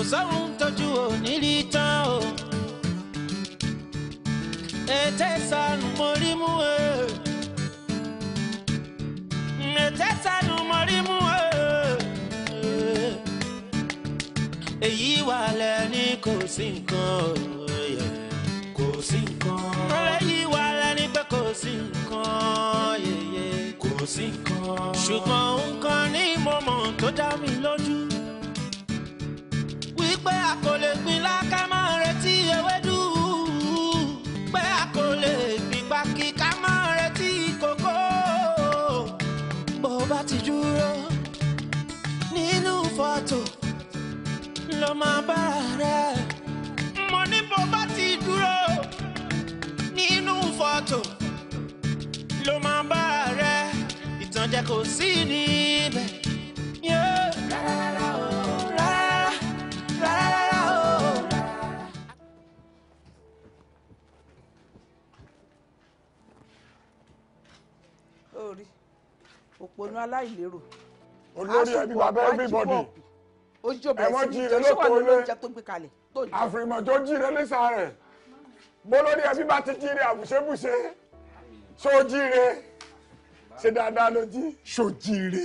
kò sóhun tójú ò ní rí tán o. ètè sànù mo rí mú o. ètè sànù mo rí mú o. èyí wà lẹ́ni kò sí nǹkan. pé a kò lè gbin láká máa retí ewédú pé a kò lè gbin pákí ká máa retí kòkó bó bá ti dúró nínú fọ́tò ló máa bára rẹ̀. mo ní bó bá ti dúró nínú fọ́tò ló máa bára rẹ̀ ìtànjẹ kò sí. òpònú aláìlérò. olórí ẹbí bàbá everybody ẹ̀wọ̀n jíire ló tó lé àfìmọ̀ tó jíire lẹ́sà rẹ̀ bólórí ẹbí bá ti jíire àbùṣebùṣe ṣó jíire ṣe dáadáa ló jí ṣó jíire.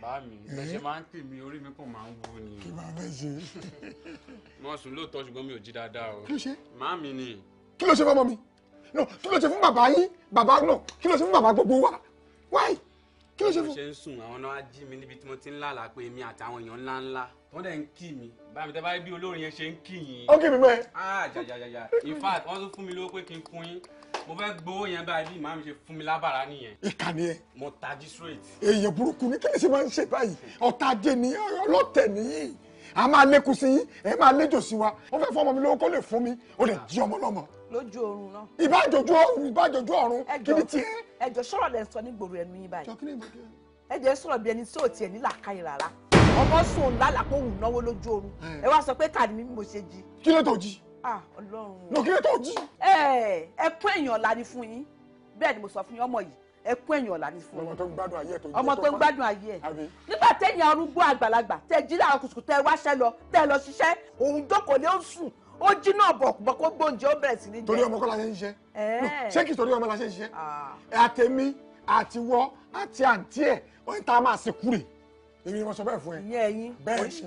báàmì ẹsẹ máa ń tì mí orí mi kò máa ń wú ni. kí máa bẹ ṣe. mo sùn lóòótọ́ ṣùgbọ́n mi ò jí dáadáa o. kí ló ṣe. màámi ni. kí ló ṣe fọmọ mi no kí ló ṣe fún bàbá yín bàbá náà kí ló ṣe fún bàbá gbogbo wa why kí ló ṣe fún. mo ṣe ń sùn àwọn náà á jí mi níbi tí mo ti ń lálà pé èmi àtàwọn èèyàn ńlá ńlá wọ́n dẹ̀ ń kí mi báyìí tẹ́ bá bí olórin yẹn ṣe ń kí yín. ó kì mí mẹ́. àjàjàjàjà ah, in fact wọ́n tún fún mi lówó pé kí n fún yín mo fẹ́ gbowó yẹn báyìí bí màmí ṣe fún mi lábàrá nìyẹn. ìkànnì ẹ. mo tají straight. èèyàn burúkú ni kílẹ̀ ṣe máa ń ṣe báyìí ọ̀tá ni ọlọ́tẹ̀ nìyí a máa lékun sí yín ẹ máa léjò sí wa wọ́n fẹ́ fún ọmọ mi lówó kó lè fún mi ó lè jí ọmọ lọ́mọ lójú oorun náà. ìbájòjú oorun ìbájòjú ọ̀run kíni tí. ẹjọ sọ̀rọ̀ lẹ sọ ní gbòòrò ẹnu yín báyìí. ẹjọ sọ̀rọ̀ bí ẹni tí ò tiẹ̀ ní làákàyè rárá ọmọ sùn lálàpọ̀ òun náwó lójú oorun ẹ wá sọ pé tà ni mo ṣe jí. kí ló tó jí. ah Ọlọ́run. lọ kí ló tó jí. ẹ ẹ kún èèyàn ọ̀la ni fún yín bẹ́ẹ̀ ni mo sọ fún yín ọmọ yìí ẹ èèyàn ọ̀la ni fún yín. ọmọ tó ń gbádùn ayé ẹ tó jẹ́ tó ọmọ tó ń gbádùn ayé ẹ. nígbà téèyàn arúgbó àgbàlagbà tẹ jí láàárọ̀ kùtùkùtù ẹ wáṣẹ́ lọ tẹ lọ ṣiṣẹ́ òun jókòó lé ó sùn ó jí náà bọ̀kùbọ̀kù gbóúnjẹ ó bẹ̀rẹ̀ sí ní jẹ. torí ọmọ kọ́ la ṣe ń ṣe eh. ṣé kì í torí ọmọ la ṣe ń ṣe àtẹ̀mí ah. àtiwọ́ àti àǹtí ẹ̀ wọ́n ta máa ṣe kúrè èmi ni wọ́n sọ bẹ́ẹ̀ fún ẹ. ìyẹn ẹyin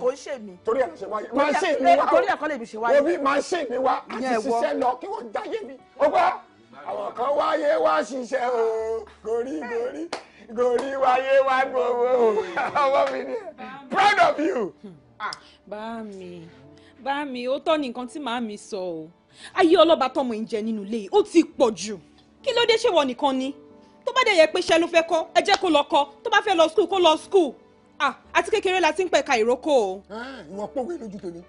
kò ń ṣe mí. torí ẹ̀ ṣe wáyé machine mi wá torí ẹ̀kọ́ lè mi ṣe wáyé. omi machine mi wá àti ṣiṣẹ́ lọ kí wọ́n jáyé mi. ó gbọ́ àwọn kan wáyé wá ṣiṣẹ́ o gorí gorí gorí wáyé wá gbowó ọwọ́ mi ni proud of you. bá mi bá mi ó tọ́ nìkan tí màá mi sọ o ayé ọlọ́ba tọmọ ń jẹ nínú ilé yìí ó ti pọ̀ jù kí ló dé ṣé wọ nìkan ni tó bá dẹ̀ yẹ pé iṣẹ́ ló fẹ́ ẹ jẹ́ kó lọ kọ́ tó bá fẹ́ lọ skul kó lọ skul àti kékeré la ti ń pẹ̀ka ìrókò o. ìwọ pòwe lójú tèmi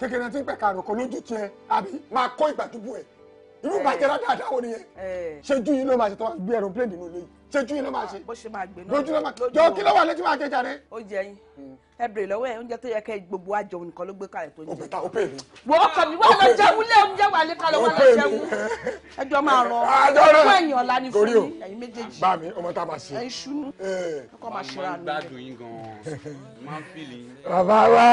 kékeré ti ń pẹ̀ka ìrókò lójú tiẹ̀ àbí máa kọ́ ìgbàdúgbò ẹ̀ irú bàjẹ́ ládàá àdáwọ̀ nìyẹn ṣe ju yìí ló máa ṣe tó wá gbé aeroplane nínú ilé yìí ṣojú iná máa ṣe bójú iná máa jọ kí ló wà létí máa jẹ jàre. ó jẹ yín ẹ bèrè lọ́wọ́ ẹ oúnjẹ tó yẹ kẹ́ gbogbo àjọ nìkan ló gbé kalẹ̀ tó ń jẹ. òpèta òpè mi. wò ó kàn wà lọ jẹun lé oúnjẹ wà lé kalẹ̀ wà lọ jẹun. ẹjọ́ máa rọ fún ẹ̀yìn ọ̀la ni fún yín ẹ̀yin méjèèjì. bá mi ọmọ tá a máa ṣe. ẹ̀yin ṣunú ọkọ máa ṣe ra mi. bàbá wa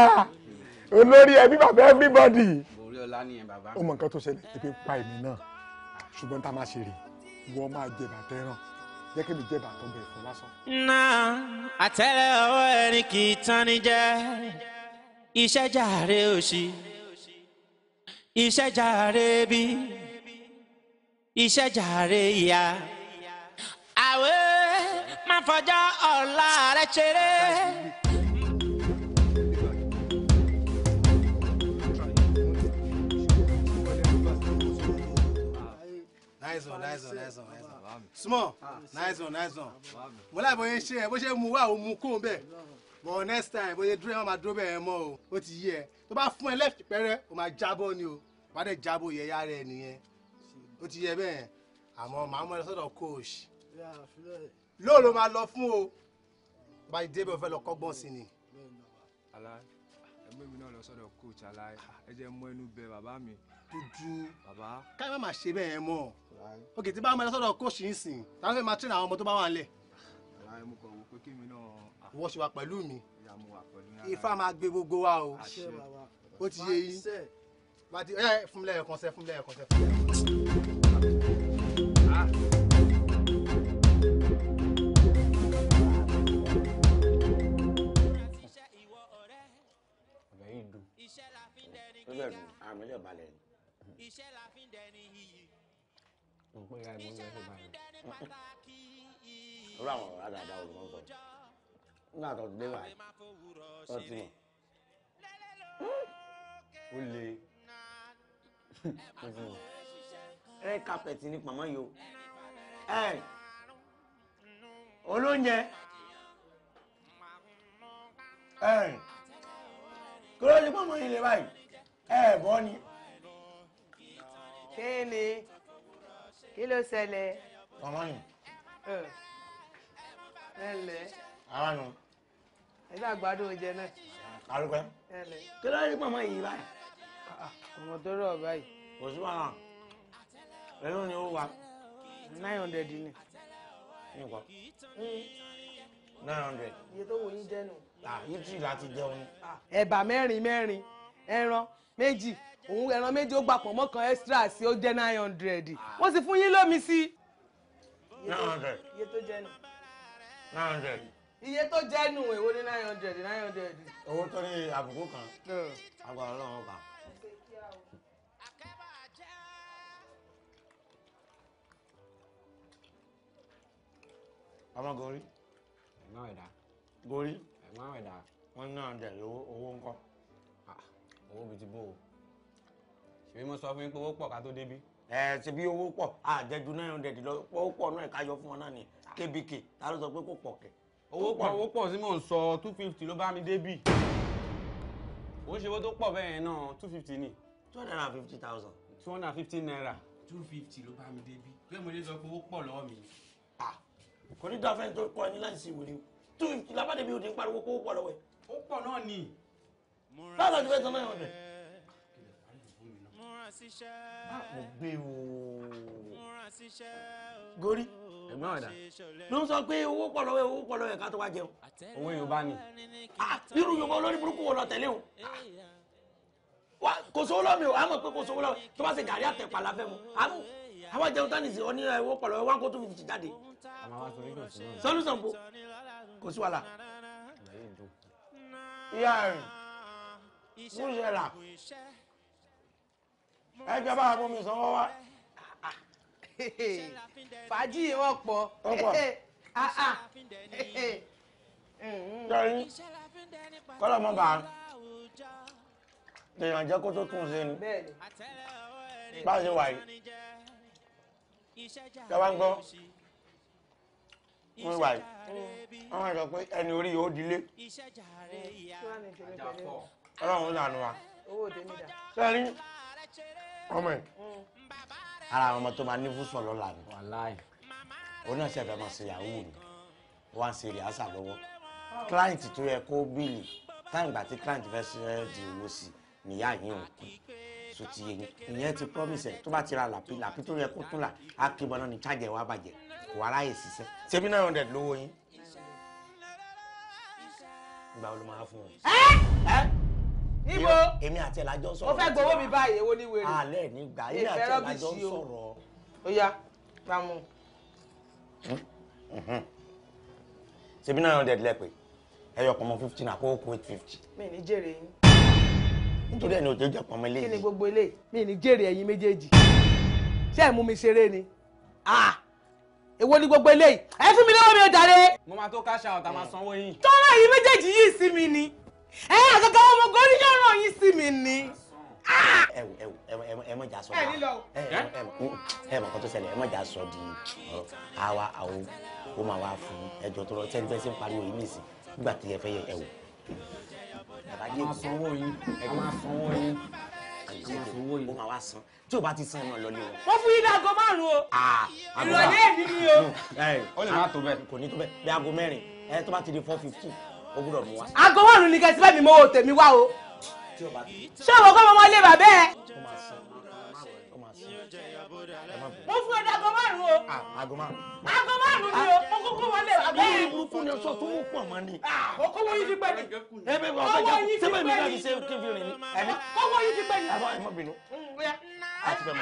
olórí ẹbí bàbá everybody. orí nǹkan tó ṣẹlẹ̀ ebi pa èmi náà ṣùgbọ́n tá a máa ṣe rè wọ́n máa jẹ bàtẹ́ràn jẹ́ kí mi jẹ́ bàtọ́ bẹ̀ fún lásán. náà àtẹ́lẹ̀ ọwọ́ ẹni kì í tán ní jẹ́ iṣẹ́ jàre òṣì iṣẹ́ jàre bí iṣẹ́ jàre ìyá àwẹ̀ má fọjọ́ ọ̀la rẹ̀ ṣeré. Nice one, nice one, nice one small nice one nice one mo láì bóyá ṣe ẹ bó ṣe mu wá o mu kó o bẹ but next time bóyá dúró ẹ má dúró bẹ́ẹ̀ mọ́ o ó ti yé ẹ tó bá fún ẹ left pẹ́rẹ́ o máa jábọ́ ni o wàá dẹ̀ jábọ́ yẹ ya rẹ nìyẹn ó ti yẹ bẹ́ẹ̀ àmọ́ màá mú ẹ sọ́dọ̀ coach lóò ló máa lọ fún o bá dé bẹ́ẹ̀ o fẹ́ lọ kọ́gbọ́n sí ni. ẹgbẹ́ mi náà lọ sọ́dọ̀ coach aláì ẹ jẹ́ mọ́ inú bẹ bàbá mi. dúdú bàbá ká má má ṣe bẹ́ẹ̀ mọ́ ok tí bá máa lọ sọ́dọ̀ coach yìí sìn táwọn fẹ́ẹ́ máa train àwọn ọmọ tó bá wà nílẹ̀. mo kọ̀ wò pé kí mi náà. ìwọ ṣe wà pẹ̀lú mi ifá máa gbé gbogbo wa o ó ti yé yín ẹ fún mi lẹ́yọ̀kan sẹ́ fún mi lẹ́yọ̀kan sẹ́ fún mi lẹ́yọ̀kan. lójú ẹ̀gbọ́n àmì lè balẹ̀ ni. iṣẹ́ la fi ń dẹni iyì mo pe ra ìmúlẹ̀ ẹ̀sìn báyìí. irú àwọn ọ̀rọ̀ àgàdà olùkọ́ sọ nígbà tó ti dé báyìí tó ti mọ̀ ó le tó ti mọ̀ o ẹ olóúnjẹ ẹ kí ló ti pàmò yìí lè báyìí ẹ bọ́ kí ló ṣẹlẹ̀. ọmọ yìí. ẹ ǹlẹ́. ara nù. ẹgbẹ́ àgbàdo oúnjẹ náà. arúgbó. ẹ ǹlẹ́. kí ló rí pọ̀nmọ́ yìí báyìí. ọmọ tó rọ̀ báyìí. kò sí wàhálà ẹ̀rọ ni ó wà. nine hundred ni. nǹkan nine hundred. iye tó wò yín jẹ́ nù. yìí tì láti jẹun. ẹ̀bà mẹ́rin mẹ́rin ẹran méjì òun ẹran méjì ó gba pọ̀nmọ́ kan extra sí ó jẹ́ nine hundred wọ́n sì fún yín lómi sí. nine hundred iye tó jẹ́ nù. nine hundred. iye tó jẹ́ nù èwo ní nine hundred nine hundred. owó tó ní àbùkù kan agbára ọlọ́run kan. ọmọ gorí. ẹ̀gbọ́n ẹ̀dá. gorí. ẹ̀gbọ́n ẹ̀dá. wọ́n ní nine hundred owó ńkọ́. Ah, owó bíi ti bó o mi mo sọ fún yín pé owó pọ̀ ká tó débí. ẹ ṣe bí owó pọ̀ àjẹjù nine hundred lọ owó pọ̀ náà ká yọ fún ọ náà ni kbk ta ló sọ pé kò pọ̀ kẹ. owó pọ̀ owó pọ̀ sí mò ń sọ two fifty ló bá mi débí. ó ṣe owó tó pọ̀ bẹ́ẹ̀ náà two fifty ni. two hundred and fifty thousand. two hundred and fifty naira. two fifty ló bá mi débí bẹ́ẹ̀ mo lè sọ pé owó pọ̀ lọ́wọ́ mi. kò ní dáfẹ́ tó kọ́ ẹni láì sí ìwòrè two fifty lábàdébí ò ní pariwo kó pọ̀ lọ́wọ́ ẹ̀. ó pọ̀ náà ni. báwo ni fẹ́ báwo gbé o gori ẹ̀gbọ́n ọ̀dà ló ń sọ pé owó pọ̀lọ́wẹ́ owó pọ̀lọ́wẹ́ ká tó wá jẹun òwe Yorùbá ni irú Yorùbá olórí burúkú wo lọ tẹ̀lé o kò sówó lọ́mì o àmọ̀ pé kò sówó lọ́mì tó bá ṣe gàrí àtẹ̀pà la fẹ́ mu àmọ́ àwọn jẹun tán nìsí ọ ní owó pọ̀lọ́wẹ́ wá kó tó fi ti jáde solution po kò sí wàhálà ìyá rẹ̀ mú ìṣẹ̀lá ẹgbẹ́ bá mú mi sanwó wá. fàájì wọn pọ̀ ah, ah. jẹ́rìí kọ́lọ̀ mọ́ bá èèyàn jẹ́ kó tó tún ṣe ni bá ṣe wà yìí jọba ń gbọ́ wọ́n wà yìí wọ́n wà sọ pé ẹni orí yóò dilé ọlọ́run lànà wa sẹ́yìn ọmọ ẹ̀ ara àwọn ọmọ tó máa ní fúsọ̀ lọ́la ni òun náà ṣẹ̀fẹ̀ máa ṣe yahoo ni wá ń ṣe rìhásà lọ́wọ́ client tó yẹ kó bíìlì táyìn gbà tí client fẹ́ ṣe di owó sí nìyá yìí ò kú so ti yẹ ìyẹn ti promise ẹ tó bá ti ra làpí làpí tó yẹ kó tún là á kí bọ́ná ni charge ẹ̀ wá bàjẹ́ kò aráyè ṣiṣẹ́ ṣebí nine hundred lówó yín ìgbà wo ló máa fún wọn níbo èmi àti ẹ̀lájọ́ sọ̀rọ̀ mo fẹ́ gbowó mi báyìí èwo ní wèrè alẹ́ nígbà èmi àti ẹ̀lájọ́ sọ̀rọ̀. ó yá pamọ́. ṣebí náà hundred lẹ́pẹ̀ ẹyọ pọmọ fifty náà kó kó eight fifty. mi ní jèrè yín. nítorí ẹni òjò jẹ pọmọ eléyìí. kí ni gbogbo eléyìí mi ní jèrè ẹ̀yin méjèèjì ṣé ẹ mú mi ṣeré ni ah! èwo ni gbogbo eléyìí ẹ fún mi lọ́wọ́ mi ò jàre. mo máa tó cash out àmà eh. sanwó yín. tọ́lá yìí méjèèjì yìí sí mi ni ẹ àgàgà ọmọ gòrí yóò ràn yín sí mi ni. ẹ wò ẹ wò ẹ wò ẹ mọ jà sọ di ẹ ẹ mọ kan tó ṣẹlẹ̀ ẹ mọ jà sọ di àwa àwo ó máa wá fún ẹjọ́ tó lọ tẹnitẹnti ń pariwo yìí nìsín nígbà tí ẹ fẹ́ yẹ ẹ wò. àbájẹ máa sanwó yín ẹ máa sanwó yín ó máa wá san tí o bá ti san ẹ máa lọ lé wọn. wọ́n fún yín láago márùn-ún o ìrọ̀lẹ́ èmi ni o. ó lè má tó bẹ́ẹ̀. kò ní tó bẹ́ẹ̀ bí aago mẹ́rin ẹ tó bá ti di four fifty o gbúdọ̀ mú wa. aago márùn-ún ni kẹsí bẹ́ẹ̀ mi mọ́ o tèmi wá o. ṣé o mọ̀ kọ́ mọ́mọ́ ilé bàbá ẹ̀. mo fún ẹ dago márùn-ún o. Ah, aago márùn-ún. aago márùn-ún ni o mo kúkú wọlé bàbá ẹ̀. lórí burúkú ni sọ tó ń pọ̀ mọ́ ni. ọkọ ah, wọ́n ti pẹ́ ni. ẹ bẹ́ẹ̀ bá ọ̀fẹ́ jà sẹ́fẹ̀ mi láti ṣe ni. ọkọ yí ti pẹ́ ni. ẹ mm, márùn-ún.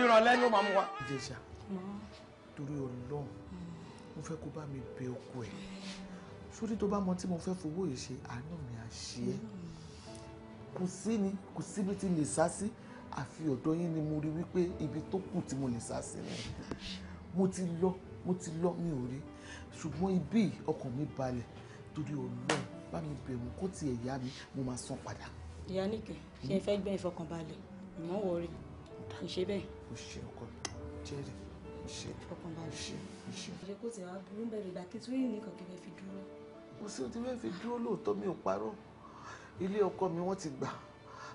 ìrọ̀lẹ́ ló máa mú wa. ìjẹsà torí Ọlọ́run mo fẹ́ kó bá mi bẹ oko ẹ̀ sórí tó bá mọ tí mo fẹ́ fowó yìí ṣe àánú mi á ṣe é kò sí ni kò síbi tí lè sá sí àfi ọ̀dọ̀ yín ni mo rí wípé ibi tó kù tí mo lè sá sí ni mo ti lọ mo ti lọ mi ò rí ṣùgbọ́n ibí ọkàn mi balẹ̀ torí Ọlọ́run bá mi bẹ̀ wọ́n kó tiẹ̀ yá mi mo máa san padà. ìyá nìkẹ́ ṣe é fẹ́ gbẹ́ ìfọkànbalẹ̀ ìmọ̀ wọ̀ọ́rì kò ṣe bẹ́ẹ̀. kò ṣe ọkọ jẹ́rìí kò ṣe kò ṣe ṣe. ìṣe kò tẹ̀ wá burú bẹ̀rẹ̀ ìgbà kí tún yìí nìkan kí n fi dúró kò sí ohun tí fẹ́ẹ́ fi dúró lóòótọ́ mi ò parọ́ ilé ọkọ mi wọ́n ti gbà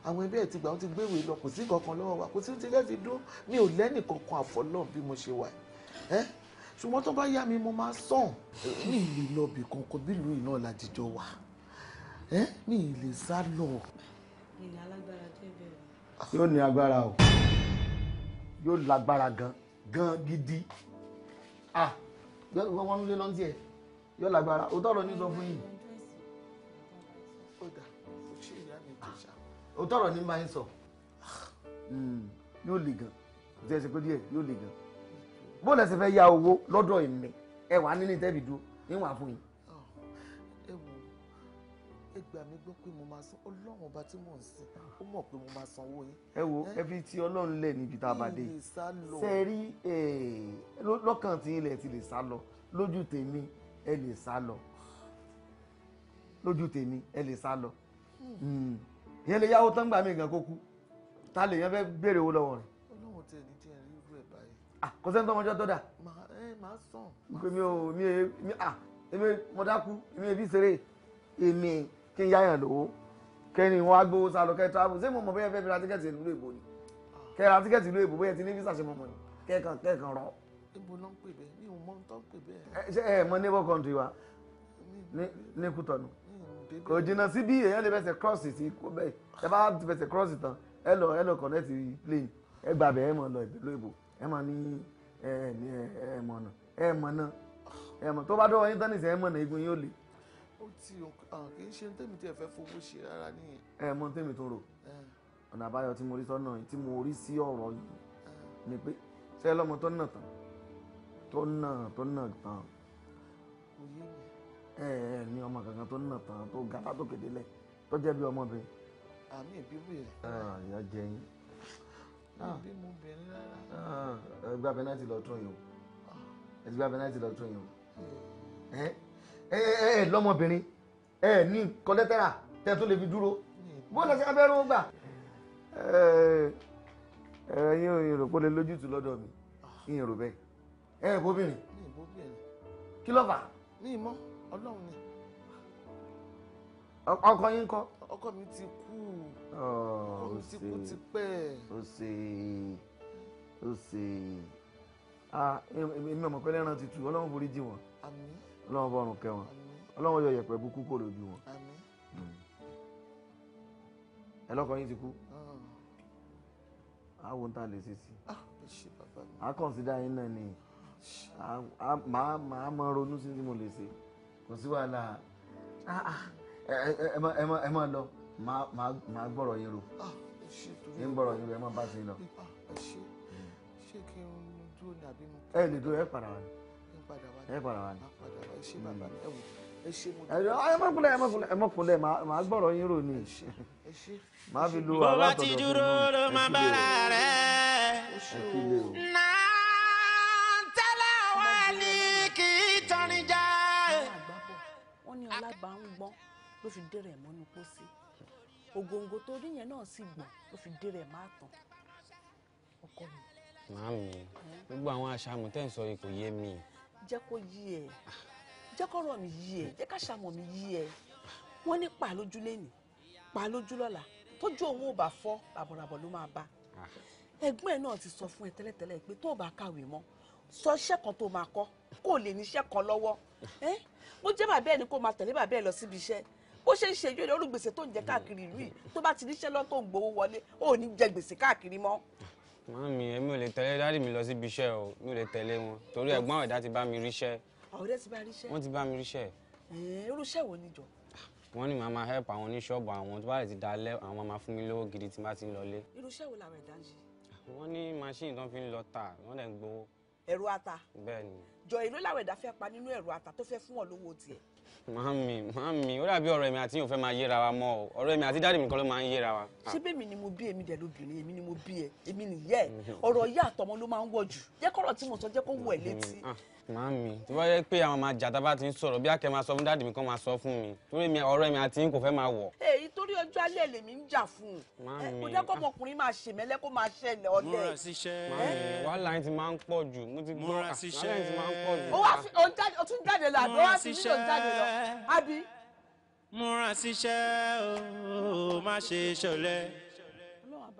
àwọn ẹbí ẹ̀ ti gbà wọ́n ti gbéwèé lọ kò sí kankan lọ́wọ́ wa kò sí ohun tí fẹ́ẹ́ fi dúró mi ò lẹ́nì kankan àfọlọ́ọ̀ bí mo ṣe wà ẹ́ ṣùgbọ́n tó bá yá mi mo máa sàn mi ì lè lọ bì kankan bí ìlú iná làdìjọ wà ẹ́ mi lè sá lọ. yóò ní agbára o yóò lágbára gan gan gidi ah wọ́n ń lé lọ́ntì ẹ̀ yọ lágbára òótọ́ ọ̀rọ̀ ní sọ fún yìí. O ọ̀rọ̀ ní máa ń sọ hmm, yóò le gan ṣe é ṣe pé díẹ̀ yóò le gan bó lẹ́sẹ̀ fẹ́ ya owó lọ́dọ̀ èmi ẹ wà nínú ìtẹ́bi dúró níwọ̀n fún yín. ẹ wo ẹ gbà mí gbọ́ pé mo máa san ọlọ́run ọba tí mò ń sìn ó mọ̀ pé mo máa sanwó yín. ẹ wo ẹ fi ti ọlọ́run lẹ̀ níbi tá a bá dé ṣe lọ́kàn tí ilẹ̀ ti lè sá lọ lójú tèmi ẹ lè sá lọ lójú tèmi ẹ lè sá lọ hmm. ìyẹn lè yáwó tán gbà mí gan kó kú ta lè yẹn fẹ́ béèrè owó lọ́wọ́ rẹ̀. olóhùn tẹ ní jẹ́ rí irú ẹ̀ báyìí. Ah, kò sẹ́ni tó mọjọ́ tó dà. màá sàn. pé mi ò mi è mi à ah, èmi mo dákú èmi èbí ṣeré èmi kí n yáyàn lówó kẹ́ni wọn á gbowó sá lọ kẹ́ travel ṣé mo mọ̀ bóyá fẹ́ fi ra tíkẹ́ẹ̀tì ìlú èbó ni ah. kẹ́ ra tíkẹ́ẹ̀tì ìlú èbó bóyá ti ní físà ṣe mọ̀ mọ̀ ni kẹ́ẹ̀kan kẹ́ẹ̀kan rọ̀ níbo ló ń pè bẹ́ẹ̀ mi ò tó ń pè bẹ́ẹ̀. ṣé ẹ mọ neighbor country wa ní Kútọ̀nù kò jìnnà sí bí èèyàn lè fẹsẹ̀ cross sí kó bẹ́ẹ̀ ẹ bá fẹsẹ̀ cross tán ẹ lọ ẹ lọ connect plane ẹ gbà bẹ́ẹ̀ ẹ mọ̀ lọ ìbílò ìbò ẹ mọ̀ ní ẹ ẹ mọ̀ náà ẹ mọ̀ náà ẹ mọ̀ tó bá dọ́wọ́ yín ẹ mọ̀ náà igun yóò le ó ti hàn kì í ṣe tèmi tí ẹ fẹ́ fowó ṣe rárá nìyẹn. ẹ mọ tèmi tó rò ọ̀nà àbáyọ tí mo rí sọ́nà tí mo rí sí ọ̀rọ̀ yìí ni pé ṣé ẹ lọ́mọ tó ń nà tán tó nà tó nà tán ẹ ẹ ní ọmọ kankan tó nà tán tó gata tó kéde lẹ tó jẹ́ bí ọmọ bẹ́ẹ̀. àmì ìbímú yẹn. ìyá jẹ yín. ìbímú bẹ̀rẹ̀ rárá. ẹgbẹ́ abẹ́nátì lọ tún yìí o ẹgbẹ́ abẹ́nátì lọ tún yìí o ẹ ẹ ẹ lọ́mọbìnrin ẹ ní kọ́lẹ́tẹ́rà tẹ́ tó lè fi dúró bó lọ́sẹ̀ abẹ́rún gbà ẹ̀yin ò rò pé lè lójútùú lọ́dọ̀ mi ìyẹn rò bẹ́ẹ̀ ẹ ẹ bóbìnrin. ní ìbóbìnrin. kí ló fà. ní ìmọ̀ ọlọ́run ni. ọkọ yín kọ́. ọkọ mi ti kú. ọkọ mi ti kú tipẹ́. ó ṣe ó ṣe èmi ọmọ pẹ̀lẹ́ ẹran tuntun ọlọ́run forí jì wọ́n ọlọ́run bọrùn kẹ́ wọn ọlọ́run yọ yẹ̀pẹ̀ bú kúkú lójú wọn ẹ lọ́kọ yín ti kú àwọn ohun tá a lè ṣe sí i ah, a kàn sí dáa náà nìyí màá màá mọ ronú sí tí mo lè ṣe kò sí wàhálà ah, ah. ẹ má lọ màá gbọ́rọ̀ yín ro ah, ẹ ń gbọ́rọ̀ yín ro ẹ má bá ṣe lọ. ṣé kí n dúró mo. ẹ lè dúró ẹ padà wá ní ẹ padà wá ní. ẹ ṣe hmm. mo. ẹ má kúnlẹ̀ ẹ má kúnlẹ̀ ẹ má kúnlẹ̀ màá gbọ́rọ̀ yín ro ni máa fi lo àwọn àtọ̀dọ̀ fún mi. bó ti dúró ló máa bára rẹ̀. ẹ kí lè o ẹni kì í tọrin já. wọ́n ní ọlágbà ń gbọ́n ló fi dé rẹ̀ mọ́nú pósí ògòǹgò tó rí yẹn náà sì gbọ́n ló fi dé rẹ̀ máa tàn ọkọ mi. màámi gbogbo àwọn aṣàmù tẹ́ ń sọ yìí kò yé mi. jẹ́ kó yí ẹ jẹ́ kọ́rọ̀ mi yí ẹ jẹ́ káṣàmọ̀ mi yí ẹ wọ́n ní pa lójú lẹ́nìí pa lójú tójú òun ò bá fọ́ ràbọ̀ràbọ̀ ló máa bá ah. ẹgbẹ́ náà ti sọ fún ẹ tẹ́lẹ̀tẹ́lẹ̀ pé tó o bá kàwé mọ́ sọ iṣẹ́ kan tó máa kọ́ kó lè níṣẹ́ kan lọ́wọ́ bó jẹ́ bàbá ẹ̀ ni kó máa tẹ̀lé bàbá ẹ̀ lọ síbi iṣẹ́ bó ṣe ń ṣe yóò lórí gbèsè tó ń jẹ káàkiri ìlú yìí tó bá ti níṣẹ́ lọ́tọ̀ ń gbowó wọlé ó ní jẹ gbèsè káàkiri mọ́. Màámi èmi ò lè tẹ̀lé dáàdì mi lọ síbi iṣẹ́ o mi ò lè tẹ̀lé wọn torí ẹ̀gbọ́n ọ̀dà ti bá mi ríṣẹ́. ọ̀rẹ́ ti bá ríṣẹ́. wọ́n ti bá mi ríṣẹ́. irúṣẹ́ wo ni jọ. wọ́n ní màmá help àwọn oníṣọ́ọ̀bù àwọn tó bá lè ti dalẹ̀ àwọn máa fún mi lówó gidi tí má ti ń lọlé. irúṣẹ́ wo làwọn ẹ̀dá ń ṣe. wọ́n ní machine tán fi ń lọ tà wọ́n ẹ̀rọ ata. bẹ́ẹ̀ni. jọ èló làwọn ẹ̀dá fẹ́ pa nínú ẹ̀rọ ata tó fẹ́ fún ọ lówó tiẹ̀. màámi màámi ó dàbí ọ̀rọ̀ èmi àti yóò fẹ́ máa yéra wa mọ́ o ọ̀rọ̀ èmi àti dáàdì mi kan ló máa ń yéra wa. ṣé bẹ́ẹ̀mi ni mo bí èmi dẹ̀ lóbìnrin èmi ni mo bí ẹ èmi nìyẹ́ ọ̀rọ̀ ìyá àtọmọ ló máa ń wọ̀ jù tí mo sọ jẹ́ kó ẹ́ létí mm-hmm. ah. Màámi, tí wọ́n yẹ pé àwọn máa jà tábà ti ń sọ̀rọ̀ bí àkẹ́ máa sọ fún dáàdì mi kán máa sọ fún mi. Torí mi ọ̀rẹ́ mi àti kò fẹ́ máa wọ̀. Èyí torí ọjọ́ alẹ́ lèmi ń jà fún un. Màámi. Kò jẹ́ kó ah. ọmọkùnrin máa ṣèmẹ́lẹ́ kó máa ṣẹlẹ̀ ọ̀lẹ. Múra síṣẹ́. wàhálà yín ti máa ń pọ̀ jù. Mo ti gbọ́ ah, wàhálà yín ti máa ń pọ̀ jù. O tún jáde lọ Múra síṣẹ́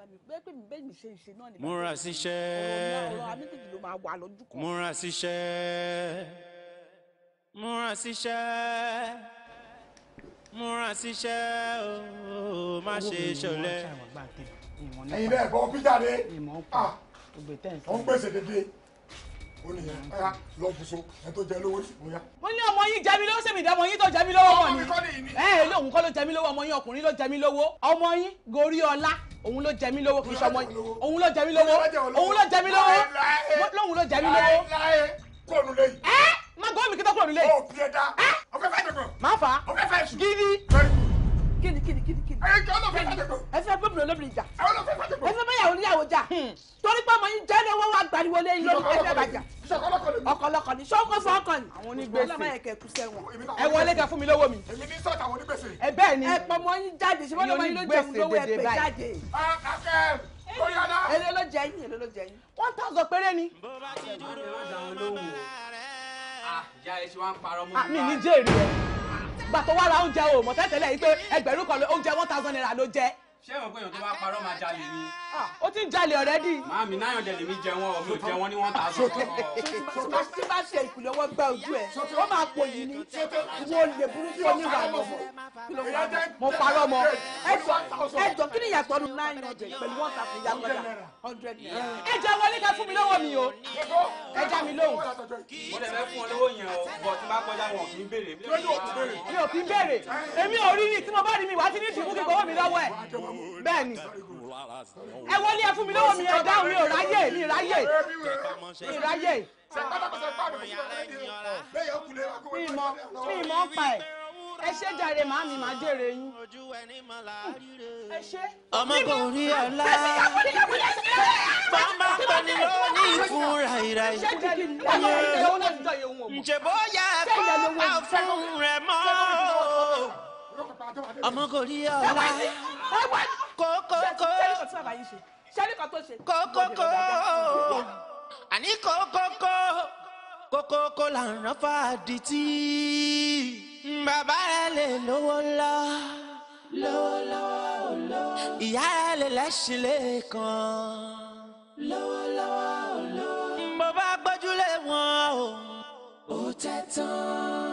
bá mi pé pé mi bẹ́ẹ̀ mi ṣe múra síṣẹ́ múra síṣẹ́ múra síṣẹ́ múra síṣẹ́ ooo má ṣe ṣọ̀lẹ. ẹ̀yin bẹ́ẹ̀ bọ́ píjáde ọ̀n gbèsè dédé ó ní yẹn ẹ lọ bùsọ ẹ tó jẹ lówó sí bóyá. mo ní ọmọ yín jẹ mí lówó sèmi ìdámọ yín tó jẹ mí lówó wọn ni ẹ ẹ lóun kọ́ ló jẹ mí lówó ọmọ yín ọkùnrin ló jẹ mí lówó ọmọ yín gorí ọlá òun ló jẹ mí lówó kì í ṣọmọ yín òun ló jẹ mí lówó òun ló jẹ mí lówó lóun ló jẹ mí lówó. kúrò nílé yìí. ẹ má gbọ́ mi kí tó kúrò nílé. ó bí ẹ dá. ọkọ̀ fẹ́ẹ́ dọ̀kọ̀. má fà á. ọkọ̀ fẹ́ẹ́ sùn. gidi. kí ni kí ni kí ni ẹ fẹ́ gbé bùrọ̀ lóbìnrin jà ẹ fẹ́ bá yàwó níyàwó jà hmm. torí pé ọmọ yín jẹ́ ní owó wa gbariwo lé yín lórí ẹ fẹ́ bá jà ọkọlọkọ ni sọ́kọ́ fọ́kọ́ ni àwọn onígbèsè ẹ wọlé ga fún mi lọ́wọ́ mi ẹ bẹ́ẹ̀ ni ẹ pọ̀ mọ́ yín jáde ṣé bọ́lá ọmọ yín ló jẹun lówó ẹ pẹ́ jáde èlé ló jẹ yín èlé ló jẹ yín one thousand péré ni. bó bá ti dúró lọ́wọ́ rẹ̀. ah ìyá ẹ ṣe wá ń parọ́ mọ́ ah, mi. ní jèrè ẹ gbà tó wá ra oúnjẹ o mọ̀ tẹ́tẹ́lẹ̀ yìí pé ẹgbẹ̀rún kan oúnjẹ one thousand naira ló jẹ́ ṣé ìwọ̀n pé èèyàn tó bá parọ́ máa jalè ni. Ah, ó ti ń jalè already. màámi náà yàn dẹ̀lẹ̀ mi jẹ wọn mi ò jẹ wọn ní one thousand. tí bá ṣe ìkùlẹ̀ wọn gbá ojú ẹ̀ ó máa pò yìí ni wo lè burúkú oníwà lọ́mọ mo parọ́ mọ́ ẹ̀jọ̀ ẹ̀jọ̀ kí ni ìyàtọ̀ nu nine hundred pẹ̀lú one thousand ìyàtọ̀ dà hundred naira. ẹ̀jẹ̀ wọlé ká fún mi lọ́wọ́ mi o ẹ̀jẹ̀ mi lóhùn. mo lè fẹ́ fún ọ lówó yẹn o bọ̀ tí bá kọjá wọn kì í béèrè. mi ò kì í béèrè èmi ò bẹ́ẹ̀ ni ẹ wọlé ẹ fún mi lọ́wọ́ mi ẹ dáhùn mi ò mi ráyè mi ráyè mi mọ mi mọ ń ẹ ẹ ṣe jàre màá mi màá jèrè yín ẹ ṣe. ọmọkùnrin ọ̀la bàbá pẹ̀lú ní ìfún ràìràì ǹjẹ́ bóyá ẹ̀kọ́ àfẹ́hùn rẹ̀ mọ́ ọmọ kò rí ọlá kókókó kókókó àní kókókó kókókó là ń rán fàdí tí bàbá rẹ lè lówó lọ lówó lọ́wọ́ ò lọ ìyá rẹ lè lẹ́sìn lẹ́ẹ̀kan lówó lọ́wọ́ ò lọ bá gbójúlé wọn o ò tẹ́ tán.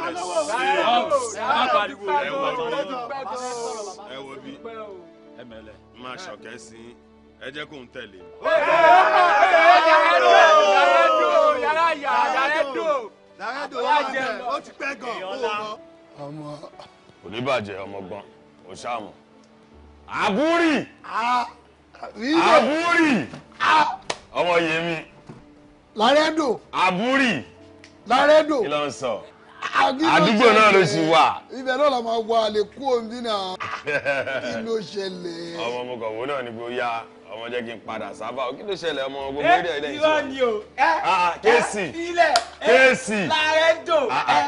rẹ sí má pariwo ẹ wọ bí ẹ wọ bí ẹ mẹlẹ má ṣọkẹ sí ẹ jẹ kó n tẹ̀lé. yàrá dùn yàrá yà yàrá dùn yàrá dùn yàrá jẹ ó ti pẹ́ gan ó mọ. oníbàjẹ́ ọmọgbọ́n ò ṣàmù. àbúrì àbúrì ọmọ yèmí. làrẹ́dò. àbúrì. làrẹ́dò. kí ló ń sọ àdúgbò náà ló sì wà. ibẹ̀ náà la máa wà lè kú òun bí náà kí ló ṣẹlẹ̀. ọmọ ọmọ kọ̀wé náà ni bóyá ọmọ jẹ́ kí n padà sábà kí ló ṣẹlẹ̀ ọmọ gbogbo eré ilé ìṣòro. irọ́ ni o ẹ kéèsì kéèsì láàrẹ̀ dò ẹ.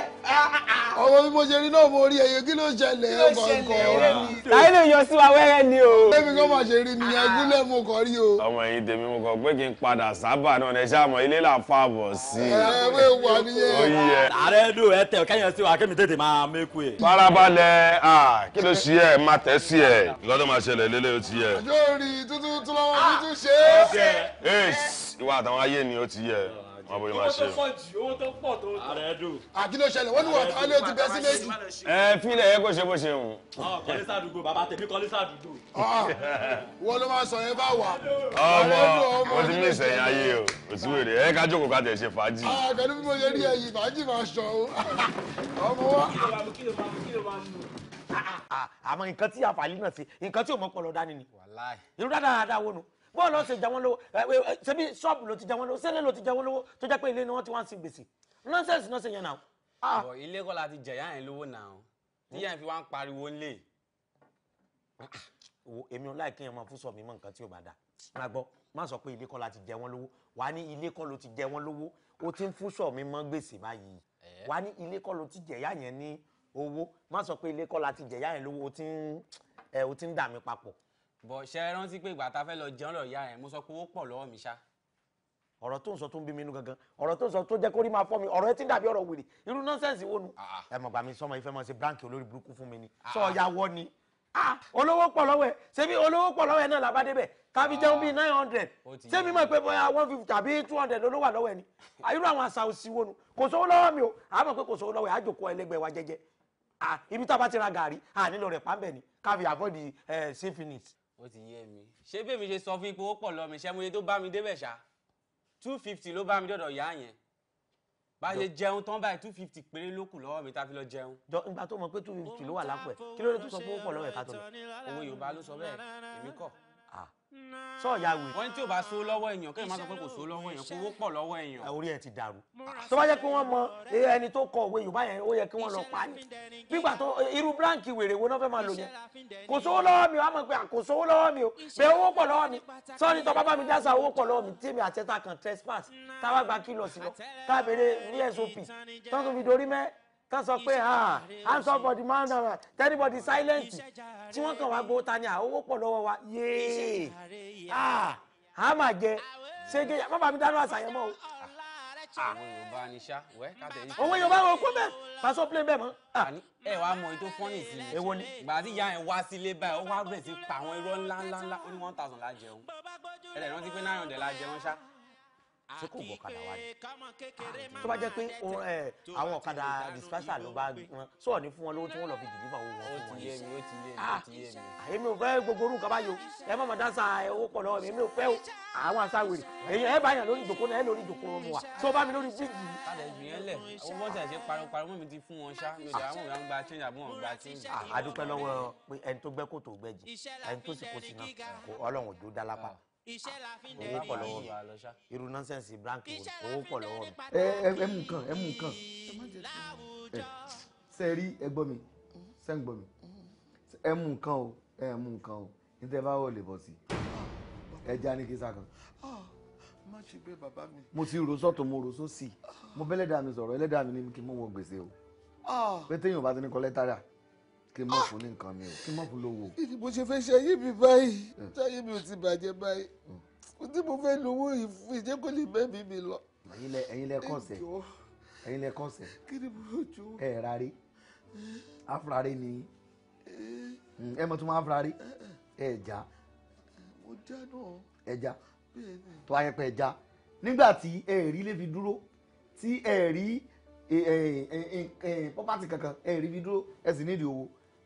ọmọ bí mo ṣe rí náà mo rí ẹyẹ kí ló ṣẹlẹ̀ ọkọ̀ọ̀kan. láyé lè yan sí wa wẹ́rẹ́ ni o. lẹ́mi kọ́ máa ṣe rí ni ẹgúnlẹ̀ ah, ah. mo kọ́ rí o. ọmọ yìí tèmi mo kọ pé kí n padà sábà náà ẹ ṣáà mọ ilé là fa bọ̀ sí i. Eh, ẹ wé wà nìyẹn. láàrẹ̀ dò ẹ tẹ kẹ́yìn sí wa kémi tètè máa mẹ́kù ẹ̀. farabalẹ̀ ah, kí ló ṣe ẹ̀ máa tẹ̀ sí tún lọ́wọ́ ojú tún ṣe é. ìwà àtàwọn ayé ni ó ti yẹ wọn bóyá máa ṣe. owó tó pọ̀ jù owó tó pọ̀ tó rẹ̀ dùn. àkí ah, ló ṣẹlẹ̀ wọ́n ní wọ́n tán lé ti bẹ́ sí méjì. ẹ fílẹ̀ ẹ kò ṣe bó ṣe wù. kọ́lé sàdúgbò bàbá tèmi kọ́lé sàdúgbò. Ah, wọ́n ló máa sọ yẹn bá wà. Ah, ọmọ mo ti mí ìsẹ̀yìn ayé o òtún wèrè ẹ ká jókòó ká tẹ̀ ṣe fàájì. pẹ̀lú bí mo ṣe rí ẹyìn fàájì máa ṣọ o. ọmọ wa. kí ló máa mú kí ló máa mú àmọ́ nǹkan tí àfàlí náà ṣe nǹkan tí ò mọ pọlọ dání ni irú dáadáa wo nu bọ́ọ̀lù ọ̀sẹ̀ jẹ wọ́n lówó ṣebí ṣọ́ọ̀bù ló ti jẹ wọ́n lówó sẹ́lẹ̀ ló ti jẹ wọ́n lówó tó jẹ́ pé ilé ni wọ́n ti wá ń sin gbèsè nọ́ńsẹ̀nsì náà ṣe yẹn náà. àbọ̀ ah. ilé kọ́ la ti jẹ̀yà yẹn lówó náà tíyà ń fi wá ń pariwo ńlẹ̀. èmi ò láì kéèyàn máa fún sọ mi mọ nǹkan tí ò bá dáa máa gbọ́ má sọ pé ilé kọ́ la ti jẹ wọ́n lówó wà á ní ilé kọ́ ló ti jẹ wọ́n lówó ó ti ń fún sọ mi mọ gbèsè báyìí wà á ní ilé kọ́ ló ti jẹ̀yà yẹn ní owó má sọ pé ilé kọ́ la ti jẹ̀yà yẹn lówó o ti ń dà mí papọ̀. bọ̀ ṣe é rántí pé ìgbà tá a fẹ́ lọ jẹun lọ ìyá yẹn mo sọ pé owó pọ̀ lọ́wọ́ mi ṣá. ọ̀rọ̀ tó ń sọ tó ń bí mi inú gangan ọ̀rọ̀ tó ń sọ tó jẹ́ kó rí máa fọ́ mi ọ̀rọ̀ ẹ ti ń dàbí ọ̀rọ̀ wèrè irú nọ́sẹ̀nsì wo nu. Ah, ah. ẹ mọ̀ gbà mí sọmọ ìfẹ́ mọ̀ sí báǹkì olórí burúkú fún mi ni ah, sọ ya wọ ni. olówó pọ̀ lọ́wọ́ ẹ ṣebí olówó pọ̀ jẹun bíi nine hundred ṣebí mọ̀ pé bóyá one fifty tàbí two hundred olówó àlọ́wọ́ ẹ ni irú àwọn àṣà òsì wo nu kò sówó lọ́wọ́ mi o àmọ̀ pé kò sówó lọ́wọ́ ẹ àjòkó ẹlẹgbẹ́ wa jẹ́jẹ́ ibi tá a bá ti ra gàrí a nílò rẹ̀ pàmbẹ̀ ni ká fi avoid syphilis. ó ti yé mi ṣé bèmi ṣe sọ fún ipò ó pọ̀ lọ mi ṣẹ́mu iye tó bá mi débẹ̀ ṣá two fifty ló bá mi dọ̀dọ̀ yá yẹn bá ṣe jẹun tán báyìí two fifty péré ló kù lọ́wọ́ mi tá fi lọ jẹun. jọ ìgbà tó mọ̀ pé two fifty ló wà lápò ẹ kí ló dé tó sọ fún ó pọ̀ lọ́wọ́ ẹ ká tó lọ. òwe Yorùbá ló sọ bẹ́ẹ̀ èmi kọ́ sọ̀ọ̀yà ya wọ́n ní tí ò bá so lọ́wọ́ èèyàn kéèyàn má sọ pé kò so lọ́wọ́ èèyàn kówó pọ̀ lọ́wọ́ èèyàn. orí ẹ ti dàrú tó bá jẹ́ pé wọ́n mọ ẹni tó kọ òwe yorùbá yẹn ó yẹ kí wọ́n lọ pa ni nígbà tó irú blanki wèrè wo náà fẹ́ máa lò yẹn kò sówó lọ́wọ́ mi o àmọ́ pé kò sówó lọ́wọ́ mi o bẹ owó pọ̀ lọ́wọ́ mi sọ́ni tó bá bá mi dáṣà owó pọ̀ lọ́wọ́ mi tèmi àtẹ́ta kan trespass táwa gba kí lọ sí lọ káàbẹ̀rẹ̀ ní sop tó tán sọ pé ah, hands up for the man everybody silent tí wọ́n kàn wá gbowó ta ni àwọ̀ ah, pọ̀ lọ́wọ́ wa yéé ah, a máa jẹ ṣé kéèyàn má bàa mi dáná àṣàyàn mọ́ o. àwọn yorùbá ni ṣá wẹ́ káàtẹ́ yìí. òun yorùbá wọn kú bẹ́ẹ̀ pàṣọ plẹ̀ bẹ́ẹ̀ mọ́. ẹ wàá mọ ètò fọ́nì sí i. èwo ni. ìgbà tí ìyá yẹn wá sílé báyìí ó wá bẹ̀rẹ̀ sí pa àwọn irọ́ ńláńláńlá ó ní one thousand lájẹun. ẹ Ah, ṣé kò gbọ́ ọ̀kadà wa ni ah, tó bá jẹ́ pé àwọn ọ̀kadà dispenser ló bá wọn sọ̀rọ̀ ní fún wọn lówó tí wọ́n lọ fi dìbò àwọn owó fún wọn ní sí i èmi ò fẹ́ gbogbo orúkọ bá yọ ẹ má ma dáńsà owó pọ̀ lọ́wọ́ mi èmi ò fẹ́ o àwọn asáwèrè èyí ẹ bá yàn lórí ìjòkó náà ẹ lórí ìjòkó ọmọ wa tó bá mi lórí bíìgì. kàdé ju yẹn lẹ owó bọ́sẹ̀ àti parọ́parọ́ mi ti fún wọn ṣá mi ò dà wọn gba change àbúrò gba change. Ah, a dúpẹ́ lọ́wọ́ ẹni tó gbẹ́ kó tó gbẹ́ jì ẹni tó sì kó sí náà ọlọ́run ò jó dá lápá iṣẹ́ la fi ń dẹ̀rí yìí irú nọ́nsẹ̀nsì blank owó pọ̀ lọ́wọ́ mi. ẹ ẹ mú nǹkan ẹ mú nǹkan ṣe rí ẹ gbọ́ mi ṣe ń gbọ́ mi ẹ mú o ẹ mú nǹkan o níta bá wọ lè bọ̀ sí ẹ já ní kísà kan. má ṣe gbé bàbá mi. mo ti rò sọ́tún mo rò sósì mo bẹ́lẹ́dàá mi sọ̀rọ̀ ẹlẹ́dàá mi ní kí n mọ̀ wọ gbèsè o ah. pété yóò bá ti ní kọ́lẹ́tàrà kí n má fún ní nǹkan mi o kí n má fún lówó. bó ṣe fẹ́ ṣe ayé mi báyìí hmm. táyé mi ò ti bàjẹ́ báyìí hmm. tí mo fẹ́ lówó ìjẹ́ kó lè bẹ́ẹ̀ mi mi lọ. ẹ̀yin lẹ kọ̀ọ̀sẹ̀ ẹ̀yin lẹ kọ̀ọ̀sẹ̀ ẹ̀ rárí afúrárí ni eh. eh. hmm, ẹ mọ̀ eh, tó máa afúrárí ẹ̀ já ẹ̀ já tó ayẹpẹ̀ já nígbà tí ẹ̀rí lè fi dúró tí ẹ̀rí pọ́pátì kankan ẹ̀rí fi dúró ẹ̀ sì nídìí owó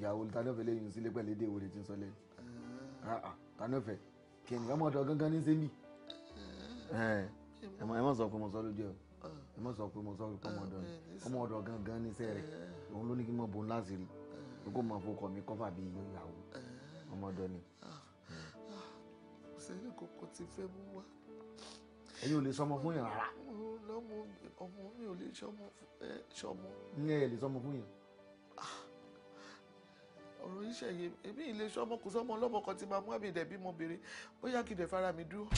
ìyàwó ta ni ó fẹ́ lẹ́yìn sílé pẹ̀lú èdè ìwòrè tí ń sọ lẹ́nu ah, ah, ta ni ó fẹ́ kí ẹnìkan mọ̀ tọ́ gángan ní sẹ́mi eh, eh, ẹ má sọ pé mo sọ lójú ah. ẹ o ẹ má sọ pé mo sọ pé ọmọ ọ̀dọ̀ eh, ọmọ ọ̀dọ̀ gángan ní sẹ́ rẹ̀ òun ló ní kí n mọ̀ bó ńlá sí rí o kó mọ̀ fọkọ̀ mi kọ́fà bí ìyàwó ọmọ ọ̀dọ̀ ni. sẹ́ni kòkó ti fẹ́ mú wá. ẹ̀yin ò lè sọmọ fún yàn rárá. ọmọ mi ò lè sọmọ fún yàn ọ̀rọ̀ yìí ṣẹ̀yẹ èmi ilé sọ́mọ kò sọ́mọ ọlọ́mọ kan ti máa mú àbí ìdẹ̀bí mo béèrè bóyá kí n dẹ̀ fara mi dúró.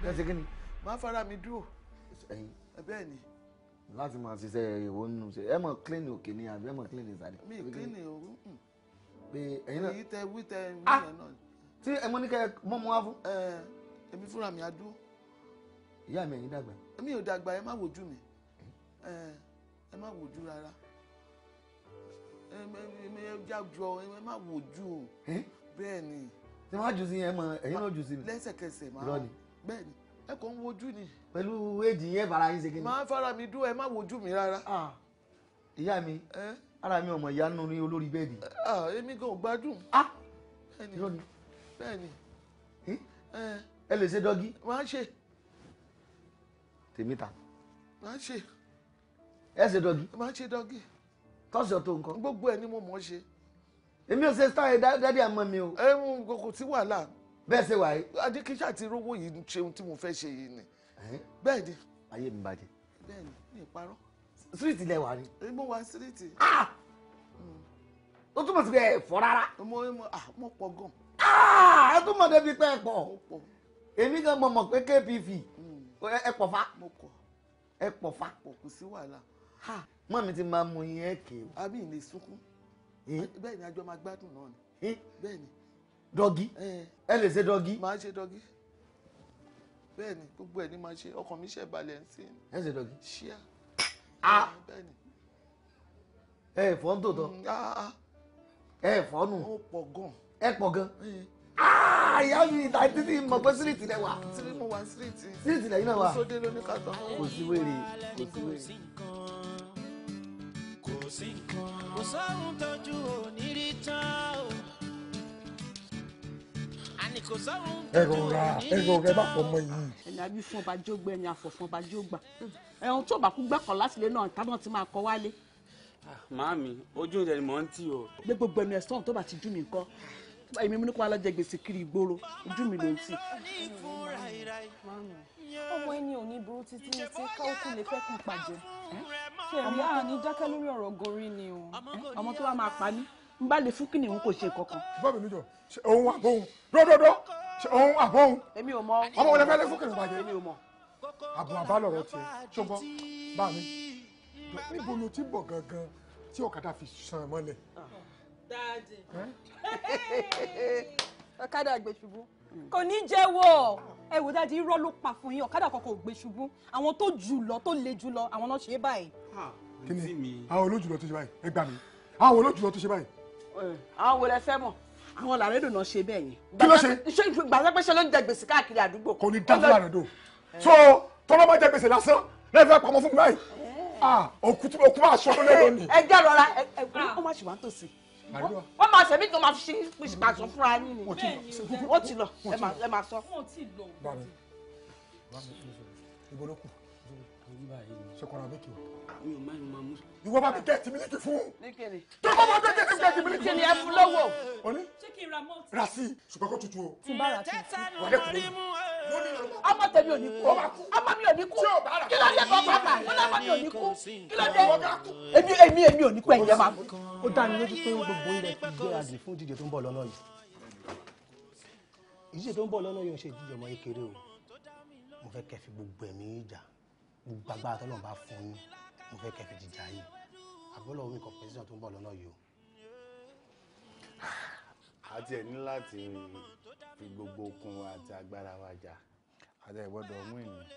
bẹ́ẹ̀ ṣe kí ni. máa fara mi dúró. ẹyin. bẹ́ẹ̀ ni. láti máa ṣiṣẹ́ ìwọ nínú ṣe ẹ mọ̀ clean òkè ni àbí ẹ mọ̀ clean ìsàlẹ̀. mi clean òru. pé ẹyin náà. èyí tẹ wí tẹ wí ah! yẹn náà. tí ẹ mọ ní kẹ mọ mọ wá fún. ẹ èmi fúnra mi á dúró. ìyá mi ẹ̀yin dàgbà. mi ò dàgbà ẹ má wojú ẹ já jọ ẹ má wò jù bẹ́ẹ̀ ni. ṣé máa jù sí yẹn mọ ẹ̀yin náà jù sí mi. lẹ́sẹ̀kẹsẹ̀ máa bẹ́ẹ̀ ni ẹ kàn ń wojú ni. pẹ̀lú èjì yẹn fara yín ṣe kí ni. máa fara mi dúró ẹ má wojú mi rárá. ìyá mi ara mi ọmọ ìyá nínú ní olórí bẹ́ẹ̀dì. èmi gan ò gbádùn. bẹ́ẹ̀ni bẹ́ẹ̀ni. ẹ lè ṣe dọ́gí. máa ṣe. tèmi ta. máa ṣe. ẹ ṣe dọ́gí. máa ṣe dọ́gí tọ́sọ̀ tó nǹkan. gbogbo ẹ ni mo mọ̀ ọ́ ṣe. èmi ò ṣe star dádì àmọ́ mi o. ẹ mú kókò tí wàhálà. bẹ́ẹ̀ ṣe wà yìí. adékíṣà ti rówó yìí ṣeun tí mo fẹ́ ṣe yìí ni. bẹ́ẹ̀ ni. ayé mi bàjẹ́. bẹ́ẹ̀ ni mi parọ́. síríìtì lẹ wà ni. mo wà síríìtì. Ah! ó túmọ̀ sí pé ẹ fọ́ rárá. mo ah, pọ̀ gan. Ah! ẹ túmọ̀ débi pé ẹ pọ̀. èmi gan mọ̀ mọ̀ pé kpv hmm. ẹ pọ̀ fa. ẹ pọ̀ fa. kò sí wàhálà mọ́ mi ti máa mú yín ẹ̀ kì í. àbí ìlè sunkún bẹ́ẹ̀ ni àjọ máa gbádùn náà ni bẹ́ẹ̀ ni. dọ́gí ẹ lè ṣe dọ́gí. màá ṣe dọ́gí bẹ́ẹ̀ ni gbogbo ẹ̀ ni màá ṣe ọkàn mi ṣe balẹ̀ ń sìn. ẹ ṣe dọ́gí. ṣíà bẹ́ẹ̀ ni. ẹ mm, ẹ fọ́ ń tòótọ́ ẹ ẹ fọ́ nù. ó pọ̀ gan. ẹ pọ̀ gan. ìyá mi ìta títí mọ̀ pé síríìtì rẹ wà. síríìtì mo wà síríìtì. síríìtì lẹ́yìn náà wà. kò sí wèrè kò sí wèrè kò sí nǹkan. kò sóhun tójú òní rí tán o. àní kò sóhun tójú òní rí tán o. ẹ rọra bá fọ ọmọ yìí. ẹni àbí fún ọba jógbẹ ẹni àfọ̀fún ọba jógbà ẹ̀hún tó bá kú gbẹ́kọ̀ láṣìlẹ̀ náà táwọn ti máa kọ wálé. Ah, màámi ojú ìdẹ ni mò ń tì o. gbé gbogbo ẹnu ẹ̀sán tó bá ti jú mi kọ́ èmi mú ní kó gbèsè kiri ìgboro ojú mi ló ń tì ọmọ ẹni ò ní burú títí ní tí káwókù lè fẹ́ kún pàjẹ́ ṣe èmi àwọn ní dákẹ́ lórí ọ̀rọ̀ gorí ni o ọmọ tó wà máa pa mí n bá lè fún kìnìún kò ṣe kankan. bọ́ọ̀bù mi jọ ṣe òun àbóhun dọ́dọ́dọ́ ṣe òun àbóhun èmi ò mọ ọmọ wọlé fẹ́lẹ́ fún kìnìún pàjẹ́ èmi ò mọ. àbùn àbá lọ̀rọ̀ tiẹ̀ ṣùgbọ́n bá mi níbo ló ti bọ̀ gangan tí ọ̀kadà fi sàn mọ́lẹ̀. dáadé ọ̀kadà gbé ṣubú kò ní jẹ́wọ́ ẹ wò dájú irọ́ ló pa fún yín ọ̀kadà kọ̀ọ̀kan ò gbé ṣubú àwọn tó jù lọ tó le jù lọ àwọn náà ṣe é báyìí. kí ni àwọn olójúlọ tó ṣe báyìí ẹ gbà mí àwọn olójúlọ tó ṣe báyìí. àwọn wo lẹ fẹ́ mọ̀ àwọn làrẹ́dò náà ṣe bẹ́ẹ̀ yẹn. kí ló ṣe. gbàgbẹ́sẹ̀ ló ń jẹ gbèsè káàkiri àdúgbò. kò ní dájú àrẹ́dò so tọ́lọ́ bá jẹ gbèsè lásán lẹ́fẹ̀ẹ́ pamọ́ fún mi báyìí. Ah, òkú máa ṣọ́ lẹ́nu ni. ẹ jẹ́ lọ́ra ẹ ẹ ọmọ ah. àṣìwà ń tòsí wọ́n máa ṣẹ̀mí tó máa ṣe máa sọ fúnra yín ni ó ti lọ ẹ máa sọ. ibo ló kù sọkọrọ abẹ́kẹ́ o. ìwọ bá mi tẹ ti mílíkì fún. tó bá bá tẹ ti tẹ ti mílíkì. kìnìún ẹfun lọ́wọ́. oní rasi ṣùgbọ́n kó tutù o. tí n bá rà tutù. ọmọ tèmi ò ní kú ọmọ mi ò ní kú kí ló dé kọ́ bàbá èmi ò ní kú kílódé èmi èmi èmi ò ní kú ẹ̀yẹ máa kú. ó dá mi lójú pé gbogbo ilẹ̀ ti gbé àgbè fún ìdíje tó ń bọ̀ lọ́nà yìí ìdíje tó ń bọ̀ lọ́nà yìí ń ṣe ìdíje ọmọ kékeré o mo fẹ́ kẹ́ fi gbogbo ẹ̀mí ìjà gbogbo agbára tó náà bá fún yín mo fẹ́ kẹ́ fi jìjà yìí àbúrò omi competition tó ń bọ̀ lọ́nà yìí o. àti ẹ̀ ní láti fi gbogbo okun àti agbára wa jà àti ẹ̀ gbọ́dọ̀ mú ènìyàn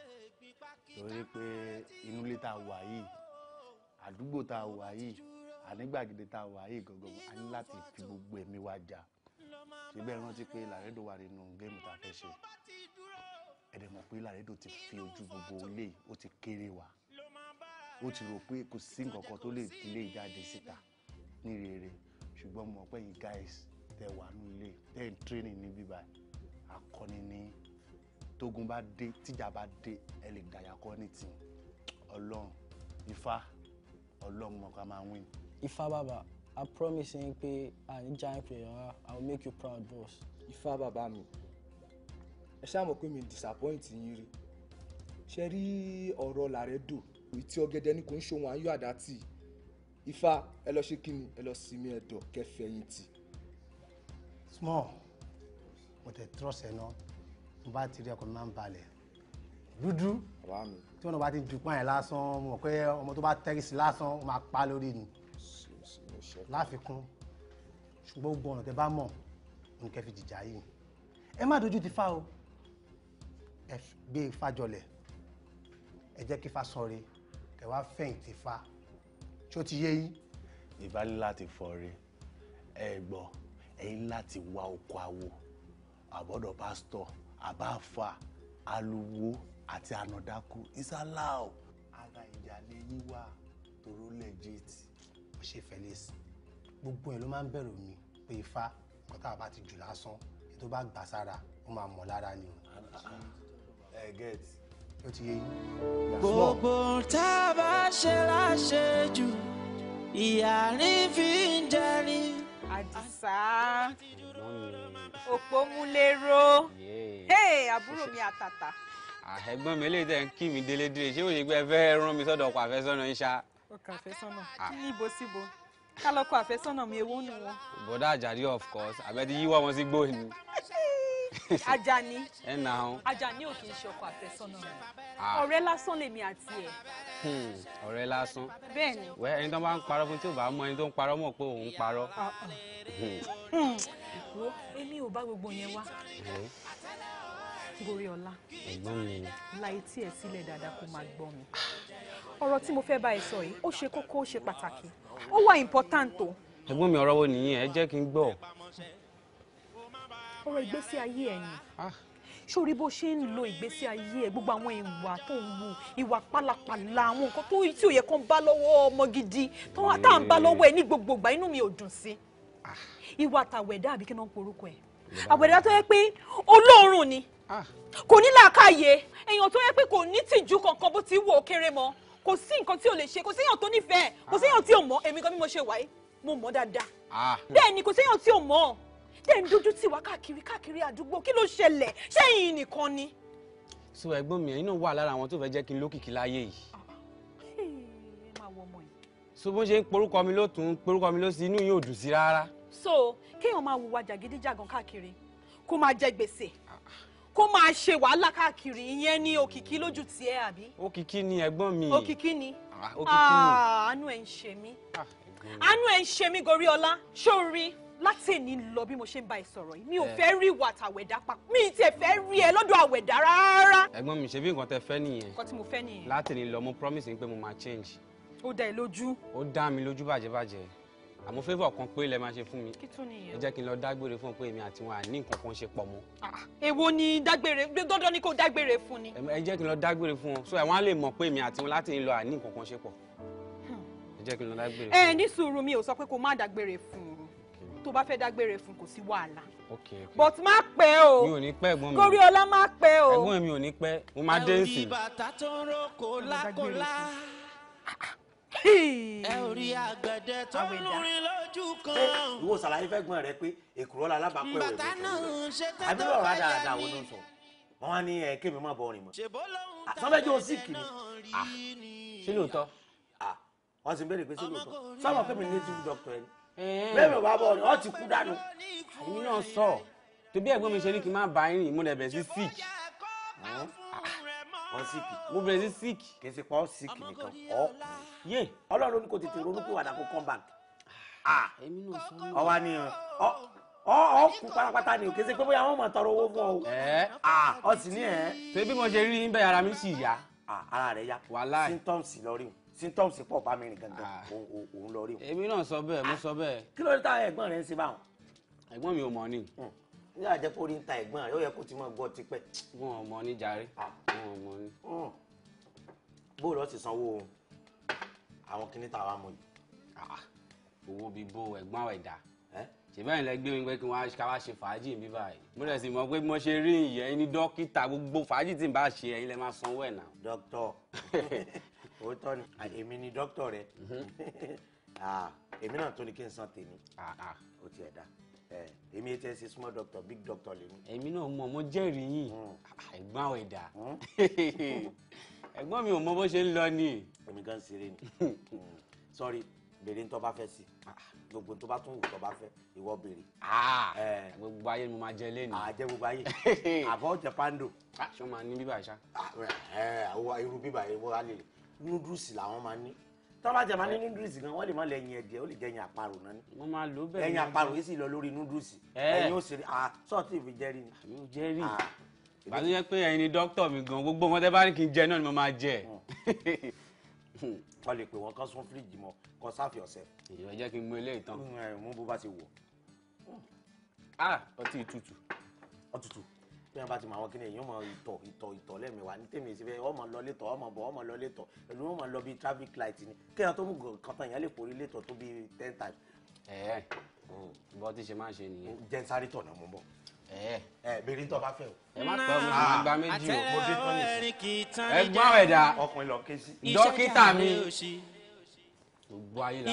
torí pé inú ilé tá a wà yìí àdúgbò ta a wà yìí ànígbàgede tá a wà yìí gangan a ní láti fi gbogbo ẹ̀mí wa jà síbẹ̀ rántí pé làrẹ́dò wà nínú géèmù tá a fẹ́ ṣe ẹ̀dẹ̀ mọ̀ pé làrẹ́dò ti fi ojú gbogbo ilé ó ti kéré wa ó ti rò pé kò sí nǹkan kan tó lè tilé jáde síta ní rere ṣùgbọ́n mo mọ̀ pé yìí guys tẹ wà nínú ilé tẹ ń tírénì ní bíbá akọni ní tógun bá dé tíjà bá dé ẹ lè dàyà kọ́ ní tì ọlọ́run ifá ọlọ́run mọ̀ ká máa win. ifá bàbá i promise yín pé àní giant player i will make you proud boss. ifá bàbá mi ẹ ṣáà mọ̀ pé mi disappoint yín rí ṣe rí ọ̀rọ̀ làrẹ́dò ìtì ọ̀gẹ̀dẹ̀ ni kò ń ṣohun ayọ̀ àdátì ifá ẹ lọ ṣe kí ni ẹ lọ sinmi ẹ̀dọ̀ kẹfẹ̀yìntì. small mo tẹ trust ẹ náà tó bá ti rí ọkọ mi máa ń balẹ̀ dúdú tí wọn bá ti ju pààyàn lásán mọ̀ pé ọmọ tó bá tẹ́rì sí lásán ó máa pa lórí ni láfikún ṣùgbọ́n gbogbo ọ̀nà tẹ bá mọ̀ nǹkẹ́ fi jìjà yìí ẹ má dojú ti fa o ẹ gbé ifá jọlẹ̀ ẹ jẹ́ kí fa sọre kẹ wá fẹ̀yìntì fa tí ó ti yé yín. ìbálẹ̀ láti fọre ẹ gbọ́ ẹ̀yin láti wá oko awo àbọ̀dọ̀ pásítọ̀ àbáfà aluwo àti ànàdákú ìsàláò ara ìjà lè yí wá tòró legit ó felix gbogbo ẹ ló máa ń bẹ̀rù mi pé ifá kọ́tà bá ti jù lásán ètò bá gbà sára ó máa mọ̀ lára ni o. gbogbo tá a bá ṣe láṣejù ìyá rí fi ń jẹ ni. àdìsá òpómúléró àbúrò mi àtàtà. Ah, ẹ̀gbọ́n mi eléyìí tẹ̀ ń kí mi délé délé ṣé òye pé ẹ fẹ́ rán mi sọ́dọ̀ ọkọ àfẹ́sọ́nà yín ṣá. ọkọ àfẹ́sọ́nà ah. kí ni ibo síbo ká lọ́kọ àfẹ́sọ́nà mi èwo nù wọn. bọ́dá àjàdí of course àbẹ́ ti yíwọ́ wọn sí gbóòní. Ajani Ajani ò kì í ṣe ọkọ àfẹ́sọ́nà mi ah. ọ̀rẹ́ lásán lèmi àti ẹ̀. Hmm, ọ̀rẹ́ lásán. bẹ́ẹ̀ni. wẹ ẹni tó bá ń parọ́ fún tí ò bá mọ ẹni tó ń parọ́ mọ̀ pé òun ń parọ́. Hmm. Hmm wo èmi ò bá gbogbo yẹn wá. gorí ọlá la etí ẹ sílẹ̀ dáadáa kó máa gbọ́ mi ọ̀rọ̀ tí mo fẹ́ bá ẹ sọ yìí ó ṣe kókó ó ṣe pàtàkì ó wà important o. ẹ̀gbọ́n mi ọ̀rọ̀ wo nìyẹn ẹ jẹ́ kí n gbọ́. ọ̀rọ̀ ìgbésí ayé ẹ̀ ni sórí ah. bó ṣe ń lo ìgbésí ayé ẹ gbogbo àwọn ìwà tó ń wù ìwà pálapàla àwọn nǹkan tó tí ò yẹ kó ń bá lọ́wọ́ ọmọ gidi tó ń bá lọ́wọ́ ẹ ní gbogbo inú mi ò dùn sí. Ah ìwà àtàwẹ̀dá àbí kí náà ń porúkọ ẹ̀ àwẹ̀dá tó yẹ pé olóòórùn ni ah. kò ní làákàyè èèyàn tó yẹ pé kò ní tìjú kankan bó ti wò ó kéré mọ́ kò sí nǹkan tí o lè ṣe kò séèyàn tó nífẹ̀ẹ́ kò séèyàn tí o mọ̀ èmi gan bí mo ṣe wáyé mo mọ̀ dáadáa ah. bẹ́ẹ̀ ni kò séèyàn tí o mọ̀ dẹ̀ ń dojú tì wá káàkiri káàkiri àdúgbò kí ló ṣẹlẹ̀ ṣẹ́yìn nìkan ni. so ẹ̀gbọ́n mi ẹ̀yin náà wà lára àwọn tó fẹ́ jẹ́ kí n lókìkí láyé yìí. Ah, so bó ṣe ń porúkọ mi ló tún porúkọ mi ló sí inú yóò dùn sí rárá so kéèyàn máa wùwà jàgídíjàgan káàkiri kó máa jẹ gbèsè kó máa ṣe wàhálà káàkiri ìyẹn ní òkìkí lójú tiẹ̀ àbí. òkìkí ni ẹ̀gbọ́n mi. òkìkí ni àánú ah, ah, ẹ̀ ń ṣe mí àánú ah, ẹ̀ ń ṣe mí gorí ọlá sórí láti èní lọ bí mo ṣe ń bá ẹ sọ̀rọ̀ yìí mi ò eh. fẹ́ rí ìwà àtàwẹ̀dá papọ̀ mi tiẹ̀ fẹ́ rí ẹ lọ́dọ̀ àwẹ̀dá rárá. ẹ̀gbọ́n mi ṣe bí nǹkan tẹ fẹ́ nìyẹn. nǹkan tí mo fẹ́ nìyẹn. láti èní lọ mo promise ni pé mo máa change. ó dá ẹ lójú. ó dá mi lójú bàjẹ́ bàjẹ́ àmọ́ favour kan pé lẹ máa ṣe fún mi kí tún nìyẹn ẹ jẹ́ kí n lọ dágbére fún un pé èmi àti wọn à ní nǹkan kan ṣe pọ̀ mọ́. Ah, èwo ni dágbére dandan ni kò dágbére fún ni. ẹ jẹ́ kí n lọ dágbére fún wọn so ẹ̀ wọ́n á lè mọ̀ pé èmi àti wọn láti lọ à nǹkan kan ṣe pọ̀ hmm. ẹ jẹ́ kí n lọ dágbére ẹ eh, ní sùúrù mi ò sọ pé kó má dágbére fún un tó bá fẹ́ dágbére fún kò sí wàhálà. but má pẹ́ o mi ò ní pẹ́ ẹ̀gbọ́n mi kórí má pẹ́ o ẹ̀gbọ́n mi ò ní pẹ́ mo má dé ìsìn. ẹ ẹ ò rí àgbẹ̀dẹ tó lórin lójú kan. ṣé ìwọ sàlàyé fẹ́ gbọ́n rẹ pé èkùrọ́ la lábàápẹ́ òwe bàtà náà àbí bàbá dáadáa wo ló ń sọ wọn wá ní kémi má bọ orin mọ. sọfẹ́jọ́ síìkì ni ah. ṣé lóòótọ́ ah, wọ́n sì ń béèrè pé ṣé lóòótọ́ sábà pé ní ti dọ́kítọ̀ ẹni bẹ́ẹ̀ bá bọ̀ ni ti kú dànù. àyìn náà sọ tóbi ẹ̀gbọ́n mi ṣe ní kí n má bá yín rìn bẹ̀ sí sick wọ́n sick. mo bẹ̀rẹ̀ sí sick. kì í ṣe pa ọ́ sick nìkan ọ́ yé ọlọ́run ló ní kò tètè ronúkú wàdà kó come back. ọwọ́ ni ọ ọ kú pátápátá ni kì í ṣe pé bóyá wọ́n mọ̀ tọrọ owó fún ọ o ọ sì ní ẹ̀. ṣé bí mo ṣe rí níbẹ̀ ara mi sì yá. ara rẹ̀ yá symptoms lọ rí o symptoms pọ̀ bá mi rìn gangan òun lọ rí o. èmi náà sọ bẹ́ẹ̀ mo sọ bẹ́ẹ̀. kí ló dé ta ẹ̀gbọ́n rẹ̀ ń ṣe báwọn. ẹ̀gbọ́n mi ò mọ̀ ni. Hmm ní àjẹpọ̀ orí ń ta ẹ̀gbọ́n rẹ̀ ó yẹ kó ti mọ̀ gbọ́ tipẹ́. wọn ò mọ ní jàre ah. wọn ò mọ ní. Hmm. bóòlù ọ̀sì sanwó àwọn kinní tá a wá mú yìí. Ah, ah. owó bíi bó ẹ̀gbọ́n àwọn ẹ̀dá ṣèbáyìí lẹ gbé mi pé kí wọn ká wá ṣe fàájì mi báyìí mo rẹ̀ sì mọ̀ pé mo ṣe rí ìyẹn ní dókítà gbogbo fàájì tí n bá ṣe ẹ̀yin lẹ máa sanwó ẹ̀ náà. dókítọ̀ òótọ́ ni èmi ni dókítọ̀ rẹ mhm. èmi náà tó ní kí n san tèmi ó ti ẹ̀ dá èmi ètò ẹsẹ small doctor big doctor lèmi. èmi náà mọ ọmọ jẹ́rìí yìí hmm. ẹ̀gbọ́n àwọn ẹ̀dá hmm. ẹ̀gbọ́n mi ò mọ bó ṣe ń lọ ni. èmi gan ṣeré ni hmm. sorry bèrè tó bá fẹ́ sí gbogbo tó bá tún wù tó bá fẹ́ ìwọ bèrè. Ah, gbogbo ayé ni mo máa jẹ lẹ́nu. àjẹ ah, gbogbo ayé àbọ̀ jẹ pando. Ah, ṣé o máa ní bíbà ṣá. irú bíbà yẹn wọ́n á lè nùdùsì làwọn máa ní tọ́lá jẹ̀ máa ní noodles gan wọ́n lè má lẹ ẹyin ẹ̀dẹ̀ ó lè jẹ́ àparò náà ni. wọ́n máa lò bẹ́ẹ̀ ẹyin àparò yìí sì lọ lórí noodles ẹyin ó ah sọ́ọ̀tì ìfi jẹ́rìí ni. àmì ò jẹ́rìí pàtó jẹ́ pé ẹyin ni dókítà mi gan gbogbo wọn tẹ́ bá ní kí n jẹ náà ni mo máa jẹ hmm. wọ́n lè pè wọ́n kán sún fíríjì mọ́ kán sáfì ọ̀sẹ̀. ìyẹn jẹ́ kí n mú eléyìí tán. Hmm, mú bó bá ti wọ̀. Ah, ọtí tútù. ọtútù bí wọn bá ti mọ àwọn kíni èèyàn mọ ìtọ̀ ìtọ̀ ìtọ̀ lẹ́mìíwá ní tèmi ìsìnfẹ́ ọmọ lọ létọ̀ ọmọ bọ̀ ọmọ lọ létọ̀ ẹ̀lú wọn lọ bí traffic light ni kéèyàn tó mú nǹkan tán èèyàn lè forí létọ̀ tó bí ten times. ẹ ẹ mm, bọ́ tí ṣe máa ṣe nìyẹn. jẹ́ sáré tọ̀ náà mo bọ̀. ẹ ẹ bèrè tó bá fẹ́ o. ẹ má pẹ́ mi ah. gba méjì o. mo dé tán nìyí. ẹ gbọ́ ẹ̀dá dókítà mi gbogbo ayé la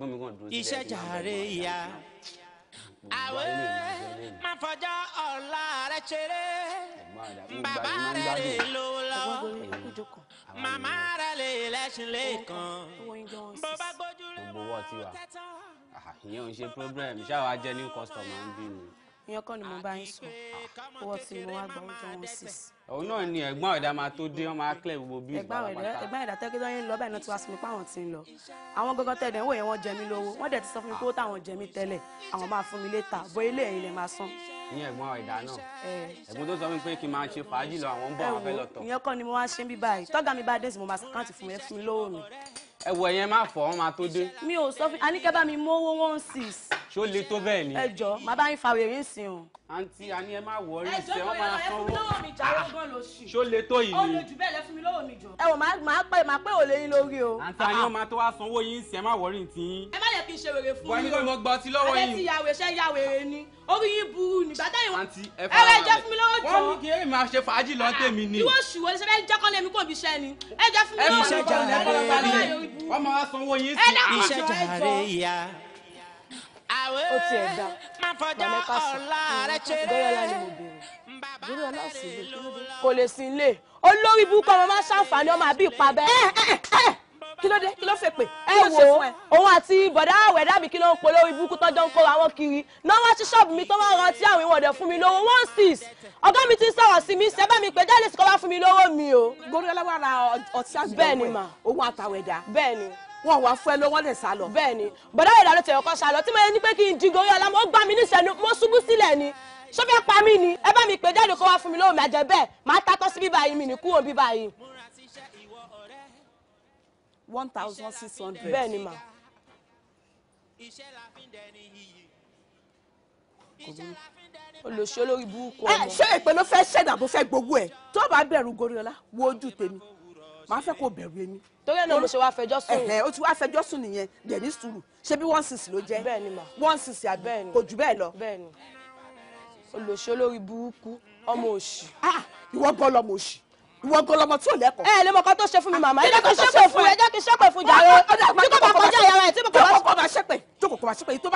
máa jẹ́ àwẹ̀ má fọjọ́ ọ̀la rẹ̀ ṣeré bàbá rẹ̀ lè lò lọ́wọ́ màmá rẹ̀ lè lẹ́sìn lẹ́ẹ̀kan bó bá gbójú lé wọn tẹ́tàn. ìyẹn ò ṣe problem ṣáà wàá jẹ́ new customer ń bí mi ìyẹn kọ́ ni mo bá yín sọ owó tí mo wá gbà ó jẹ́ one six. òun náà ni ẹ̀gbọ́n ẹ̀dá máa tó dé wọ́n máa kílẹ̀ gbogbo bíi ìgbà wọn ta. ẹ̀gbọ́n ẹ̀dá tẹ́kí tó yín lọ bẹ́ẹ̀ náà ti wá sí mi pé àwọn ti ń lọ àwọn gọ́gọ́ tẹ̀dẹ̀ wò yẹn wọ́n jẹ mí lówó wọ́n dẹ̀ ti sọ fún mi pé ó táwọn jẹ mí tẹ́lẹ̀ àwọn máa fún mi létà bó ilé ẹ̀yìn lè máa san ní ẹ̀gbọ́n ẹ̀dá náà ẹ̀gbọ́n tó sọ mi pé kí n máa ṣe fàájì lọ àwọn ń bọ̀ àwọn fẹ́ lọ tọ̀. ìyẹn kọ́ ni mo wá ṣe ń bí báyìí tọ́gà mi bá dé sí mo máa sàkáǹtì fún ẹ fún mi lówó mi. ẹ̀wọ̀ yẹn má fọ̀ wọ́n máa tó dé. mi ò sọ fún aníkẹ́ bá mi mówó one six ṣó le tó bẹ́ẹ̀ ni. ẹ jọ màá bá yín fa wèrè ńsìn o. àǹtí àní ẹ má wọrí ìṣe wọn máa sanwó ṣó le tó yìí ni. ó lè jù bẹ́ẹ̀ lẹ fún mi lọ́wọ́ mi jọ. ẹ wò máa pè máa pè òlé yín lórí o. àǹtí àní ọmọ tó wá sanwó yín ṣe má wọrí ti. ẹ má yẹ kí n ṣe wèrè fún yín o. wọ́n ní kò mọ gbọ́ sí lọ́wọ́ yín. àbẹ́tì yàwé ṣẹ́ yàwé ni orí yín burú ni bàtà yìí. àǹtí ẹ fara ẹ jẹ fún mi lọ́wọ́ jọ. wọ́n ní kí èyí máa ṣe fàájì lọ ah, tèmi ni. ìwọ ṣùwọ́ ní sẹ́fẹ́ jẹ́kọ́ lẹ́mi kò bí iṣẹ́ ni. ẹ jẹ fún mi lọ́wọ́ jọ. ẹ bí iṣẹ́ jà rẹ̀ wọ́n máa sanwó yín sí. ẹ dákun jọ ẹ jọ ó ti ẹ̀ dá màmí ká sùn bóyá ọlá ni mo bèrè lórí ọlá òsì lè kò lè sin ilé olórí ibùkún ọmọ máa ṣàǹfààní ọmọ àbí ìpa bẹ́ẹ̀ eh, eh, eh, kí ló dé kí ló fẹ́ pè ẹ wò ó òun àti bọ̀dá àwẹ̀ dàbí kí ló ń polówó ibùkú tọ́jọ́ ń kó àwọn kiri náà wá sí ṣọ́ọ̀bù mi tó wá rántí àwọn ìwọ̀n ọ̀dẹ̀ fún mi lówó one six ọ̀gá mi ti ń sọ̀rọ̀ sí mi sẹ́bẹ̀ mi pé jáde sí kọ́ wá fún mi lówó mi o. gbórí ọlọ́wọ́ ra ọtí àgbẹ̀wò ẹ̀ òun àtàwẹ̀dà. bẹ́ẹ̀ ni wọn wá fún ẹ lọ wọn lè sá lọ. bẹ́ẹ̀ni bọdá ìlà ló tẹyọkọ sá lọ tí mo yẹ ní pé kí n digorí ọlá mo gbá mi níṣẹnu mo ṣubú sílẹ̀ ni ṣó pa mí ni ẹ bá mi pè jáde kó wá fún mi lóhùn mi àjẹ bẹ́ẹ̀ máa tatọ́ sí bíbá yìí mi ní kúrò bíbá yìí. one thousand six hundred. bẹ́ẹ̀ni ma. olùṣọ́ lórí burúkú ọmọ. ṣé ìpè ló fẹ́ ṣẹ̀dá bó fẹ́ gbowó ẹ̀ tó bá bẹ̀rù goriola wo ojú tèmi màá fẹ́ kó bẹ̀rù ẹni torí ẹ̀ náà mo ṣe wá fẹjọ́ sùn. ẹ̀hẹ̀ o ti wá fẹjọ́ sùn nìyẹn dẹ̀ sùúrù ṣé bí one six ló jẹ́ bẹ́ẹ̀ ni mà one six àbí kò jù bẹ́ẹ̀ lọ. bẹ́ẹ̀ ni olóṣèlú olórí burúkú ọmọ òṣì. ìwọ gbọ́ lọmọ òṣì ìwọ gan lọmọ tí ò lẹkọọ. ẹ lè mọ kan tó ṣe fún mi màmá ẹ jẹ́ kí n ṣépè fún ẹ jẹ́ kí n ṣépè fún jàre tí kò bá kọjá ìyàrá tí kò bá ṣépè. jókòó kò bá ṣépè tó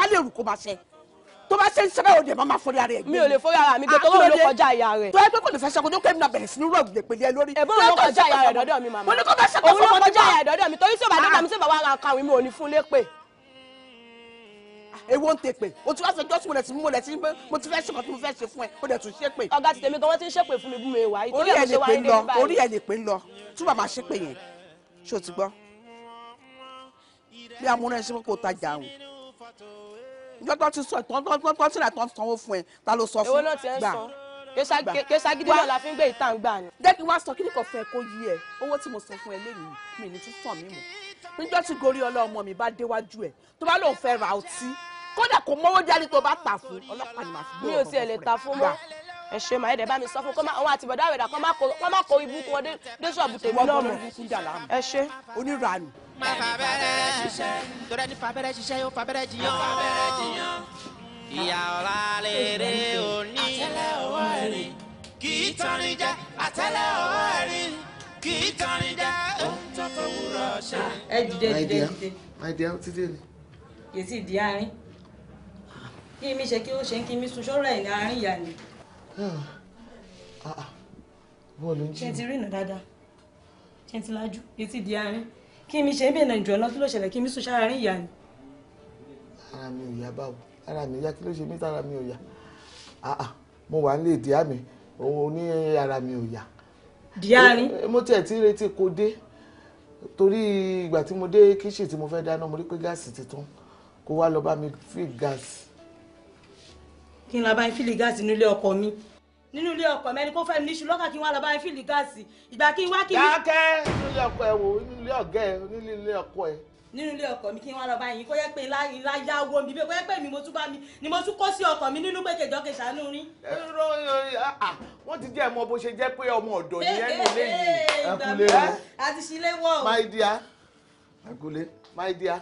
tó bá ṣe ń ṣe bẹ́ẹ̀ o dẹ̀ máa ma forí ara ẹ̀ gbé mi. mi ò lè forí ara mi gbé tó lóun ló kọjá ìyá rẹ̀. tó yẹ pé kò lè fẹ́ ṣẹ́kọ̀ọ́ tó kẹ́ mi náà bẹ̀rẹ̀ sí ní rọ̀ gbèpè lé lórí. ẹ̀bùn ló kọjá ìyá rẹ̀ dọ́dọ̀ mi màmá. mo ní kó bá ṣẹ́kọ̀ọ́ fún ọmọdé wa. òun ló kọjá ìyá dọ́dọ̀ mi torí sí òbá dọ́dọ̀ ah. mi sí bàbá ara kan mi ò ní fún lépè. ewo ah, ń te pè o ti wá sọ jọ́sùn mo lẹ̀ sí mo lẹ̀ sí mo ti fẹ́ ṣe kan tí mo fẹ́ ṣe fún ẹ o dẹ̀ tún ṣe pé. ọ̀gá ti tèmi gan wọ́n ti ń ṣépè fún mi bí mo wà yìí. orí ẹ̀ lè pè ń lọ orí ẹ̀ lè pè ń lọ túbọ̀ máa ṣépè yẹn ṣó ti gbọ́ bí amúnáṣe kò tajà àwọn tọ́tọ́ ti sọ tọ́tọ́ ti rà tọ́ sanwó fún ẹ ta ló sọ fún gbà. èwo ló ti ń sọ kesa gidi lọ́la fi ń gbé ìta ń gbà ni. dẹ́bi wá sọ kíníkan fún ẹ kó yí ẹ owó tí mo sọ fún ẹ lẹ́yìn mi ní tún sàn mí mọ́ níjọ́ tí gorí ọlọ́mọ mi bá déwájú ẹ tó bá lóun fẹ́ ra ọtí kódà kò mọ́wọ́ dání tó bá tà fún ọlọ́pàá ni màá fi gbé ọkọ̀ mi ò tiẹ̀ lè ta fún mọ́ ẹ ṣe màá ẹ̀dẹ̀ bá mi sọ fún kọ́ àwọn àti àwẹ̀dà kọ́ má kó ibùkún wọn dé ṣọ́ọ̀bù tèmi lọ́mọ ẹ ṣe onírànù máa fàbẹ́rẹ́ ṣiṣẹ́ torí ẹni fàbẹ́rẹ́ ṣiṣẹ́ yóò fàbẹ́rẹ́ jiyàn. ìyá ọ̀la lèrè òní. àtẹ́lẹ̀ ọwọ́ ẹ̀rí kì í tanrin jẹ àtẹ́lẹ̀ ọwọ́ ẹ̀rí kì í tanrin jẹ ohun tó fowórọ̀ ṣe. ẹ dìde dìde dìde. máa di àwọn títí ni. kì kí mi ṣe kí ó ṣe kí mi sun sọ́rọ̀ ẹ̀ ní àárín ìyá ni. Ah, ah, ah. bọ́ọ̀lù ń jí. ṣe ti rí ìnà dáadáa ṣe ti lajú kì í sì kí mi ṣe ń bèèrè ìjọ náà kí ló ṣẹlẹ̀ kí mi sùn ṣáárín ìyá ni. ara mi ò yá báwo ara mi ò yá kí ló ṣe mí tára mi ò yá mo wà nílé ìdíyà mi òun ní ara mi ò yá. díárín. mo tiẹ̀ ti retí kó dé torí ìgbà tí mo dé kíṣì tí mo fẹ́ dáná mo rí pé gáàsì ti kó wá lọ bá mi fi gáàsì. kí n lọ bá yín fílì gáàsì nílé ọkọ mi nínú ilé ọkọ mẹni kó fẹ́ mi níṣu lọ́kà kí n lọ bá yín fìlì gáàsì ìgbà kí n kí. dákẹ́ nínú ọkọ ẹ wò nínú ilé ẹ nínú ilé ọkọ ẹ. nínú ilé ọkọ mi kí n lọ bá yín kó yẹ pé ńlá ya wo mi bí kó yẹ pé mi mo tún bá mi ni mo tún kó sí ọkọ mi nínú pé kejì ṣàánú rí. Ah, ah, wọ́n ti jẹ́ ẹ̀mọ́ bó ṣe jẹ́ pé ọmọ ọ̀dọ̀ ni ẹ̀ ń lé yìí. ẹ̀kúlé o my dear my dear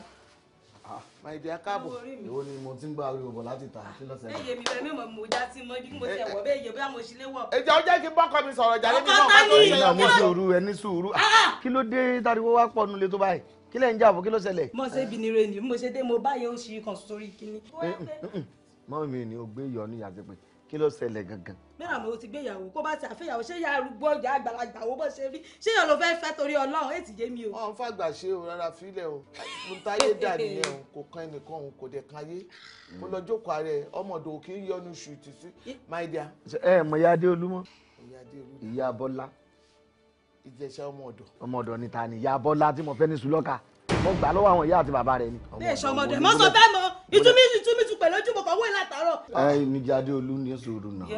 my dear káàbọ̀. èwo ni mo ti ń gbá orí òbọ̀ láti tà kí lọ́sẹ̀. bẹ́ẹ̀ yé mi bẹ́ẹ̀ mọ̀ mo já sí mọ́jú mo ti ẹ̀wọ̀ bẹ́ẹ̀ yé bóyá mo ṣe lé wọ̀. ìjà ó jẹ́ kí bọ́kọ mi sọ̀rọ̀ ìjà lẹ́bi náà kọ́kọ́ yìí. ìyá mo ṣe òru ẹ ní sùúrù ah, ah. kí ló dé tariwo wá pọ̀ nulẹ̀ tó báyìí kí lẹ̀ ń jà kí ló ṣẹlẹ̀. mo ṣe bìnrin ni mo ṣe dé mo báyìí ó ṣe kàn sórí kíní. Eh, eh, eh, kí ló ṣẹlẹ̀ gangan. mẹ́rà mo ti gbéyàwó kó bá ti àfẹ́yàwó ṣé ya arúgbó ọjà àgbàlagbà owó bó ṣe rí ṣé yàn ló fẹ́ fẹ́ torí ọlọ́run ètì yé mi o. ọ̀n fàgbà ṣe o rárá filẹ̀ o mùtáyé dà nìyẹn o kò kan ẹnìkan òun kò dẹ̀ kan ayé mo lọ jókòó ààrẹ ọmọdé òkè ń yọnu ṣù títí my dear. ẹ mọ ìyá adéolú mọ ìyá bọlá ìjẹsẹ ọmọ ọ̀dọ̀ ọmọ ọ̀dọ̀ mo gbà lọ́wọ́ àwọn ìyá àti bàbá rẹ ni. ẹ ṣọmọdé mọ sọ bẹ́ẹ̀ mọ ìtumí ìtumí tu pẹ̀lú ojúmọ kan wọlé látàárọ̀. ẹ níjà adéolú ní sòrò náà.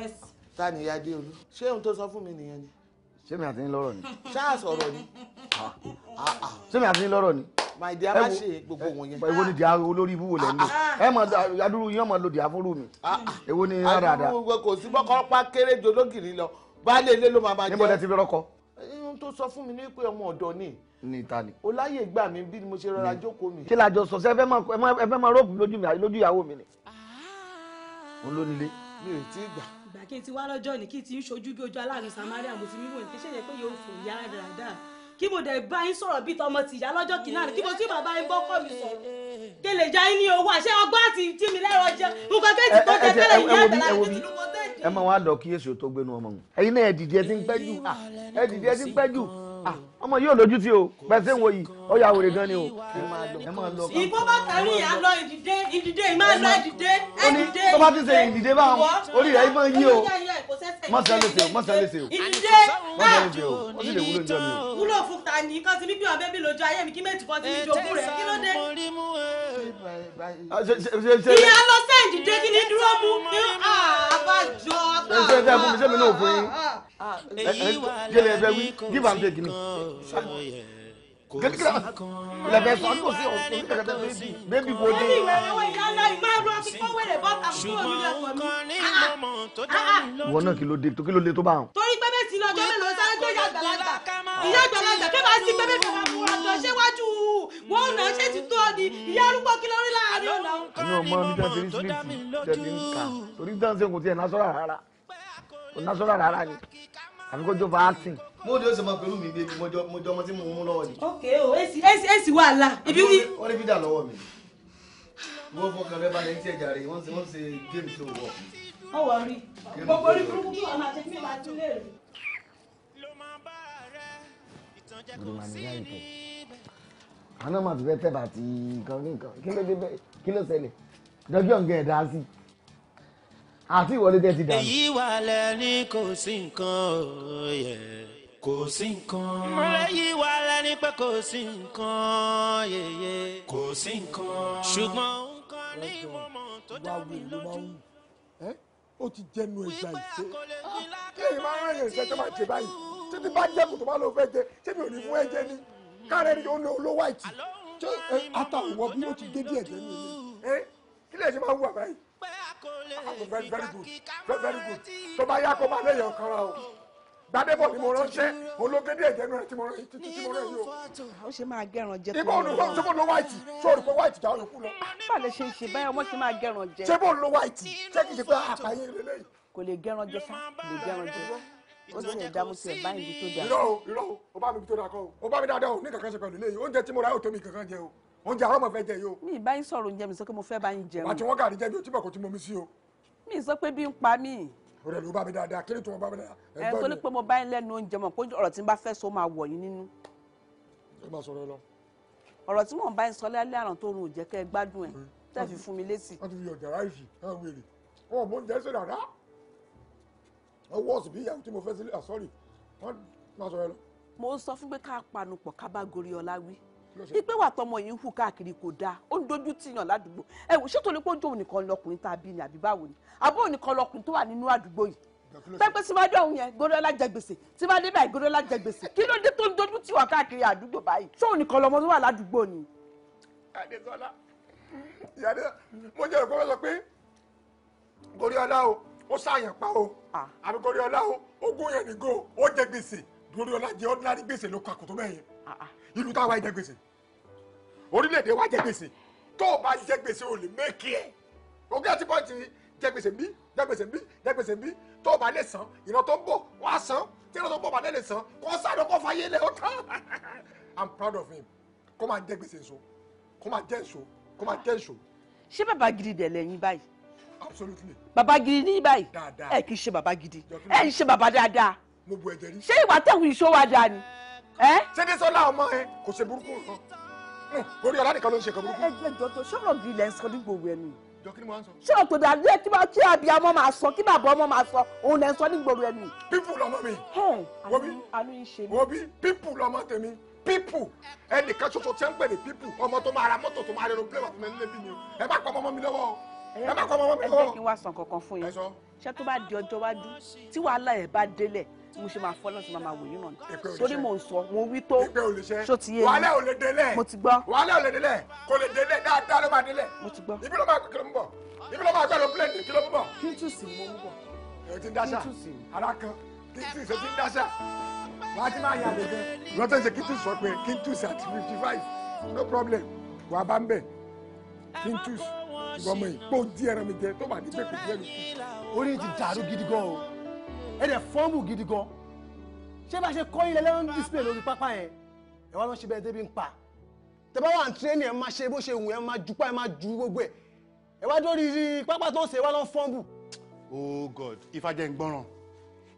ta ni ìyá adéolú ṣé ohun tó sọ fún mi nìyẹn ni. ṣé àti ní lọ́rọ̀ ni. ṣáà sọ̀rọ̀ ni. ṣé àti ní lọ́rọ̀ ni. my dear má gbogbo wọn yẹn. ni di olórí ibú wo lẹ ń ẹ mọ adúrú yín ọmọ lòdì àfúrú mi. Ah, ah. èwo ni rárá rárá. àdúrú kò sí bọ́kọ́ ní ìtàní. o láyè gbà mí bí mo ṣe rọra jókòó mi. ṣé làjọ sọ sẹ ẹ fẹ́ máa rọ́ọ̀pù lójú mi lójú ìyàwó mi ni. Ah. òun ló nílé. mi ò tí ì gbà. ìgbà kí n ti wá lọ́jọ́ ni kí n ti ń ṣojú bí ojú aláàánú samaria mo fi mí wò ní kí ṣe yẹ pé yóò fò yá dáadáa kí mo dẹ̀ bá yín sọ̀rọ̀ bí tọmọ tìyá lọ́jọ́ kìnnà rẹ̀ kí mo tún bàbá yín bọ́kọ̀ mi sọ̀rọ̀ kí lè já yín ní owó àṣẹ ọgbọ́n àti tí mi lẹ́rọ jẹ nǹkan kéèjì tó jẹ tẹ́lẹ̀ ìyá àgbàlá mi tuntun mo tẹ́ẹ̀dì. ẹ máa wá lọ kí èso tó gbénu ọmọ wọn ẹ̀yin náà ẹ dìde ẹ ti ń pẹ́ jù ẹ dìde ẹ ti ń pẹ́ jù ọmọ yóò lójú tí o pẹ̀sẹ̀ wo yìí ó yà wèrè gan ni o. ìbò bá kárí ìyá lọ ìdìde ìdìde ìmọ̀ àlọ́ ìdìde ìdìde tó bá ti ṣe ìdìde bá wọn orí rẹ̀ ìmọ̀ yí o mọ̀sálẹ̀sẹ̀ o mọ̀sálẹ̀sẹ̀ o ìdìde mọ̀sálẹ̀sẹ̀ o ó sì lè wúlò níjọ́ mi o. wúlò fún ta ni kan ti mi bí ọbẹ̀ mi lójú ayé mi kí méjì kan ti mi jogún rẹ̀ kí ló dé. Ah, ìyá lọ sẹ́ǹdìde kí ni dúró mú ah, àbájọ àbájọ. Ah, ẹ ṣe ẹ kí give and take gẹ́gẹ́ gẹ́gẹ́ lẹ́bẹ̀ẹ́ sọ ní òsì òsì kẹ̀kẹ́ bẹ́ẹ̀bì bẹ́ẹ̀bì wo ni. wọn náà kí ló dé kí ló dé tó bá wọn. torí pé bẹ́ẹ̀ sí lọ́jọ́ mélòó sáré tó yà àgbàlagbà ìyá àgbàlagbà tó bá sí bẹ́ẹ̀ bẹ́ẹ̀ fún wa lọ ṣéwájú wọn ò náà ṣe ti tó ni ìyá arúgbó kí ló rí láàárín ọ̀nà. àmì ọmọ mi mo de o se ma pẹ̀lú mi bi mo jọ ọmọ tí mo mú lọ́wọ́ ni. ok o èsì èsì èsì wàhálà ibi wí. wọ́n ní fídà lọ́wọ́ mi wọ́n fọkàn rẹ balẹ̀ ní ti ẹ̀jà rẹ̀ wọ́n ṣe wọ́n ṣe géèmù tó wọ̀. ọ wà rí gbogbo orí burúkú tó ọ̀nà àti mímọ àti ilé rẹ̀. olùmọ̀nìyá ìbò àwọn ọmọ àti bẹ́tẹ̀ bàtì nǹkan nǹkan kí ló dé bẹ́ẹ̀ kí ló ṣẹlẹ̀ dọ́jọ́ nǹkan ẹ̀dá sí àti ìwọlé tẹ́ ti dànù. èyí wà lẹ́ni kò sí nǹkan òye kò sí nǹkan. mọ̀lẹ́ yìí wà lẹ́ni pé kò sí nǹkan yeye. kò sí nǹkan. ṣùgbọ́n nǹkan ní ìmọ̀mọ̀ tó dá mi lójú. ó ti jẹnu ìgbà ìṣe ah, kí èyí máa ń rìn ìṣe tó máa jẹ báyìí títí bá jẹ́ kò tó bá lọ fẹ́ jẹ ṣé mi ò ní fún ẹ jẹ ní kárẹ́ ni ó lọ olówó ṣé ata òwò bí ó ti dé díẹ̀ jẹ́ mi ni kí lè ṣe máa wù àbáyìí. Ah, very very good very very good tó bá yá kó máa lẹ́yìn ọ̀kan ra o gbadebo ni mo ránṣẹ́ ológede ẹjẹnu rẹ tí mo rẹ títí mo rẹ yìí o. ó ṣe máa gẹ̀ràn jẹ tó. ibo olùkọ́ ṣé mo lo white ṣé o rò lọ. Ah, bá a lè ṣe ṣe báyọ̀ wọ́n ṣe máa gẹ̀ràn jẹ. ṣé mo lo white ṣé kì í ṣe pé àpáyé lélẹ́yìn. kò lè gẹ̀ràn jẹ sá kò lè gẹ̀ràn jẹ ó sì lè dààmú sí ẹ báyìí ibi tó dáa. irọ́ o irọ́ o ó bá mi ibi tó dáa kọ́ o ó bá mi dáadáa o ní kankan ṣe pẹ̀lú ilé yìí oúnjẹ tí mo ra yóò tó mi kankan jẹ o oúnjẹ àárọ̀ mo fẹ́ jẹ yìí o. mi ìbá yín sọ̀rọ̀ oúnjẹ mi sọ pé mo fẹ́ bá yín jẹun. àti wọn kàrí jẹ́ bí o tí bọ̀ kò tí mo mi sí o. mi sọ pé bí ń pa mí ọ̀rẹ́ ló bá mi dáadáa kí ni tó ń bá mi dáadáa. ẹ tó ní pé mo bá yín lẹ́nu oúnjẹ mọ̀ pé ọ̀rọ̀ tí n bá fẹ́ sọ máa wọ̀ yín nínú. ẹ máa sọ̀rọ̀ ẹ lọ. ọ̀rọ̀ tí mò ń bá yín sọ lálẹ́ àrùn tó rùn jẹ́ kẹ́ ẹ gbádùn ẹ̀ tẹ́ fi fún mi lésì. wọ́n ti fi ọ̀jà ráìsì náà wèrè wọn ò mọ oúnjẹ ṣe dáadáa. ọwọ́ ọ̀sìn bí ìyàwó tí mo fẹ́ sílé àsọ́rì ah, wọ́n máa sọ̀rọ̀ ẹ lọ. mo sọ fún pé ká panupọ̀ ká bá gorí ọlá wí ipe wà tọmọ yìí ń hù káàkiri kò dáa ó ń dojú tìyàn ládùúgbò ẹ wò ṣètò ní pọ́njọ́ ònìkan lọkùnrin tá a bí ni àbí báwo ni àbó ònìkan lọkùnrin tó wà nínú àdúgbò yìí pẹ́pẹ́ tí máa dé ọ̀hún yẹn gòdòlá jẹ gbèsè tí máa dé báyìí gòdòlá jẹ gbèsè kí ló dé tó ń dojú tìwà káàkiri àdúgbò báyìí ṣé ònìkan lọmọ tó wà ládùúgbò ni. Adéṣọlá ìyáde mo jẹ́ òkú sọ pé Goriola o ó ṣàyàn pa o àbí Goriola o ó gún yẹn nìgò ó jẹ gbèsè Goriola jẹ ordinary gbèsè ló kọ àkótó bẹ́ẹ̀ yẹn ìlú táwa jẹ gbèsè orílẹ̀-èdè wa jẹ gbèsè tó o bá jẹ gbèsè o lè mẹ́kì ẹ̀ ogé àti pọ́ǹtì jẹ gbèsè bí jẹ gbèsè bí jẹ gbèsè bí tó o bá lè san ìran tó ń bọ̀ wá san tí ìran tó ń bọ̀ bá lè san kó sáré kó fayé lẹ̀ ó tán i'm proud of him kó máa jẹ gbèsè nso kó máa jẹ nso kó máa jẹ nso. ṣé bàbá gidi dẹ̀ lẹ́yìn báyìí. absolutely. bàbá gidi ní báyìí. dáadáa ẹ kì í ṣe bàbá gidi ẹ ń ṣe bàbá dáadáa. mo ṣé ìwà tẹ̀wé ìṣó wa dáa ni. Eh? ṣédé sọlá ọmọ ẹ kò ṣe burúkú kan hmm, lórí ọlá nìkan ló ń ṣe kan burúkú. ẹgbẹ́ ìjọ tó sọ̀rọ̀ bí ilẹ̀ ń sọ nígbò wẹ̀ ni. sọ̀rọ̀ tó dà lé kí àbí ọmọ máa sọ kí bàbá ọmọ máa sọ òun lẹ̀ ń sọ nígbò wẹ̀ ni. pípù lọmọ mi. wo bí pípù lọmọ tèmi pípù ẹnìkan ṣoṣo tí ń pè ní pípù ọmọ tó máa ra mọ́tò tó máa rẹrun pílẹ̀ wà fún mi nílé bí mi ẹ bá kọ́ ọmọ mi lọ́wọ́ ẹ bá kọ́ ọmọ mi lọ́wọ́. ẹ jẹ́ kí n wá sàn kankan fún yín ṣé ẹ̀ mo ṣe máa fọ́ náà ti máa máa wò yín náà torí mò ń sọ mo wí tó ṣó ti yé mi wàhálà ò lè délẹ̀ mo ti gbọ́ wàhálà ò lè délẹ̀ kò lè délẹ̀ dáadáa ló máa délẹ̀ mo ti gbọ́ ibi ló máa kí ló ń bọ̀ ibi ló máa gbẹ́rọ plẹ̀tì kí ń bọ̀. kí n tún mo ń bọ̀ kí n ara kan kí n tún sí kí wàá ti máa yàgò jẹ lọ́tọ̀ ṣe kí n tún sọ pé kí n tún àti fifty five no problem wàá bá ń bẹ̀ kí n tún sí ìwọ́mọ̀ yìí pé mi jẹ tó bá ní bẹ́ẹ̀ kò jẹ́ lókun. orí ti dàrú gidi o ẹ dẹ̀ fọ́ọ̀mù gidi gan ṣé bá ṣe kọ́ ilẹ̀ lẹ́wọ̀n display lórí pápá yẹn ẹ wá lọ ṣe bẹ́ẹ̀ débi ń pa tẹ bá wà ní tírénì ẹ máa ṣe bó ṣe wù ẹ máa ju pa ẹ máa ju gbogbo ẹ ẹ wá dórí pápá tó ń ṣe ẹ wá lọ fọ́ọ̀mù. oh god ìfàjẹ́ ń gbọ́ràn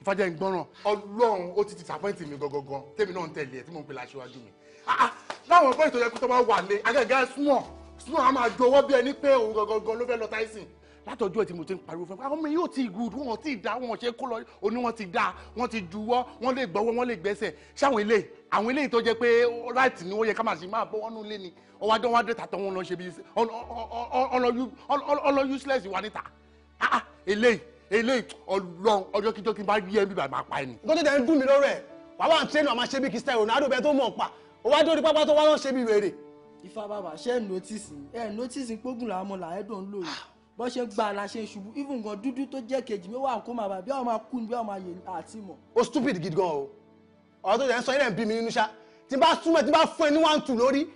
ìfàjẹ́ ń gbọ́ràn ọlọ́run ó ti disappoint mi gangan tèmi náà ń tẹ̀lé ẹ tí mò ń pè láṣíwájú mi ah, ah, láwọn ọgbọ́n ìtọ́jú ẹkú tó bá wà lé agẹ́gẹ́ small small a máa ju ọwọ́ bí ẹni pé òun gangan ló fẹ́ lọ tyson látọjọ́ tí mo ti ń pariwo fún mi àwọn ọmọ yóò ti good wọn ti dá wọn ṣe kó lọ oní wọn ti dá wọn ti juwọ́ wọn lè gbọ́wọ́ wọn lè gbẹ́sẹ̀ ṣáwọn eléyìí àwọn eléyìí tó jẹ́ pé right ni wọ́n yẹ ká máa ṣe máa bọ́ wọnú ilé ni ọwọ́ adé wọn adé tàtọ́ wọn lọ ṣe bí ọlọ useless wà níta ah, ah, eléyìí eléyìí ọlọ ọjọ́ kíjọ́ kí n bá rí ẹ bíbá máa pa ẹni. gbọ́dọ̀ tẹ̀ ń dùn mí lọ́rọ̀ ẹ̀ wàá wà ń tẹ́nu àmọ́ ṣe bí Cristiano Ronaldo bẹ́ẹ̀ tó mọ̀ pa òwò adé orí pápá tó wá lọ́ ṣe bí wèrè. ifá bàbá ṣe é notice ẹ notice pógùn làwọn ọmọ làwọn ẹdùn ń lò yìí bó ṣe gbà la ṣe ṣubú even gan dúdú tó jẹ́ kejì mi wà kó máa bà bí àwọn máa kú ni bí àwọn máa yè àti mọ̀. ó stupid gidi gan o ọ̀rọ̀ tó jẹ́ ń sọ ilé ń bí mi nínú ṣá tí bá súnmọ́ tí bá fún ẹ ní one two lórí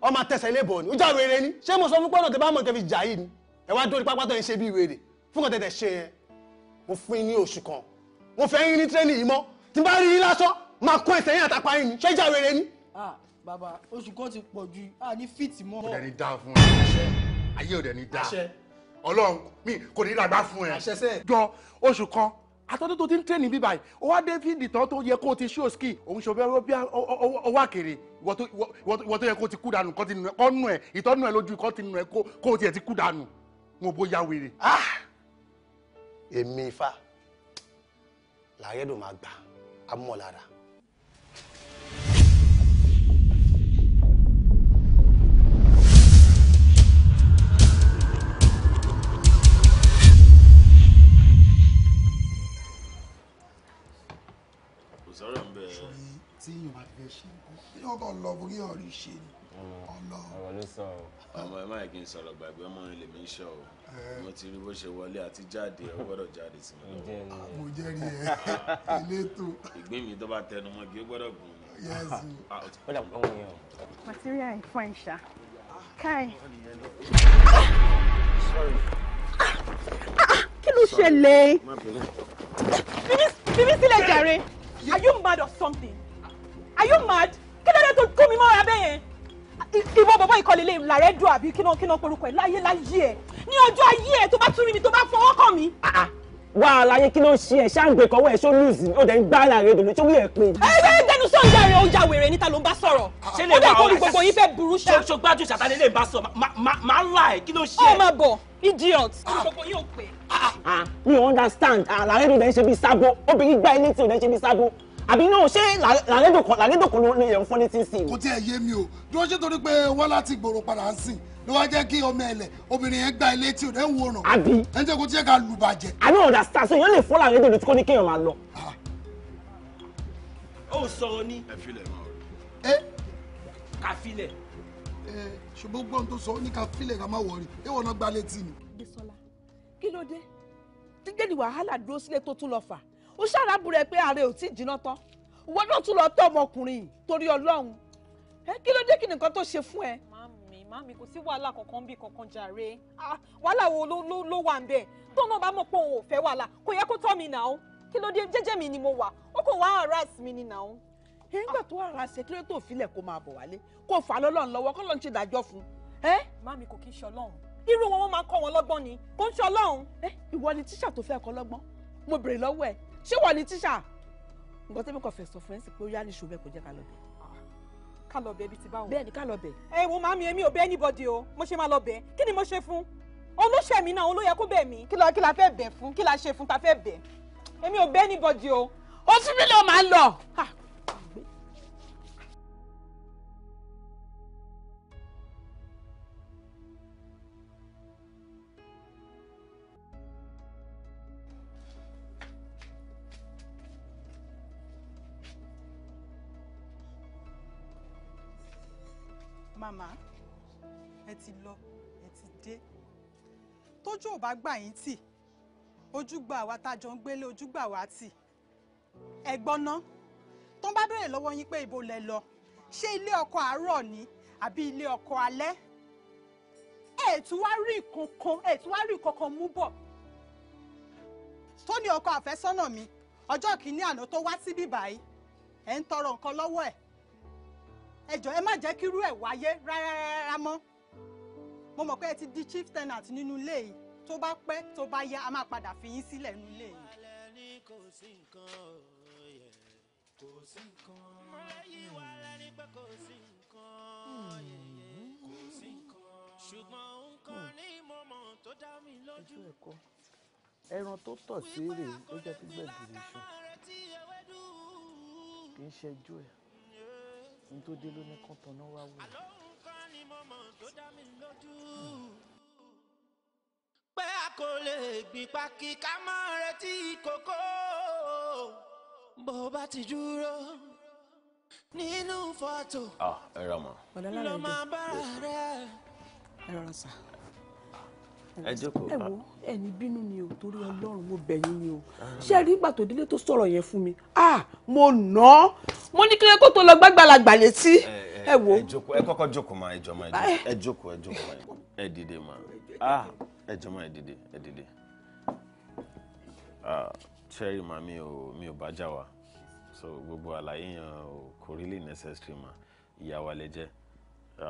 ọ máa tẹsẹ̀ ilé bọ̀ ni ó jà wèrè ni ṣé mo sọ fún pọ́nà tó bá mọ̀ tẹ́ fi jà yìí ni ẹ wá dórí pápá tó ń ṣe bí wèrè fún kan tẹ̀tẹ̀ ṣe yẹn mo fún yín ní oṣù kan mo fẹ́ yín ní tírẹ́nì yìí mọ́ tí bá rí yín lásán máa kó ẹsẹ̀ yín àtàpá yín ni ṣé jà wèrè ni. bàbá oṣù kan ti pọ̀ ju àní fíìtì mọ́. ọ̀dẹ̀ ni dáa fún ẹ ayé ọ̀dẹ̀ ni dáa ọlọ́run mi kò ní làgbá fún ẹ. jọ oṣù kan àtọ́jú tó ti ń tẹ̀lé bíbá yìí ó wá david tán tó yẹ kó o ti ṣó ski òun ṣòfẹ́ rọ́bíà ọwọ́ àkèrè ìwọ tó yẹ kó o ti kú dànù kọ́ nù ẹ̀ ìtọ́nù ẹ̀ lójú kọ́ ti nù ẹ̀ kó o tiẹ̀ ti kú dànù mo bóyá wèrè. Ah! èmi ifá làárẹ̀ ló máa gbà á mọ̀ lára. náà kàn lọ bórí ọ̀rí ṣe ni. ọ̀rọ̀ ló sọ o. ọmọ ẹ máa kí n sọ̀rọ̀ gbàgbé ọmọ rẹ lèmi ń ṣọ o mo ti rí bó ṣe wọlé àti jáde ó gbọ́dọ̀ jáde sí mi lọ́wọ́. Ah, mo jẹ́rìí ẹ elétò. ìgbín mi tó bá tẹnu mọ́ kí ó gbọ́dọ̀ gùn mi. yẹ́sù. Ah, ó dà pọ̀ wọ́n yẹn o. material in french ah kai. kí ló ṣẹlẹ̀ bíbí sílẹ̀ jàre are you mad or something are you mad kí lóde tó kú mi mọ́ra bẹ́yẹn ìwọ bọ̀bọ̀ ìkọlẹ̀lẹ̀ làrẹ́ dùn àbí kí náà porúkọ ẹ̀ láyé láyé ẹ̀ ní ọjọ́ ayé ẹ̀ tó bá tún rí mi tó bá fọwọ́ kàn mí. Ah, wà á láyé kí ló ṣe ẹ ṣáàgbé kọwọ ẹ ṣó lùzì ó dẹ ń gbá ara rẹ dòdò sórí ẹ pé. ẹ bẹ dẹnu sọǹda rẹ ọjà wèrè níta ló ń bá sọ̀rọ̀ ah, ó dẹ kọlu gbogbo yín fẹ́ burú ṣá. ṣo gbájú ṣàtàlẹ lè bá sọ máa ń la ẹ kí ló ṣe. ó máa bọ̀ idiot. gbogbo yín ò pé. mi ò understand àlàyé ah, ló dẹ ń ṣe bí sábó obìnrin gbá ilé tí ò dẹ ń ṣe bí sábó àbí náà ṣé làlẹ́dọ̀kan ló yẹn fún létí sí i. kò tí ẹ yé mi o dúró ṣe torí pé wọ́n láti gbòòrò padà ń sìn ló wá jẹ́ kí ọmọ ẹlẹ̀ obìnrin yẹn gba ilé tí ò dẹ́ ń wòràn. àbí ẹ jẹ́ kó tí ẹ ká lù bàjẹ́. àbí ọ̀dà star so èèyàn lè fọ́ làlẹ́dọ̀ létí kó ní kéèyàn máa lọ. Ah. ó sọ̀rọ̀ ní. ẹ filẹ̀ mọ́ ọ. ẹ ká filẹ̀. ẹ ṣùgbọ́n gbọ́n tó sọ ní ká filẹ̀ ká má wọrí èèwọ̀ náà gba létí ni. kí ló dé? dídé ni wàhálà dúró sílé ó ṣàràbùrẹ̀ pé ààrẹ ò tí ì jiná tán ìwọ náà tún lọ tọ́ ọmọkùnrin yìí torí ọlọ́run ẹ kí ló dé kí nìkan tó ṣe fún ẹ. màmí màmí kò sí wàhálà kankan bí kankan jàre ah, wàhálà wo ló wà ń bẹ tó náà bá mọ̀ pé òun ò fẹ́ wàhálà kò yẹ kó tọ́ mi nà ó kí ló dé jẹ́jẹ́ mi ni mo wà ó kò wá harass mi ni nà ó. ẹ nígbà tó ara ṣe kí ló tó filẹ̀ kó máa bọ̀ wálé kó fà á lọ́lọ́run kó lọ́n ti dájọ́ fún un. kò kí ń ṣọlọ́run irú wọn wọn máa kọ́ wọn lọ́gbọ́n ni kò ń ṣọlọ́run. ìwọ ni tíṣà tó fẹ́ kọ́ lọ́gbọ́n mo béèrè lọ́wọ́ ẹ̀ ṣé wọ́n ní tíṣà nǹkan tẹ́mi kò fẹ́ sọ fún ẹ sí pé ó yá ní ṣùgbọ́n kò jẹ́ ká lọ bẹ̀. ká lọ bẹ̀ ibi tí báwo. bẹ́ẹ̀ni ká lọ bẹ̀. ẹ wo màmí èmi ò bẹ̀ anybody o mo ṣe máa lọ bẹ̀ kí ni mo ṣe fún olóṣè mi náà òun ló yẹ kó bẹ̀ mí. kí la kí la fẹ́ bẹ̀ fún kí la ṣe fún ta fẹ́ bẹ̀ èmi ò bẹ̀ anybody o. oṣù mi ló máa ń lọ. màmá ẹ ti lọ ẹ ti dé tójú ò bá gbà yín tì ojúgbà wa tájọ ń gbélé ojúgbà wa tì ẹ gbọ́ná tó ń bá béèrè lọ́wọ́ yín pé ibo lẹ lọ ṣé ilé ọkọ àárọ̀ ni àbí ilé ọkọ alẹ́ ẹ tú wá rí kankan ẹ tú wá rí kankan mú bọ̀ tó ọkọ àfẹ́sọ́nà mi ọjọ́ kìíní àná tó wá síbí báyìí ẹ ń tọrọ nǹkan lọ́wọ́ ẹ̀ ẹ jọ̀ọ́ ẹ má jẹ́ kírú ẹ̀ wáyé rárá mọ́ mo mọ̀ pé ẹ ti di chief tenant nínú ilé yìí tó bá pẹ́ tó bá yá a máa padà fi yín sílẹ̀ nínú ilé yìí. kò sí ẹran tó tọ̀ sí rèé ló jẹ́ kí gbẹ̀gìrì ṣù kì í ṣẹjú ẹ̀ n tó dé ló ní kán tanná wá wò. àlóhùn kan ni mo mọ̀ tó dá mi lójú. pé a kò lè gbìn pákí ká má retí kókó bó bá ti dúró nínú fọ́tò. Ah, ẹ rà mọ́. ọ̀dọ́ lára ẹ̀ dé ẹ rọra sàn ẹ jókòó ẹ wo ẹni bínú ni o torí Ọlọ́run mo bẹ̀ yín ni o ah. ṣé ẹ rí ìgbà tó délé tó sọ̀rọ̀ yẹn fún mi ah mo nà mo ní kílẹ̀ kó tó lọ gbàgbàlagbà létí ẹ wo. ẹ jókòó ẹ kọ́kọ́ jókòó máa ẹ jọ máa ẹ jókòó ẹ jókòó máa ẹ dìde máa ah ẹ jọ máa ẹ dìde ẹ dìde cherry ah, ma mi ò mi ò bá jà wá so gbogbo àlàyé yẹn kò really necessary ma ìyá wa lè jẹ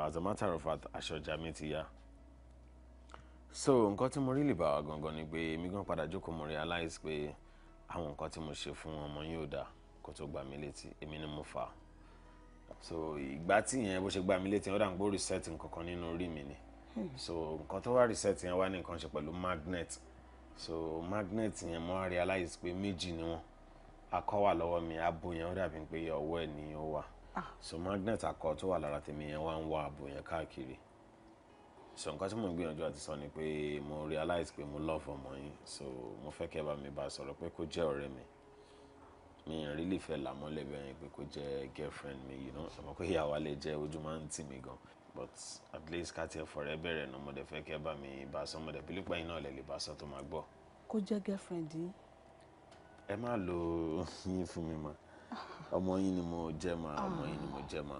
as a matter of fact aṣọ ọjà mi ti yá so nǹkan tí mo rí lè bá wa gangan ni pé èmi gan padà jókòó mo realize pé àwọn nǹkan tí mo ṣe fún ọmọ yóò dà kó tó gbà mí létí èmi ni mo fà á so ìgbà tí ìyẹn bó ṣe gbà mí létí ó dà ń gbó reset nǹkankan nínú orí mi ni so nǹkan tó wá reset yẹn wá ní nǹkan ṣe pẹ̀lú magnet so magnet yẹn mo wá realize pé méjì ni wọn akọ wà lọ́wọ́ mi abo yẹn ó dàbí pé ọwọ́ ẹ̀ ni ó wà ah. so magnet akọ tó wà lára tèmi yẹn wá ń wá abo yẹn káàkiri so nǹkan tí mo ń gbìyànjú àti sọ ni pé mo realize pé mo love ọmọ yín so mo fẹ́ kẹ́ bá mi bá sọ̀rọ̀ pé kó jẹ́ ọ̀rẹ́ mi mi really fẹ́ là mọ́lẹ̀ bẹ́ẹ̀ yẹn pé kó jẹ́ girlfriend mi you know àmọ́ pé ìyàwó alẹ́ jẹ́ ojú máa ń tì mí gan but at least ká tiẹ̀ fọ̀rẹ́ bẹ̀rẹ̀ náà mo dẹ̀ fẹ́ kẹ́ bá mi bá sọ mo dẹ̀ bí lípa yín náà lẹ̀ lè bá sọ tó máa gbọ́. kó jẹ́ girlfriend yín. ẹ má lo yín fún mi mọ́ ọmọ yín ni mo jẹ́ ma ah, ọmọ yín ni mo jẹ́ ma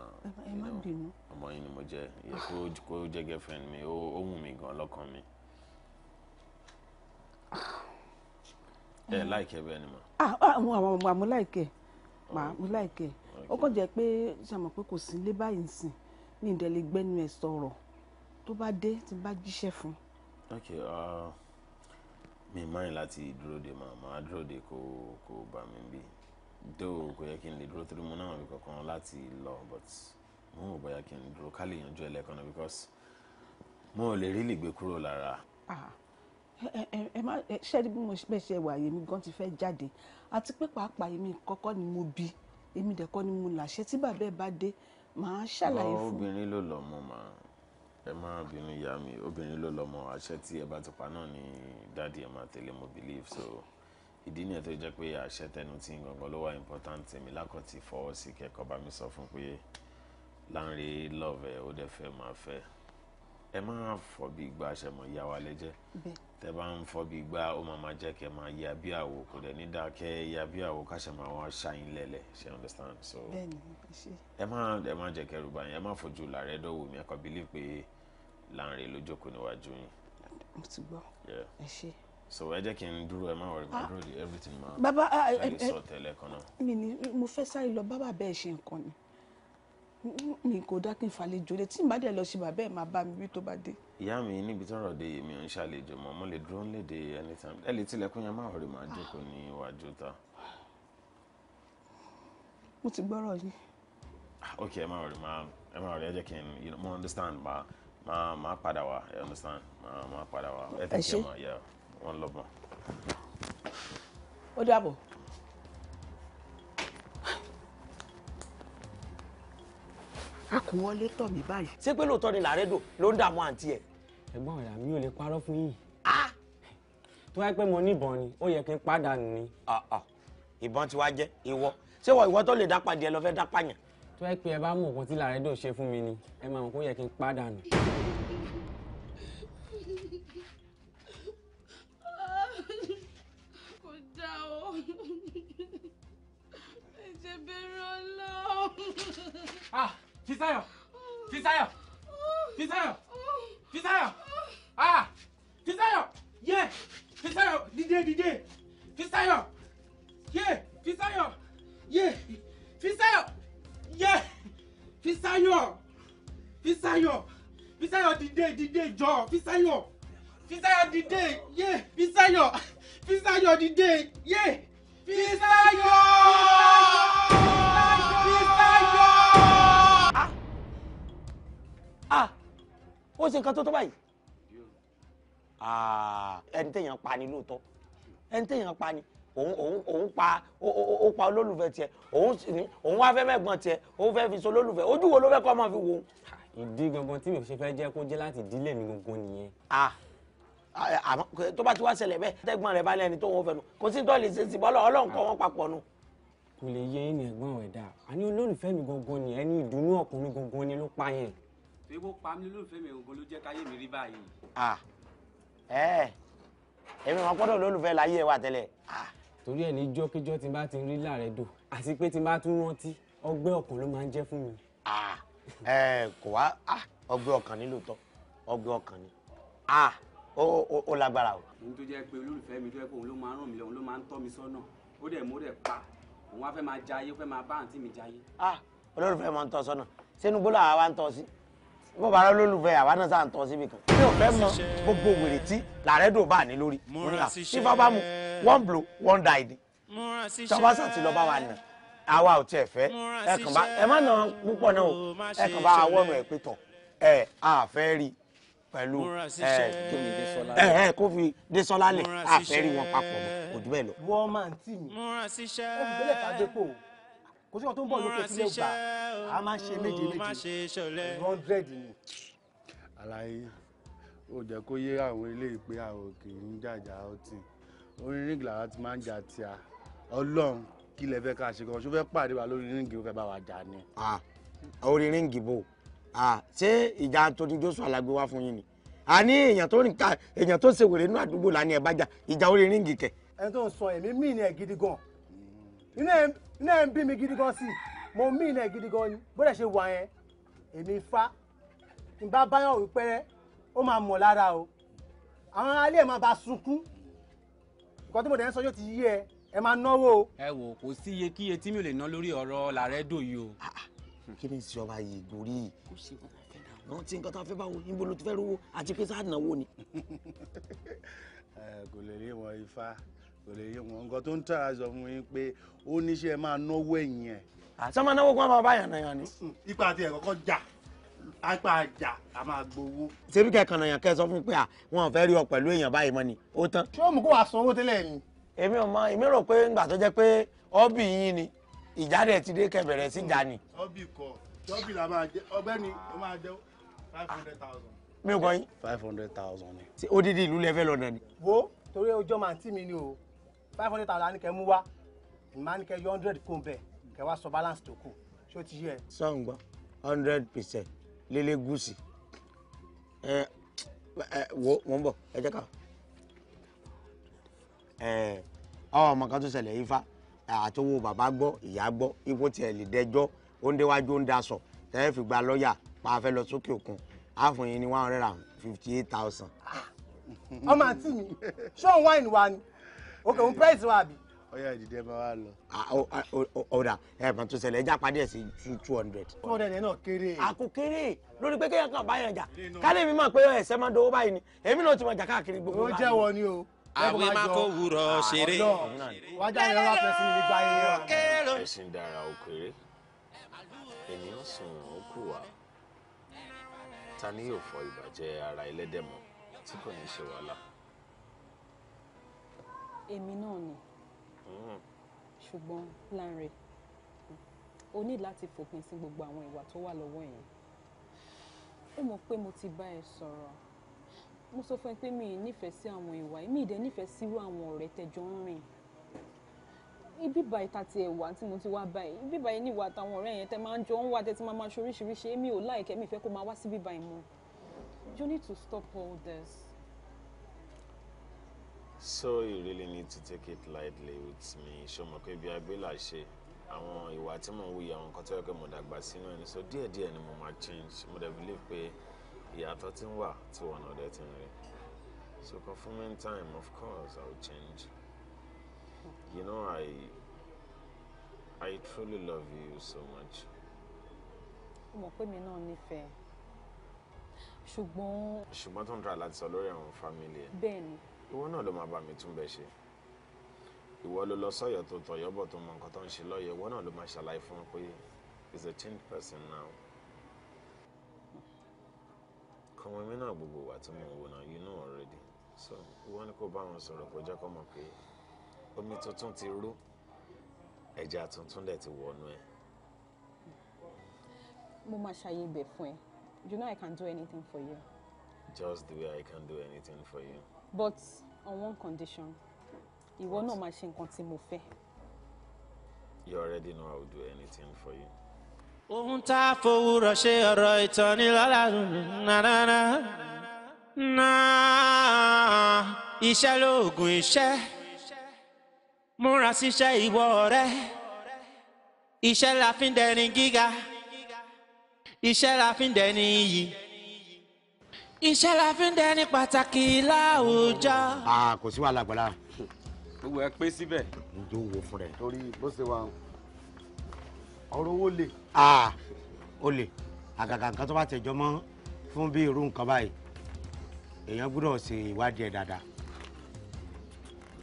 ọmọ yín ni mo jẹ́ yẹ kó jẹ́ girlfriend mi ó wù mí gan lọ́kàn mi. Ah. ẹ láìkẹ bẹ́ẹ̀ ni ma. Ah, àwọn àwọn ọmọ àmú láìkẹ màá mú láìkẹ ó kàn jẹ́ pé ṣàmọ̀ pé kò sí ilé báyìí nsìn ní ìdẹ́lẹ̀ gbẹ́nu ẹ̀ sọ̀rọ̀ tó bá dé tí bá jíṣẹ́ fún. ok uh, mi máa ń láti dúró de màá dúró de kó kó bá mi bíi though kò yẹ kí n lè dúró torí mo náà rí kankan láti lọ but mo ń wò bóyá kí n dúró ká lè yanjú ẹlẹ́kan náà because mo ò lè rí lè gbé kúrò lára. Ah, ẹ má ṣe bí mo bẹ́ẹ̀ ṣe wà yèmí gan ti fẹ́ jáde àti pé pàápàá èmi kọ́kọ́ ni mo bí èmi dẹ̀kọ́ ni mo làṣẹ tí bàbá ẹ bá dé màá ṣàlàyé fún un. obìnrin ló lọ mọ màá ẹ má bínú ìyá mi obìnrin ló lọ mọ àṣẹ tí ẹ bá ti pa náà ni dáàdi ẹ máa tẹ̀lé mo believe so ìdí nìyẹn tó jẹ́ pé àṣẹ tẹnu tí ń gangan ló wà important tèmi lákọ̀tì fọwọ́ sí kẹ́kọ̀ọ́ bá mi sọ fún pé Lanre love ẹ̀ ó dẹ̀ fẹ́ máa fẹ́ ẹ máa fọ́ bí gbá aṣẹ mọ̀ yá wa lẹ́jẹ́ tẹ bá ń fọ́ bí gbá ó máa máa jẹ́ kẹ́ máa yá bí àwo kò dẹ̀ ní dákẹ́ yá bí àwo káṣẹ máa wá ṣáyín lẹ́lẹ̀ ṣe understand so ẹ máa ẹ máa jẹ́ kẹ́rù báyìí ẹ máa fojú làárẹ̀ dọ̀wọ̀ mi ẹ kàn believe pé Lanre ló jókòó níwájú yín. ẹ ṣe. Yeah so ẹ jẹ́ kí n dúró ẹ má wọrí má dúró di everything ma Baba, ah, ah, eh, eh. ẹ ẹ sọ tẹ́lẹ̀ kan náà. mi ni mo fẹ́ sáré lọ bàbá bẹ́ẹ̀ ṣe nǹkan ni mi kò dá kí n fàlejò lé tí n bá dẹ̀ lọ sí bàbá ẹ̀ máa bá mi wí tó bá dé. ìyá mi níbi tọrọ de èmi ò ń ṣàlejò mọ mo lè dúró nílé de anytime ẹ lè tilẹ̀kùn yẹn má wọrí má ah. jókòó ní iwájú ta. mo ti gbọ́rọ̀ yín. ok ẹ má wọrí má ẹ má wọrí ẹ jẹ́ kí n mo understand ma ma ma padà wá ẹ understand ma ma padà wá ẹ tẹ̀ kí ẹ ma yẹ. Yeah wọ́n lọ́gbọ́n. ó dàbọ̀. a kò wọlé tọ̀ mí báyìí. ṣé pé lóòótọ́ ni làárẹ̀dò ló ń dààmú àǹtí ẹ̀. ẹ̀gbọ́n rẹ̀ mi ò lè parọ́ fún yín. tó wáyé pé mo níbọn ni ó yẹ kí n pàdánù ni. ìbọn ti wá jẹ́ ìwọ ṣé wọ ìwọ tó lè dápa díẹ̀ lọ fẹ́ dápa yàn. tó wáyé pé ẹ bá mọ̀ nǹkan tí làárẹ̀dò ṣe fún mi ni ẹ máa mọ̀ kó yẹ kí n pàdánù. 기사요! 기사요! 기사요! 기사요! 아! 기사요! 예! 기사요! 니네 니네! 기사요! 예! 기사요! 예! 기사요! 예! 기사요! 기사요! 기사요 니네 니네 저 기사요! 기사요 니네 예! 기사요! 기사요 니네 예! 기사요! 기사요! ah ó ṣe nǹkan tó tó báyìí ah, ẹni téèyàn pa ni lóòótọ́ ẹni téèyàn pa ni òun òun òun pa ó pa olólùfẹ́ tiẹ̀ òun òun wá fẹ́ mẹ́gbọ́n tiẹ̀ òun fẹ́ fi so olólùfẹ́ ojú wo ló fẹ́ kọ́ ọmọ fi wo. ìdí gangan tí mi ò ṣe fẹ́ jẹ́ kó jẹ́ láti ìdílé mi gangan nìyẹn. Ah, àmọ́ tó bá ti wá ṣẹlẹ̀ bẹ́ẹ̀ tẹ́gbọ́n rẹ̀ bá lẹ́ni tó wọ́n fẹ́ nu kò sí tọ́lì ṣe sí bọ́lá ọlọ́run kọ́ wọn papọ̀ nu. kò lè yẹ ẹni ẹ̀gbọ́n rẹ̀ dáa àní olólùfẹ́ mi gangan ni ẹni ìdùnnú ọkùnrin gangan ni ló pa yẹn ewo pa mí lólùfẹ́ mi ògùn ló jẹ́ káyé mi rí báyìí. ẹ èmi wọn gbọ́dọ̀ lólùfẹ́ láyé ẹ wà tẹ́lẹ̀. torí ẹ ní jọ́kíjọ́ tí n bá ti rí láàrẹ dò àti pé tí n bá tún rántí ọgbẹ́ ọkàn ló máa ń jẹ́ fún mi. kò wá ọgbẹ́ ọkàn ni lóòótọ́ ọgbẹ́ ọkàn ni ó lágbára o. ohun tó jẹ́ pé olólùfẹ́ mi tó yẹ kó òun ló máa ń ràn mí lọ́wọ́ òun ló máa ń tọ́ mi sọ́nà ó dẹ̀ mú dẹ̀ pa òun wá fẹ́ máa jayé fẹ́ máa bá àǹtí mi jayé. olólùfẹ́ máa ń tọ́ sọ́nà sínú gbólóhà wa ń tọ́ sí bó bá rẹ lólùfẹ́ àwa náà sá ń tọ́ síbi kan tí o fẹ́ mọ gbogbo wèrè tí làárẹ̀ dò bá ní lórí mo ní à tí bá mu one blow one die ni tọ́ba sàtì lọ́ba wa nà àwa ò tiẹ̀ fẹ́ ẹ kàn bá ẹ má nà púpọ̀ náà o ẹ kàn bá wọ́ọ̀nù ẹ̀ pé tọ̀ ẹ à fẹ́ rí pẹ̀lú ẹ ẹ kó fi Désọlá lẹ̀ à fẹ́ rí wọn papọ̀ mọ́ òdúbẹ̀ lọ. wọ́n máa ń tì mí ó fi gbẹ́lẹ̀ ká dépò o kò sí wọn tó ń bọ̀ lókè sílẹ̀ gbà á máa ṣe méje méje hundred ni. àlàyé ó jẹ́ kó yé àwọn eléyìí pé àwọn ń jàjà ọtí orin ríngì làwọn ti máa ń jà tíya ọlọ́run kí lè fẹ́ ká kan ṣó fẹ́ pàdé wa lórí ríngì ó fẹ́ bá wa jà ni. orí ríngì bò ṣé ìjà tó ní alágbé wá fún yín ni a ní èèyàn tó rìn ká èèyàn tó ṣe wèrè nínú àdúgbò lánìí ẹ̀ bá jà ìjà orí ríngì kẹ. ẹni tó ń sọ ẹ̀mí mí ni ẹ̀ gidi gan-an inú iná ẹ̀ ń bí mi gidi gan sí mo mí iná ẹ̀ gidi gan ni bó dẹ̀ ṣe wà yẹn èmi fa ìbá báyọ̀ wípé ó máa mọ̀ lára o àwọn alẹ́ ẹ̀ máa bá sunkún nǹkan tí mo dẹ̀ ń sọ yóò ti yí ẹ ẹ máa náwó o. ẹ wò kò sí iye kíye tí mi ò lè ná lórí ọ̀rọ̀ làrẹ́dò yìí o. Ah, ah. kí ni ìṣọba yìí gorí yìí. kò sí nǹkan tó fẹ́ náà. rántí nǹkan tó fẹ́ bá wo níbo ló ti fẹ́ rówó àti pé sáà náwó ni. kò lè rí wọn ifá kò lè yé wọn nǹkan tó ń tàrà sọ fún yín pé ó níṣẹ́ máa náwó ẹ̀yìn ẹ̀. àti ọmọ náwó kan máa bá yàn ni. ipa àti ẹ̀ kọ́kọ́ jà apá àjà a máa gbowó. ṣebí kẹkànnà yàn kẹ sọ fún pé wọn ò fẹ́ rí ọ pẹ̀lú èèyàn báyìí mọ́ ni ó tán. ṣé o mú kó wàá sanwó tẹ́lẹ̀ ni. èmi ò mọ èmi rò pé ńgbà tó jẹ́ pé ọ́bì yín ni ìjádẹ̀ ti dé kẹbẹ̀rẹ̀ sí jà ni. ọ́bì kọ ọ́bì la máa jẹ ọgbẹ́ni ó máa jẹ five hundred thousand. mi ò kọ́ yín. five hundred thousand ni. odidi ìlú lẹ fẹ́ ni. wo torí ojú ọmọ àǹtí mi ni o five hundred thousand ni kẹ́ mú wá ìmọ̀ ni yọ hundred kó bẹ̀ kẹ́ wá sọ balance tó kù ṣé o ti yẹ. sọ̀n gbọ́ hundred percent lélẹ̀ gúúsì ẹ ẹ wo mo ń bọ̀ ẹ jẹ́ ká ẹ ọmọ kan tó ṣẹlẹ̀ ifá àtọwọ́ bàbá gbọ́ ìyá gbọ́ ipò tiẹ̀ lè dẹjọ́ ó ń déwájú ó ń daṣọ tẹ́lẹ̀ fi gba lọ́ọ̀yà pa afẹ́ lọ sókè òkun àfọyín ni one hundred and fifty eight thousand. Ah, ọmọ àǹtí mi ṣé òun wáìnì wa ni ok òun price wa bi. ọyá ìdílé máa wá lọ. ọ̀dà ẹ̀ẹ̀kan tó ṣẹlẹ̀ ẹja padì ẹ̀ sí two hundred. two hundred yẹn náà kéré. àkó kéré lórí pé kéèyàn kan bá yàn jà kálí mi mọ̀ pé ẹ̀sẹ̀ máa dowó báyìí ni èmi náà ti mọ̀ jà káàkiri gbogbo. ó jẹ́wọ́ ni o àwọn ẹ̀ máa kó wúrọ̀ ah, ṣeré. wájà yẹn wá fẹ́ sí mi gba iye wa. ẹ̀sìn dára òkèrè ènìyàn sùn òkú wa ta ni yóò fọ ìbàjẹ́ ara ẹlẹ́dẹ̀ mọ́ tí kò ní ṣe wàhálà èmi náà ni hmm. ṣùgbọ́n Lanre o ní láti fòpin sí gbogbo àwọn ìwà tó wà lọ́wọ́ yẹn ó mọ̀ pé mo ti bá ẹ sọ̀rọ̀ mo sọ fún ẹ pé mi ì nífẹ̀ẹ́ sí àwọn ìwà mi ì dẹ̀ nífẹ̀ẹ́ sírú àwọn ọ̀rẹ́ tẹjọ ń rìn ibi báyìí ta ti ẹ̀wà tí mo ti wá báyìí ibi báyìí ní ìwà àtàwọn ọ̀rẹ́ yẹn tẹ máa ń jọ ń wá tẹ ti máa máa ṣoríṣiríṣi èmi ò láìkẹ́ mi ìfẹ́ kó máa wá síbí báyìí mọ́ you need to stop all this. So you really need to take it lightly with me. Ṣọmọ pé bí agbélà ṣe àwọn ìwà tí mò ń wuyì àwọn nǹkan tó yẹ pé mo dàgbà sínú ẹni so díẹ̀ díẹ̀ ni mo máa change mo dẹ̀ believe pé ìyàtọ̀ ti ń wà tí wọn náà dẹ̀ ti ń rí. So conforming time of course I will change. You know I I truly love you so much. Ó mọ̀ pé mi náà nífẹ̀ẹ́ ṣùgbọ́n. Ṣùgbọ́n tó ń tra láti sọ lórí àwọn fámìlì ẹ̀. Bẹ́ẹ̀ni ìwọ náà ló máa bá mi tún bẹ ṣe ìwọ ló lọ sọyọ tó tọyọ bọ tó mọ nǹkan tó ń ṣe lọyọ ìwọ náà ló máa ṣàlàyé fún un pé he's a changed person now kọmọ mi náà gbogbo wà tí mo wò náà you know already so ìwọ ni kò bá wọn sọ̀rọ̀ kó jẹ́ kó mọ̀ pé omi tuntun ti rú ẹja tuntun dẹ̀ ti wọnú ẹ̀. mo máa ṣàyè ibẹ̀ fún ẹ you know I can do anything for you. just the way I can do anything for you but on one condition ìwọ náà máa ṣe nǹkan tí mo fẹ́. you already know i will do anything for you. ohun tá a fowó rọ̀ ṣe ọ̀rọ̀ ìtọ́ni nàdánà náà iṣẹ́ lóògùn iṣẹ́ múra síṣẹ́ ìwọ ọ̀rẹ́ iṣẹ́ la gíga iṣẹ́ la iyì iṣẹ́ la fi ń dẹni pàtàkì láwùjọ. a kò sí wàhálà gbọ́dá. gbogbo ẹ pé síbẹ̀. n tó wo fún rẹ. torí bó ṣe wà ọ̀rọ̀ owó lè. a ó lè àgàgà nǹkan tó bá tẹ̀jọ́ mọ́ fún bí irú nǹkan báyìí èèyàn gbọ́dọ̀ ṣe ìwádìí ẹ̀ dáadáa.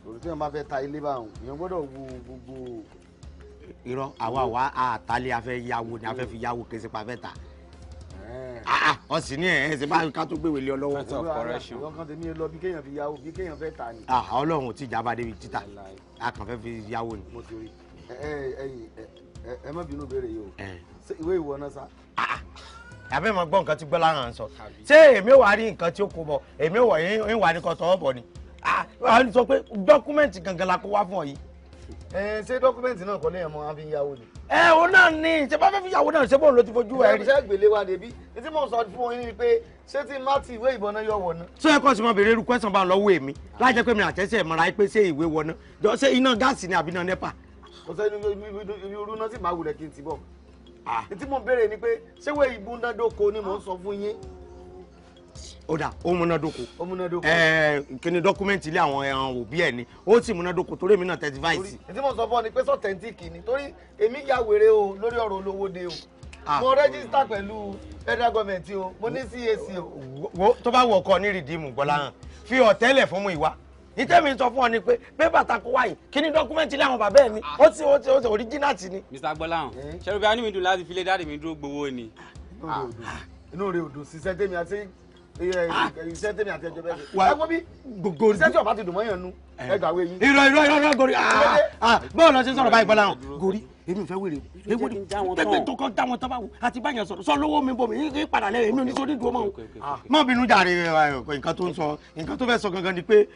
òrùtí wọn bá fẹ́ ta ilé báwọn èèyàn gbọ́dọ̀ wo gbogbo. irọ́ àwa àwa àtàlẹ́ afẹ́ yáwó ni afẹ́ fi yáwó kése pa fẹ́ ta. Ah, ah, ọ sì ní ẹ ṣe bá ká tó gbé wèlé ọlọ́wọ́. fẹ́tọ̀ correction. ọkàn tèmi lọ bí kéèyàn fi yáwó bí kéèyàn fẹ́ tà ni. Ah, ọlọ́run ò tí ìjàmbá débi títà a kàn fi yáwó ni. mo ti rí ẹ má bínú béèrè yìí o ìwé ìwọ náà sá. àbẹ́ mo gbọ́ nǹkan tí gbọ́lá hàn sọ ṣé èmi ò wá rí nǹkan tí ó kó bọ èmi ò wá ní kan tọwọ́ bọ̀ ni. a sọ pé dọ́kúmẹ̀ntì gangan la kó wá fún ọ yìí. ṣé dọ́kúmẹ̀ntì náà kọ́ ẹ o náà ní ṣe bá fẹ́ fi ìyàwó náà ṣe bóun ló ti fojú ẹ rí. ṣé gbèlè wa débi etí mò ń sọ fún yín ni pé ṣé tí má ti ìwé ìbọn náà yọ wọ̀nà. sọ ẹ kọ́ sí mo béèrè irú kwẹ́sàn bá ń lọ́wọ́ èmi láì jẹ́ pé mi àtẹ́sẹ̀ mọ́ra ẹ pé ṣé ìwé wọ̀nà jọ ṣé iná gáàsì ni àbí iná nẹ́pà. kò sẹ́ni irú náà sì máa wulẹ̀ kí n ti bọ̀. etí ah. mò ń béèrè ni pé ṣé wé ìbúndádóko ni mò ń sọ fún yín ó dà ó múnádóko ó múnádóko ẹẹ kíni dọkúmẹ́ǹtì ilé àwọn ẹran eh, òbí ẹ̀ ni ó sì múnádóko torí èmi náà tẹ́tí fáìsì. ètí mo sọ fún ọ ni pé sọtẹ́ntìkì ni torí èmi ya wèrè o lórí ọ̀rọ̀ olówó de o ah. mo rẹ́gísítà pẹ̀lú federal government o mo ní cac o. wo tó bá wọ ọkọ ní rìdíìmù gbọ́lá hàn fi ọ̀tẹ́lẹ̀ fún mu ìwá ìtẹ́mi sọ fún ọ ni pé pépà tako wáyé kíní dọ́kúmẹ́ntì láwọn bàbá ẹ̀ ni ah. ó ti ó ti ó ti òríjínà tì ni. Mr. Gbọ́láhàn eh? ṣẹ́rù bí a ní mi dùn láti fi lé dáàdì mi dúró gbowó ni. inú rẹ̀ ò dùn sísẹ́ tẹ́mi àti iṣẹ́ tèmi àti ẹjọ́ bẹ́ẹ̀ ṣe. ẹ wo bí gbogbo iṣẹ́ tí ọba ti dùn mọ́ yẹn nu eh. ẹ gàwé yín. irọ́ irọ́ irọ́ gori bọ́ọ̀lù ọ̀sẹ̀ sọ̀rọ̀ báyìí bọ́lá hàn gori èmi ò fẹ́ wèrè o èwo ni tẹ́gbẹ́ tó kọ́ dá wọn tán báwo àti báyẹn sọ̀rọ̀ sọ lọ́wọ́ mi bọ̀ mi ní padà lẹ́yìn èmi ò ní sọ ní dùn ọmọ o. Ah, má bínú jàre nǹkan tó ń sọ nǹkan tó fẹ́ sọ gangan ni pé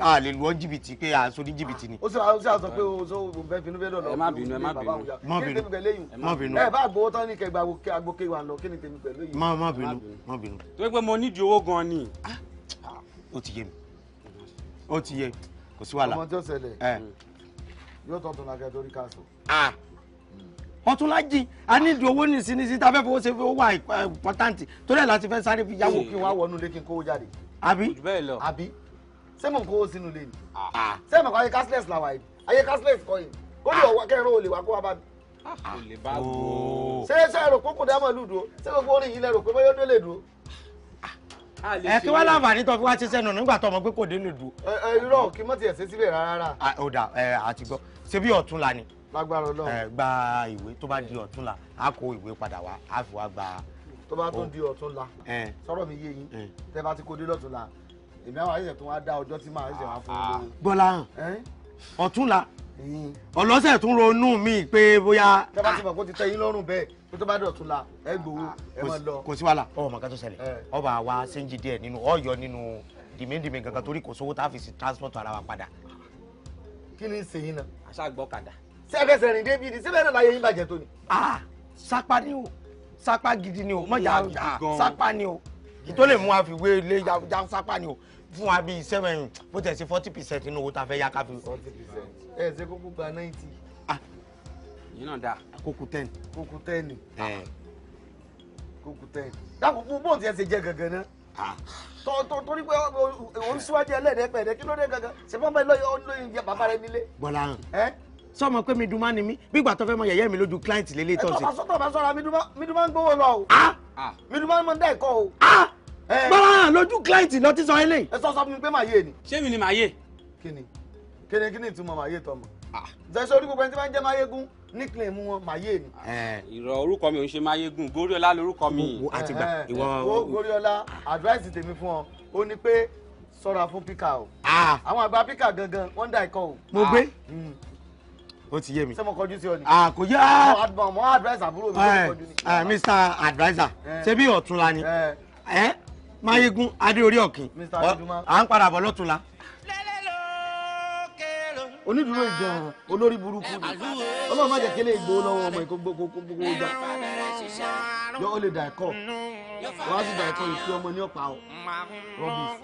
a lè lu ọ jìbìtì pé a sọ ní jìbìtì ni. ó sì àwọn sọ pé o sọ o fẹ́ bínú bẹ́ẹ̀ lọ́dọ̀ ẹ má bínú ẹ má bínú má bínú má bínú ẹ bá gbowó tán ní kẹgbà agbókè wa lọ kí ni tèmi pẹ̀lú yìí. má má bínú má bínú. tó yẹ pé mo nídìí owó gan ni. Ah, ó ti yé mi ó ti yé kò sí wàhálà. ọmọ tí ó ṣẹlẹ̀ yóò tọ́ tún lákẹ́ torí káàsó ọtúnlájì a ní ìdí owó ní ìsinmi síta fẹ́ fowó ṣe fowó wà ìpọ́táǹtì torí ẹ̀ láti fẹ́ sáré fi yáwó kí wọ́n á wọnú ilé kí n kówó jáde àbí àbí ṣé mò ń kówó sínú ilé ni ah. ṣé mò ń kọ́ ayé cashless làwà yìí ayé cashless kọ́ yìí ó lè wá kẹrin ó lè wá kó wá bá mi. Ah, ṣé ṣe èrò kókò dámọ̀ lù dúró ṣé gbogbo orin yìí lẹ́rò pé bóyá ó dé lè dúró. Ah, ẹ kí wọ́n láǹfààní tó fi wá ṣiṣẹ́ nù nígbà tó ọmọ pé kò dé lè dúró. irọ́ kí mọ́tì ẹ̀ ṣe lágbára Ọlọ́run ẹ gba ìwé tó bá di ọ̀túnla a kó ìwé padà wá a fi wá gba. tó bá tó di ọ̀túnla sọ̀rọ̀ mi yé yín tẹ́ bá ti kó dé lọ́túnla èmi àwọn àyẹ̀tò wa dá ọjọ́ tí màá ṣe wá fún ah. un. Gbọ́lá hàn ọ̀túnla ọlọ́sẹ̀ tún ronú mi pé bóyá. tẹ́ bá ti ah. mọ̀ kó ti tẹ́ yín lọ́rùn bẹ́ẹ̀ kó tó bá dọ̀tún la ẹ gbowó ẹ máa lọ. kò sí wàhálà ọmọ nǹkan tó ṣẹlẹ̀ ọba wa ṣéǹjì díẹ̀ nínú ọ̀yọ́ nínú dìmídìmí gangan torí kò sówó tá a fi sí transport ara wa padà. kí ni ń ṣe yín náà. aṣáà gbọ́ kàdà sẹ́fẹ̀sẹ̀ rìn débi ni síbẹ̀ náà láyé yín bàjẹ́ tó ni. Ah, sápá ni o sápá gidi ni o mọ̀jà sápá ni o tó lè mú wa fi wé ilé ya sápá ni o fún wa bíi seven bó tẹ̀ sí forty percent nínú owó tá a fẹ́ yá ká fi. forty percent ẹ ṣe kókó gba ninety. Ah, yìí náà dáa kókó ten. kókó ten ni eh. kókó ten. dákòókò bóun ti ẹ ṣe jẹ gangan náà ah. torí pé oríṣiríṣi ẹlẹ́dẹ̀ẹ́pẹ̀ẹ́dẹ́ kí ló dé gangan ṣe fọ́n bẹ́ẹ̀ lọ́yọ̀ lóyún bàbá rẹ nílé. bọ́lá hàn sọmọ pé miduma ni mí bígbà tó fẹ́ mọ yẹ̀yẹ́ mi lójú client lélẹ̀ tó ṣe. ẹ̀tọ́ bá sọ́ra miduma ń gbowó lọ o miduma ń mọ dẹ́ ẹ̀kọ́ o. Ah! gbọ́dọ̀ lójú client lọ ti sọ eléyìí. ẹ sọ sọ fún mi pé màá yé ni. ṣé mi ni màá yé. kíni kíni kíni ìtumọ̀ màá yé tọmọ. Ah! ṣẹṣẹ orí gbogbo ẹni tí máa ń jẹ́ máyégún nickname mu wọn màyé ni. Ah! ìrọ̀ orúkọ mi ò ń ṣe máyégún goriola lorúkọ mi. àtìgbà ìwọ. goriola advice tèmi fún ọ ó ní pé ṣọ́ra fún píkà o. àwọn àgbà píkà gangan wọ́n dà ẹ̀kọ́ o. mo gbé hmm ó ti yé mi. sẹ́mo kọjú sí ọ ni. à kò yá. mo advice àbúrò mi ló kọjú ni. mr adviser ṣé bí ọ̀túnla ni mayegun adéorí ọ̀kìn à ń padà bọ̀ lọ́túnla. onídùúró ìjọ olórí burúkú ni ọlọ́run má jẹ́ kí lè gbowó lọ́wọ́ ọmọ ìkógbó gbogbo ọjà yọ ó lè dà ẹ̀kọ́ wọ́n á sì dà ẹ̀kọ́ ìfi ọmọ ní ọ̀pá ọ̀ rọ́bìs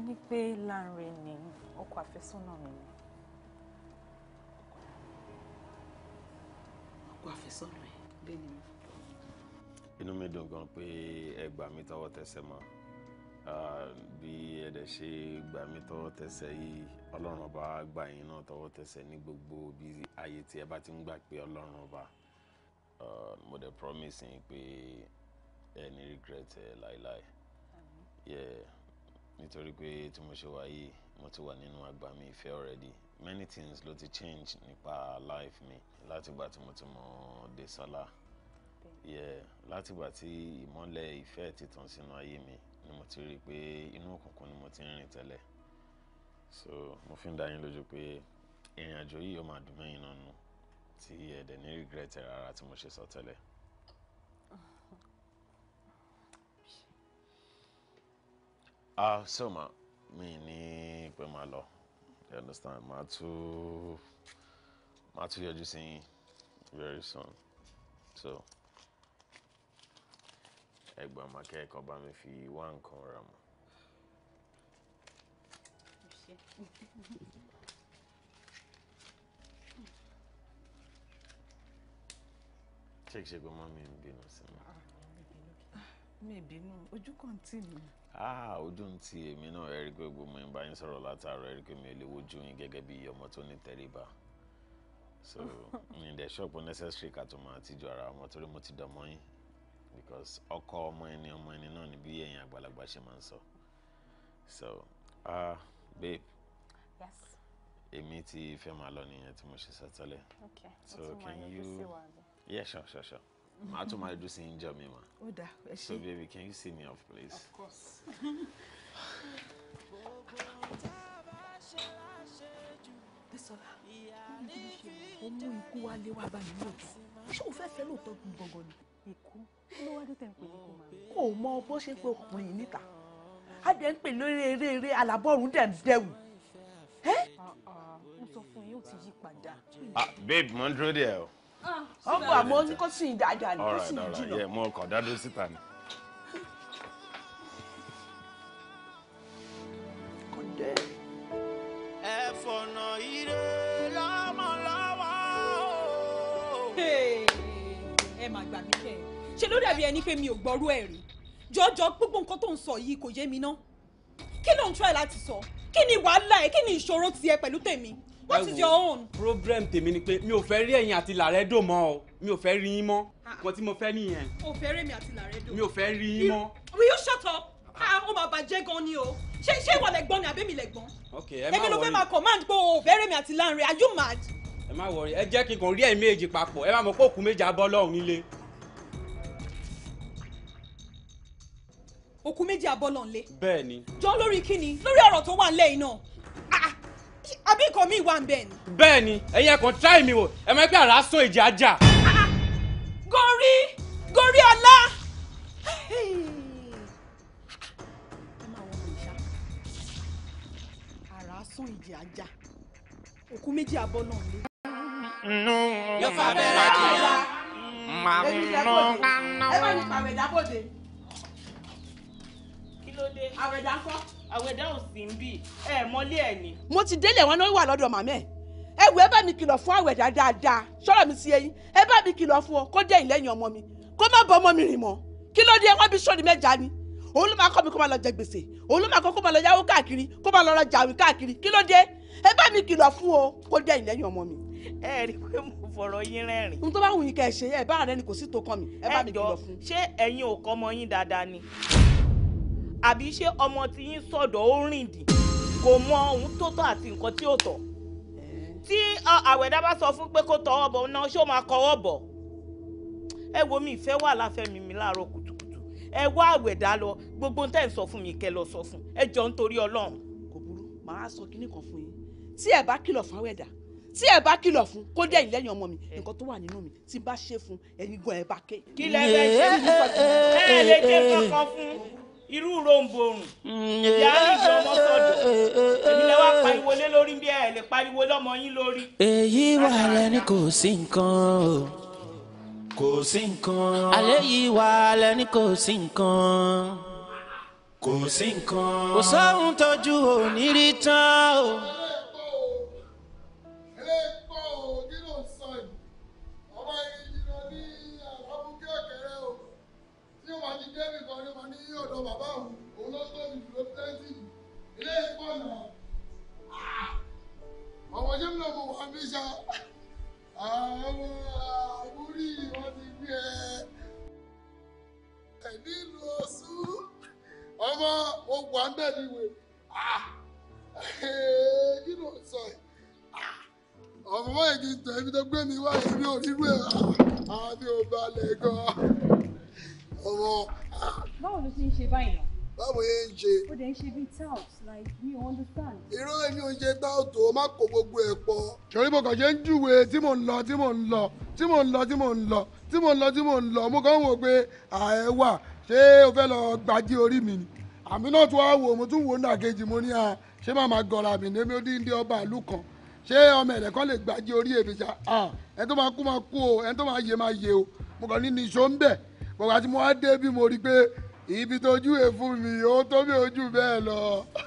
mo ní pé Lanre ni ọkọ àfẹ́sọ́nà mi ni. ọkọ àfẹ́sọ́nà ẹ bẹ́ẹ̀ ni mo. inú mi dùn gan pé ẹ gbà mí tọwọ́ tẹsẹ̀ mọ́ bí ẹ dẹ̀ ṣe gbà mí tọwọ́ tẹsẹ̀ yìí ọlọ́run ọba gbà yín náà tọwọ́ tẹsẹ̀ ní gbogbo bí ayé tí ẹ bá ti ń gbà pé ọlọ́run ọba mo dẹ̀ promise yín pé ẹ ní regret ẹ láéláé. Yeah nítorí pé tí mo ṣe wà yìí mo ti wà nínú àgbà mi ìfẹ́ already many things ló ti change nípa life mi látìgbà tí mo ti mọ̀ Désọ́lá yeah látìgbà tí ìmọ́lẹ̀ ìfẹ́ ti tàn sínú ayé mi ni mo ti rí i pé inú òkùnkùn ni mo ti ń rìn tẹ́lẹ̀ so mo fi ń dá yín lójú pé ìrìn àjò yìí yóò máa dùn mẹ́yìn náà nù tí ẹ̀dẹ̀ ní regret rárá tí mo ṣe sọ tẹ́lẹ̀. ah so ma mi ní pé máa lọ you understand máa tún máa tún yọjú sí yín very soon so ẹgbọn makẹ́kọ̀ọ́ bá mi fi wá nǹkan rà mọ́. ṣé kìí ṣe pé mọ́ mi ń bínú sí mi. Ah, mi ì ah, ojú kan tì mí ah ojú ń ti èmi náà ẹ rí i pé gbogbo mi bá yín sọ̀rọ̀ látàárọ̀ ẹ rí i pé mi ò lè wojú yín gẹ́gẹ́ bí ọmọ tó ní tẹríba so in the shop necessary ká tó máa tijú ara ọmọ torí mo ti dọ̀mọ́ yín because ọkọ ọmọ ẹni ọmọ ẹni náà ni bí ẹ̀yin àgbàlagbà ṣe máa ń sọ so ah babe yes èmi ti fẹ́ máa lọ nìyẹn tí mo ṣe sọ tẹ́lẹ̀ okay so can you yeah sure sure sure màá tún máa dúró sí mi mà. so baby can you see me off please. of ikú wá lé wá bá mi lóòótọ́ ṣé o fẹ́ fẹ́ lóòótọ́ gun gangan ni. ikú ló wá tẹ̀ ń pè ní kò kò mọ bó ṣe ń pe ọkùnrin yìí níta á dẹ̀ ń pè lórí eré eré alábọ́ọ̀rún dẹ̀ ń dẹ̀wù. mo sọ fún yín ó ti yí padà. babe mo ń dúró dè o ọgbọ àmọ́ ó ní kó sì ń dáadáa ní kó sì ń jìnnà. yẹ mo kàn dádó síta ni. kọ́ndé. ẹ fọ̀nà ire lọ́mọ lọ́wọ́ o. ẹ máa gbà mí kẹ́ ẹ ṣe ló dàbí ẹni pé mi ò gbọ́rú ẹ̀ rí jọjọ gbogbo nǹkan tó ń sọ yìí kò yé mi ná kí ló ń try láti sọ kí ni wàhálà ẹ kí ni ìṣòro tiẹ̀ pẹ̀lú tèmi what is your own. problem tèmi ni pé mi ò fẹ́ rí ẹ̀yin àti làrẹ́dò mọ́ o mi ò fẹ́ rí yín mọ́ ah. nǹkan tí mo fẹ́ nìyẹn. o fẹ́ rí mi àti làrẹ́dò. mi ò fẹ́ rí yín mọ́. will you shut up? ah ó máa bàjẹ́ gan ni o ṣé ṣé ìwọ lẹ̀gbọ́n ni àbẹ́mi lẹ̀gbọ́n. ok ẹ má wọrí èmi ló fẹ́ máa command pé o ò fẹ́ rí mi àti láàrin are you mad. ẹ má wọrí ẹ jẹ́ kí n kàn rí ẹ̀yin méjì papọ̀ ẹ má mọ̀ pé òkú méjì abọ́ lọ́hùn nílé. òkú méjì abọ́ lọ́hùn lé. bẹ́ẹ̀ ni. jọ lórí kíni lórí ọ̀rọ̀ tó wà nílẹ̀ yìí náà àbí nǹkan mi wà ń bẹ̀ ni. bẹ́ẹ̀ ni ẹ̀yin ẹ̀kan try mi wò ẹ máa ń pẹ́ àrà sọ èjì ajá. gorí gorí ọlá. àrà sọ èjì ajá òkú méjì abọ́ náà lé. nù yóò fà bẹ́ẹ̀ rà kíyà màá nù kánú. ẹ bá ní pàwẹ̀dà bòde. kí ló dé. àwẹ̀dà kọ́ àwẹ̀dá ò sí ń bì ẹ mọ́lé ẹ̀ ni. mo ti délé wọn náà wà lọ́dọ̀ màmá ẹ̀ ẹ wò ẹ bá mi kìlọ̀ fún àwẹ̀dá dáadáa sọ̀rọ̀ mi sí eyín ẹ bá mi kìlọ̀ fún ọ kó jẹ́ ìlẹ́yìn ọmọ mi kó má bọ ọmọ mi rìn mọ́ kí ló dé ẹ wọ́n bí sọ́ọ̀nì mẹ́ja ni òun ló máa kọ́ mi kó máa lọ jẹ gbèsè òun ló máa kọ́ kó máa lọ yáwó káàkiri kó máa lọ ra jàwé káàkiri kí ló dé ẹ bá mi kìlọ̀ fún o kó jẹ́ ìlẹ́yìn ọmọ mi. ẹ rí i pé mo fọ̀rọ̀ yín rẹ́rìn. n tó bá wù yín kẹ́ ẹ ṣe ẹ bá rẹ ni kò sí tó kọ́ mi ẹ bá mi kìlọ̀ fún. ẹ jọ ṣé ẹ̀yin ò kọ́ ọmọ yín dáadáa ni àbí ṣé ọmọ tí yín sọ̀dọ̀ ó rìn dì kò mọ ohun tó tọ́ àti nǹkan tí ò tọ́ tí àwẹ̀dá bá sọ fún pé kó tọwọ́ bọ̀ náà ṣó máa kọwọ́ bọ̀ ẹ wo mi ìfẹ́ wà láfẹ́mi mi láàárọ̀ kùtùkùtù ẹ wá àwẹ̀dá lọ gbogbo tẹ́ ń sọ fún mi kẹ́ lọ sọ fún ẹ jọ nítorí ọlọ́run. kò burú màá sọ kinní kan fún yín tí ẹ bá kìlọ̀ fún àwẹ̀dá tí ẹ bá kìlọ̀ fún kó dé ẹ̀yìn lẹ́yìn ọmọ mi nǹkan tó wà nínú mi tí bá ṣe fún ẹ̀yin gan ẹ bá ké. kí lẹ fẹ́ ṣe é ẹ lè ṣe kankan fún irú ròǹbòrùn mm. ìyá ìjọ ọmọ sọdọ èmi lẹ wá pariwo lé lórí bí ẹ lè pariwo lọmọ yín lórí. èyí wà lẹni kò sí nǹkan o kò sí nǹkan. àlẹ́ yìí wà lẹni kò sí nǹkan kò sí nǹkan. kò sóhun tójú ò rí tán o. ọ̀dọ̀ bàbá òun òun ló tóbi jù ló pẹ́ẹ́tì jù ilé ẹ̀kọ́ náà ah! ọmọ jẹ́ mi ọmọ wa mi ṣá àwọn àbúrí wọn ti gbé ẹ nílùú oṣù ọmọ ogun àbẹ̀bí wèé ah! kí ló ń sọ yìí ah! ọmọ mọ́ èkìtàn tó gbé mi wá èmi ò rírú ẹ̀ àbí ò balẹ̀ gan-an ọ̀rọ̀. báwo ló ti ń ṣe báyìí náà. báwo yẹn ń ṣe. ó dẹ̀ ń ṣe bíi tout like we understand. irọ́ ẹni oúnjẹ tout o má kó gbogbo ẹ̀ pọ̀. sọ̀rí mo kàn ṣe ń júwe tí mò ń lọ tí mò ń lọ tí mò ń lọ tí mò ń lọ tí mò ń lọ tí mò ń lọ mo kàn ń wò pé ààyè wà ṣé o fẹ́ lọ gbajú orí mi ni àmì náà tún wá wò mo tún wò ó nàkejì mo ní à ṣé màmá gọ̀ọ́ra mi ní ó dín dín ọba ìlú kan ṣé ọmọ ẹ̀rẹ̀ kan lè gbájí orí èmi ẹni tó máa kú máa kú o ẹni tó máa yè máa yè o mo kàn ní níṣó ń bẹ̀ bọ̀wá tí mo wá dé bí mo rí i pé ibi tójú è fún mi ó tó mi ojú bẹ́ẹ̀ lọ.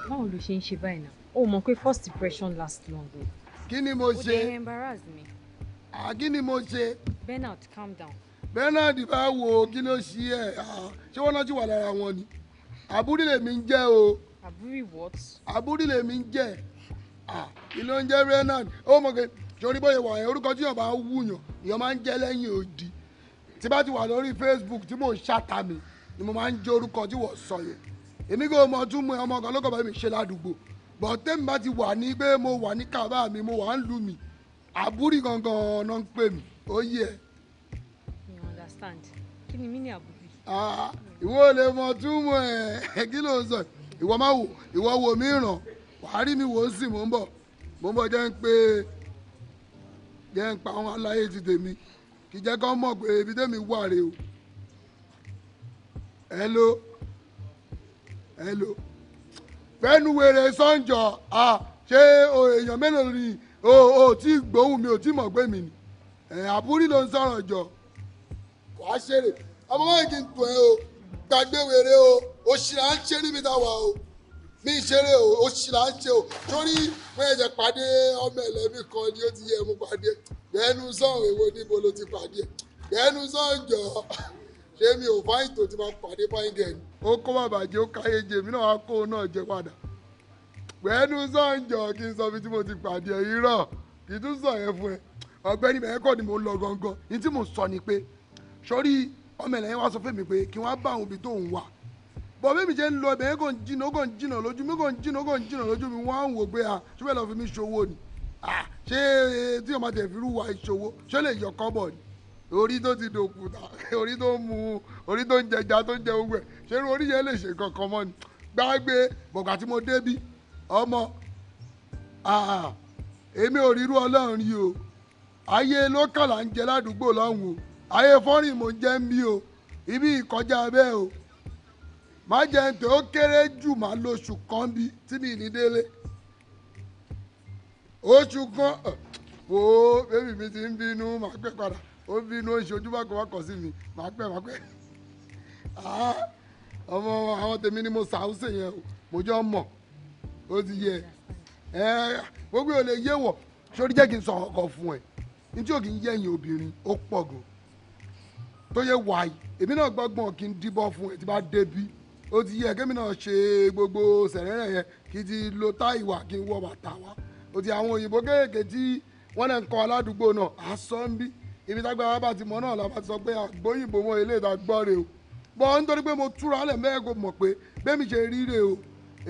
báwo ló ṣe ń ṣe báyìí náà o mọ̀ pé first depression last long kí ni mo ṣe. o dey embarrass me. à kí ni mo ṣe. Bernard calm down. Bernard bá wo kí ló ṣí ẹ ṣé wọn náà ti wà lára wọn ni àbúrí lèmi ń jẹ o. àbúrí what. àbúrí lèmi ń jẹ kí ló ń jẹ Bernard ó mọ̀ pé torí bóyá wà ẹ̀ orúkọ tí yóò bá wúyàn èèyàn máa ń jẹ́ lẹ́yìn òdì tí bá ti wà lórí Facebook tí mò ń ṣàtà mi ni mo máa ń jẹ́ orúkọ tí wọ́n sọ yẹn èmi kò mọ tún mọ ọmọ kan lóko bá mi ṣe ládùúgbò bọ̀ tẹ́mi bá ti wà ní pé mo wà ní kàbá mi mo wà ń lù mí àbúrì gangan náà ń pè mí ó yẹ. mi understand kí ni mí ní àbúrì. Ah, ìwọ lè mọ tún mọ ẹ kí ló ń sọ ìwọ máa wò ìwọ wò mí ràn wàá rí mi wò ó sì mò ń bọ̀ mò ń bọ̀ jẹ́ ń pé jẹ́ ń pa àwọn aláyé ti tèmi kì í jẹ́ kán mọ̀ pé ibi tẹ́mi wà rè o hello hello fẹ́nuwèrè sọ́njọ́ a ṣé èèyàn mélòó ni o ò tí gbóhùn mi ò tí mọ̀ pé mi ni àbúrí ló ń sọ̀rọ̀ jọ wàá ṣeré ọmọ mọ́ ìkí ń tún ẹ o gbàgbé wèrè o òṣìṣẹ́ à ń ṣe níbi táwa o mi ìṣeré o oṣù là ń ṣe o torí wọ́n ẹ̀jẹ̀ pàdé ọmọ ẹlẹ́mí kan ni ó ti yẹ mú pàdé bẹ́ẹ̀nu sọ̀rọ̀ èwo níbo ló ti pàdé bẹ́ẹ̀nu sọ̀rọ̀ jọ ṣé mi ò fáyìn tó ti máa pàdé fáyìn gẹ̀ ni. ó kó bàbà jẹ́ ó káyé jẹ èmi náà wá kó o náà jẹ padà bẹ́ẹ̀nu sọ̀rọ̀ jọ kí n sọ fi tí mo ti pàdé irọ́ kì í tún sọ yẹn fún ẹ ọ̀gbẹ́ni mẹ́kọ́ ni mo lọ gangan ní tí mo sọ ni pé sọ́rí ọmọ ẹlẹ́yìn wá sọ fún mi pé kí wọ́n bá àwọn ibi tó wà bọ̀ bí mi ṣe ń lọ ibẹ̀ yẹn kò ń jìnnà ó kò ń jìnnà lójú mi kò ń jìnnà ó kò ń jìnnà lójú mi wọ́n á ń wò pé à ah, ṣé bẹ́ẹ̀ lọ fi mi ṣòwò ni ah, ṣé eh, tí o máa tẹ̀ fi rúwa ìṣòwò ṣé lè yọ kọ́bọ̀ ni orí tó ti dòkúta orí tó ń mu orí tó ń jẹja tó ń jẹ ogun ẹ̀ ṣé irú orí yẹn lè ṣe kankan mọ́ ni gbàgbé bọ̀gbà tí mo débí ọmọ ah, èmi ò rírú ọlọ́run yìí o ayé lókàlà ń jẹ ládùúgbò lọ́hùn o ayé fọ́nrìn mò ń jẹ́ ń bí o ibi ìkọjá bẹ́ẹ̀ o má jẹ́ ń tẹ́ ó kéré jù má lóṣù kan bí tí mi ní délé oṣù kan o bébì mi ti ń bínú má pẹ́ padà ó bínú oṣù ojú bákan wá kọ̀ sí mi má pẹ́ má pẹ́ ọmọ àwọn tèmi ni mo ṣàwùsẹ̀ yẹn o mo jọ mọ̀ ó ti yẹ ẹ gbogbo ò lè yé wọ̀ sórí jẹ́ kí n sọ ọkọ̀ fún ẹ ní tí ò kì í yẹ̀yìn obìnrin ó pọ̀ gan tó yẹ wáyé èmi náà gbọ́gbọ́n kí n díbọ́ fún ẹ tí bá débi ó ti yẹ kémi náà ṣe gbogbo sẹ̀rẹ̀rẹ̀ yẹn kí ti lo táì wà kí n wọ bàtà wá ó ti àwọn òyìnbó kéèké tí wọ́n náà ń kọ́ aládùúgbò náà àsọ ń bí ibi tágbára bá ti mọ náà la bá ti sọ pé àgbóyìnbó wọn ilé ìta gbọ́ rè o bọ́ nítorí pé mo túra lẹ̀ mẹ́ẹ̀kó mọ̀ pé bẹ́mi ṣe ríre o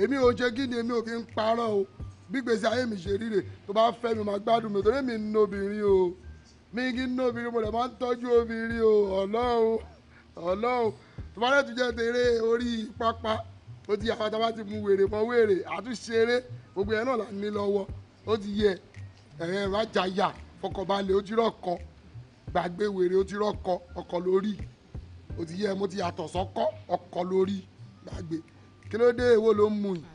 èmi ò ṣe kí ni èmi ò kí ń parọ́ o bí gbèsè ayé mi ṣe ríre tó bá fẹ́ mi máa gbádùn mi torí mi ń nóbìnrin o mi kí ń nóbìnrin mo lè máa ń tọ́jú obìnrin o ọlọ́run ọlọ́run tó bá lẹ́tù jẹ́ tèrè orí pápá ó ti àfàtà bá ti mu wèrè mọ́ wèrè àtúnṣeré gbogbo yẹn náà là ní lọ́wọ́ ó ti yẹ ẹ̀rẹ́ rájàyà fọkànbalẹ̀ ojúrọ̀ kan gbàgbé wèrè ojúrọ̀ kan ọkọ̀ lórí ó ti yẹ mo ti yàtọ̀ sọ́kọ́ ọkọ̀ lórí gbàgbé kí ló dé èwo ló ń mu yìí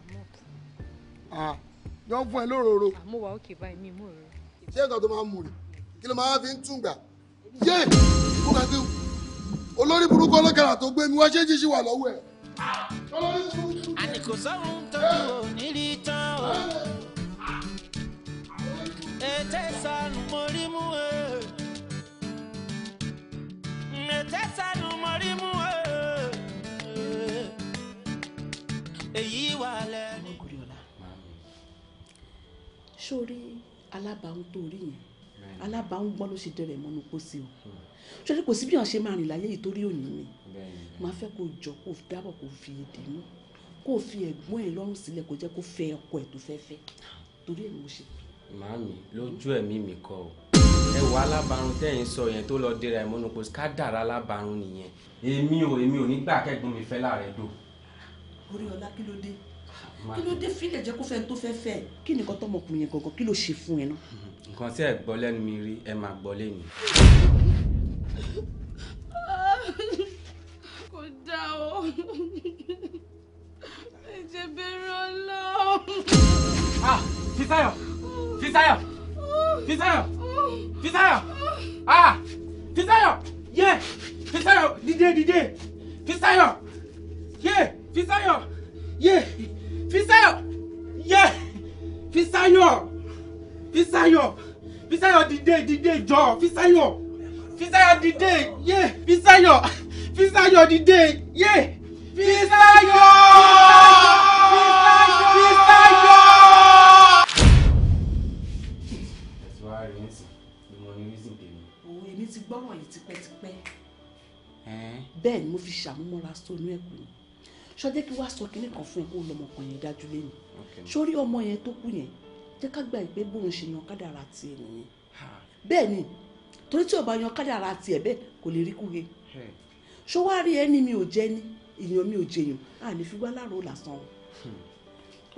yọ fún ẹ lóróró. àmúwà òkè báyìí mi mú òróró. ṣé nǹkan tó máa ń mu rè kí ló máa fi ń tún gbà. yé kó kàkí olórí burúkú ọlọ́kadà tó gbé mi wá ṣé jíjí wà lọ́wọ́ ẹ̀. àní kò tó kù ò tán o ètè sànù mo mú e ètè sànù mo mú e èyí wà lẹ́nu. sórí alábàáhùn tó rí yẹn alábàáhùn gbọ́n ló ṣe dẹrẹ̀ mọ́nú pósí o. Hmm sọ́dọ̀ kò sí bí wọ́n ṣe máa rìn láyé yìí torí òní mi máa fẹ́ kó jọ kó dábọ̀ kó fi èdè mú kó fi ẹ̀gbọ́n ẹ̀ lọ́rùn sílẹ̀ kó jẹ́ kó fẹ́ ọkọ ẹ̀ tó fẹ́ fẹ́ torí ẹ̀ mo ṣe. màámi lójú ẹ̀mí mi kọ o ẹ wọ alábàárùn tẹ́yìn sọ yẹn tó lọ dira ìmọ̀nà kò ká dàrá alábàárùn nìyẹn èmi ò èmi ò ní gbà kẹ́gbọ́n mi fẹ́ láàrẹ̀ dò. orí ọlá kí ló dé kí ló dé fílẹ̀ jẹ́ kó fẹ́ tó fẹ́ fẹ́ kí nìkan tọmọkùnrin yẹn gangan kí ló ṣe fún ẹ náà. nǹkan tí ẹ gbọ́ lẹ́nu mi rí ẹ máa gbọ́ lẹ́nu kò dá o ẹ̀jẹ̀ bẹ̀rẹ̀ ọlọ́run. ah Fisáyọ̀ Fisáyọ̀ Fisáyọ̀ Fisáyọ̀ ah Fisáyọ̀ yẹ Fisáyọ̀ dìde dìde Fisáyọ̀ yẹ Fisáyọ̀ yẹ Fisáyọ̀ yẹ Fisáyọ̀ Fisáyọ̀ Fisáyọ̀ dìde dìde jọ Fisáyọ̀. Fisáyọ̀ dìde yé Fisáyọ̀ Fisáyọ̀ dìde yé Fisáyọ̀ Fisáyọ̀ Fisáyọ̀. ẹ̀sùwárì ń sìn ni mo ní rísìn tèmi. òun èmi ti gbọ́ wọ̀nyí tipẹ́tipẹ́. bẹ́ẹ̀ ni mo fi ṣàmúmọ́ra sónú ẹ̀kú ni ṣọjẹ́ kí wàá sọ kinní kan fún ẹ kó lọmọkùnrin yẹn dájú lẹ́nu sórí ọmọ yẹn tó kù yẹn jẹ́ ká gbà pé bóun ṣe yan kádàrá tiẹ̀ nìyẹn bẹ́ẹ̀ ni. Okay torí tí o bá yan kádàrá tiẹ̀ bẹ́ẹ̀ kò lè rí kúhe ṣó wá rí ẹni mi ò jẹ ni èèyàn mi ò jẹyàn à ní fígbá láàrú lásán o hmm.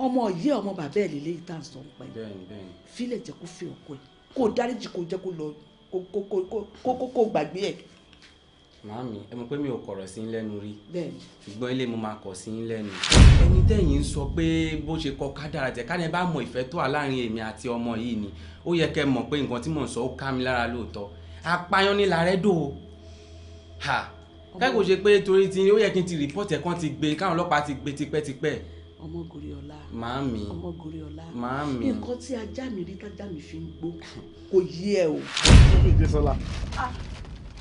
ọmọ yìí ọmọ bàbá ẹ̀ lélẹ́ yìí tá à ń sọ nípa ẹ̀ fílẹ̀ jẹ́ kó fi ọkọ ẹ̀ kó dáríjì kó jẹ́ kó lọ kó gbàgbé ẹ̀. màámi ẹ mọ̀ pé mi ò kọ̀rọ̀ sí lẹ́nu rí ṣùgbọ́n ilé mo máa kọ̀ sí lẹ́nu ẹni tẹ́yìn ń sọ pé bó ṣe kọ kádàrà jẹ́ káni bá mọ ìfẹ́ tó wà láàrin èmi àti ọmọ yìí ni ó yẹ kẹ́ mọ̀ pé nǹkan tí mò ń sọ ó ká mi lára lóòótọ́ apáyán ní làrẹ́dò ha. kẹ́kọ̀ọ́ ṣe pé torí ti ó yẹ kí n ti rìpọ́tì ẹ̀ kan ti gbé káwọn ọlọ́pàá ti gbé tipẹ́tipẹ́ ọmọgòrè ọlá màámi ọmọgòrè ọlá màámi nǹkan tí ajá mi rí tájá mi fi ń gbó kò yí ẹ o. ọbẹ̀ ìdí sọlá. ah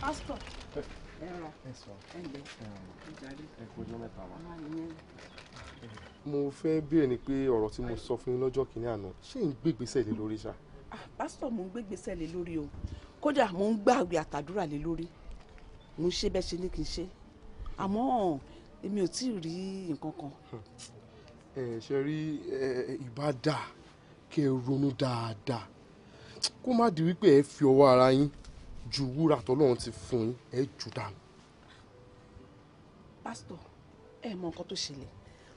pásítọ̀ ẹ̀rọ ẹ̀ǹdẹ̀ ìjàre ẹ̀kọ́ ọjọ́ mẹ́ta wa. mo fẹ́ béèrè ni pé ọ̀rọ̀ tí mo sọ fún yín lọ́jọ́ kìíní àná ṣé ń gbé ìgbésẹ̀ lé lórí ṣá. Ah, pásítọ̀ mo ń gbé ìgbésẹ̀ lé lórí o kódà mò ń gbàwé àtàdúrà lé lórí mò ń ṣe bẹ́ẹ̀ ṣe ní kí n ṣe àmọ́ èmi ò tí ì rí nǹkan kan. ẹ ṣe rí ìbá dà kí ẹ ronú dáadáa kó má di wípé ẹ fi ọwọ́ ara yín ju wúrà tọ́lọ́run ti fún yín ẹ jù dànù. pásítọ̀ ẹ mọ nǹkan tó ṣẹlẹ̀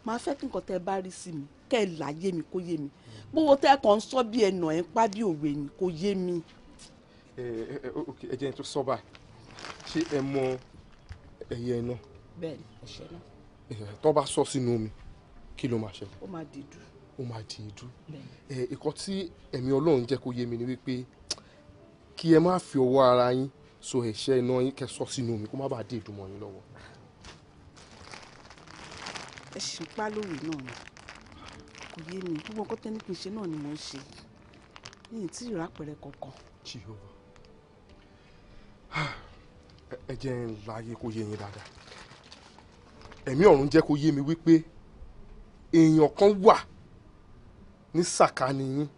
màá fẹ́ kí nǹkan tẹ́ bá rí sí mi kẹ́ ẹ là mi kó yé mi gbogbo tẹ́ ẹ kàn ń sọ bí ẹnà ẹ̀ ń pa bí òwe ni kó yé mi. Eh, eh, eh, ẹ jẹ́ tó sọ́ba ṣé ẹ mọ ẹyẹ náà. bẹ́ẹ̀ni ẹsẹ náà. tó bá sọ sínú omi kí ló máa ṣẹlẹ̀. ó máa di idú. ó máa di idú. ìkan tí ẹ̀mí ọlọ́run jẹ́ kó yé mi ni wípé kí ẹ má fi ọwọ́ ara yín so ẹ̀ṣẹ́ iná yín kẹ́ sọ sínú omi kó má bàa dé ìdùnmọ̀ yín lọ́wọ́. ẹ ṣì ń pa lóore náà ni kò yé mi gbogbo nǹkan tẹ́ni ṣe náà ni mò ń ṣe ní ìtì ìrà pẹ̀rẹ̀ kọ̀ọ̀kan. Jehovah ẹ jẹ́ ń láyé kó yé yín dáadáa ẹ̀mí ọ̀run jẹ́ kó yé mi wípé èèyàn kan wà ní sàkání yín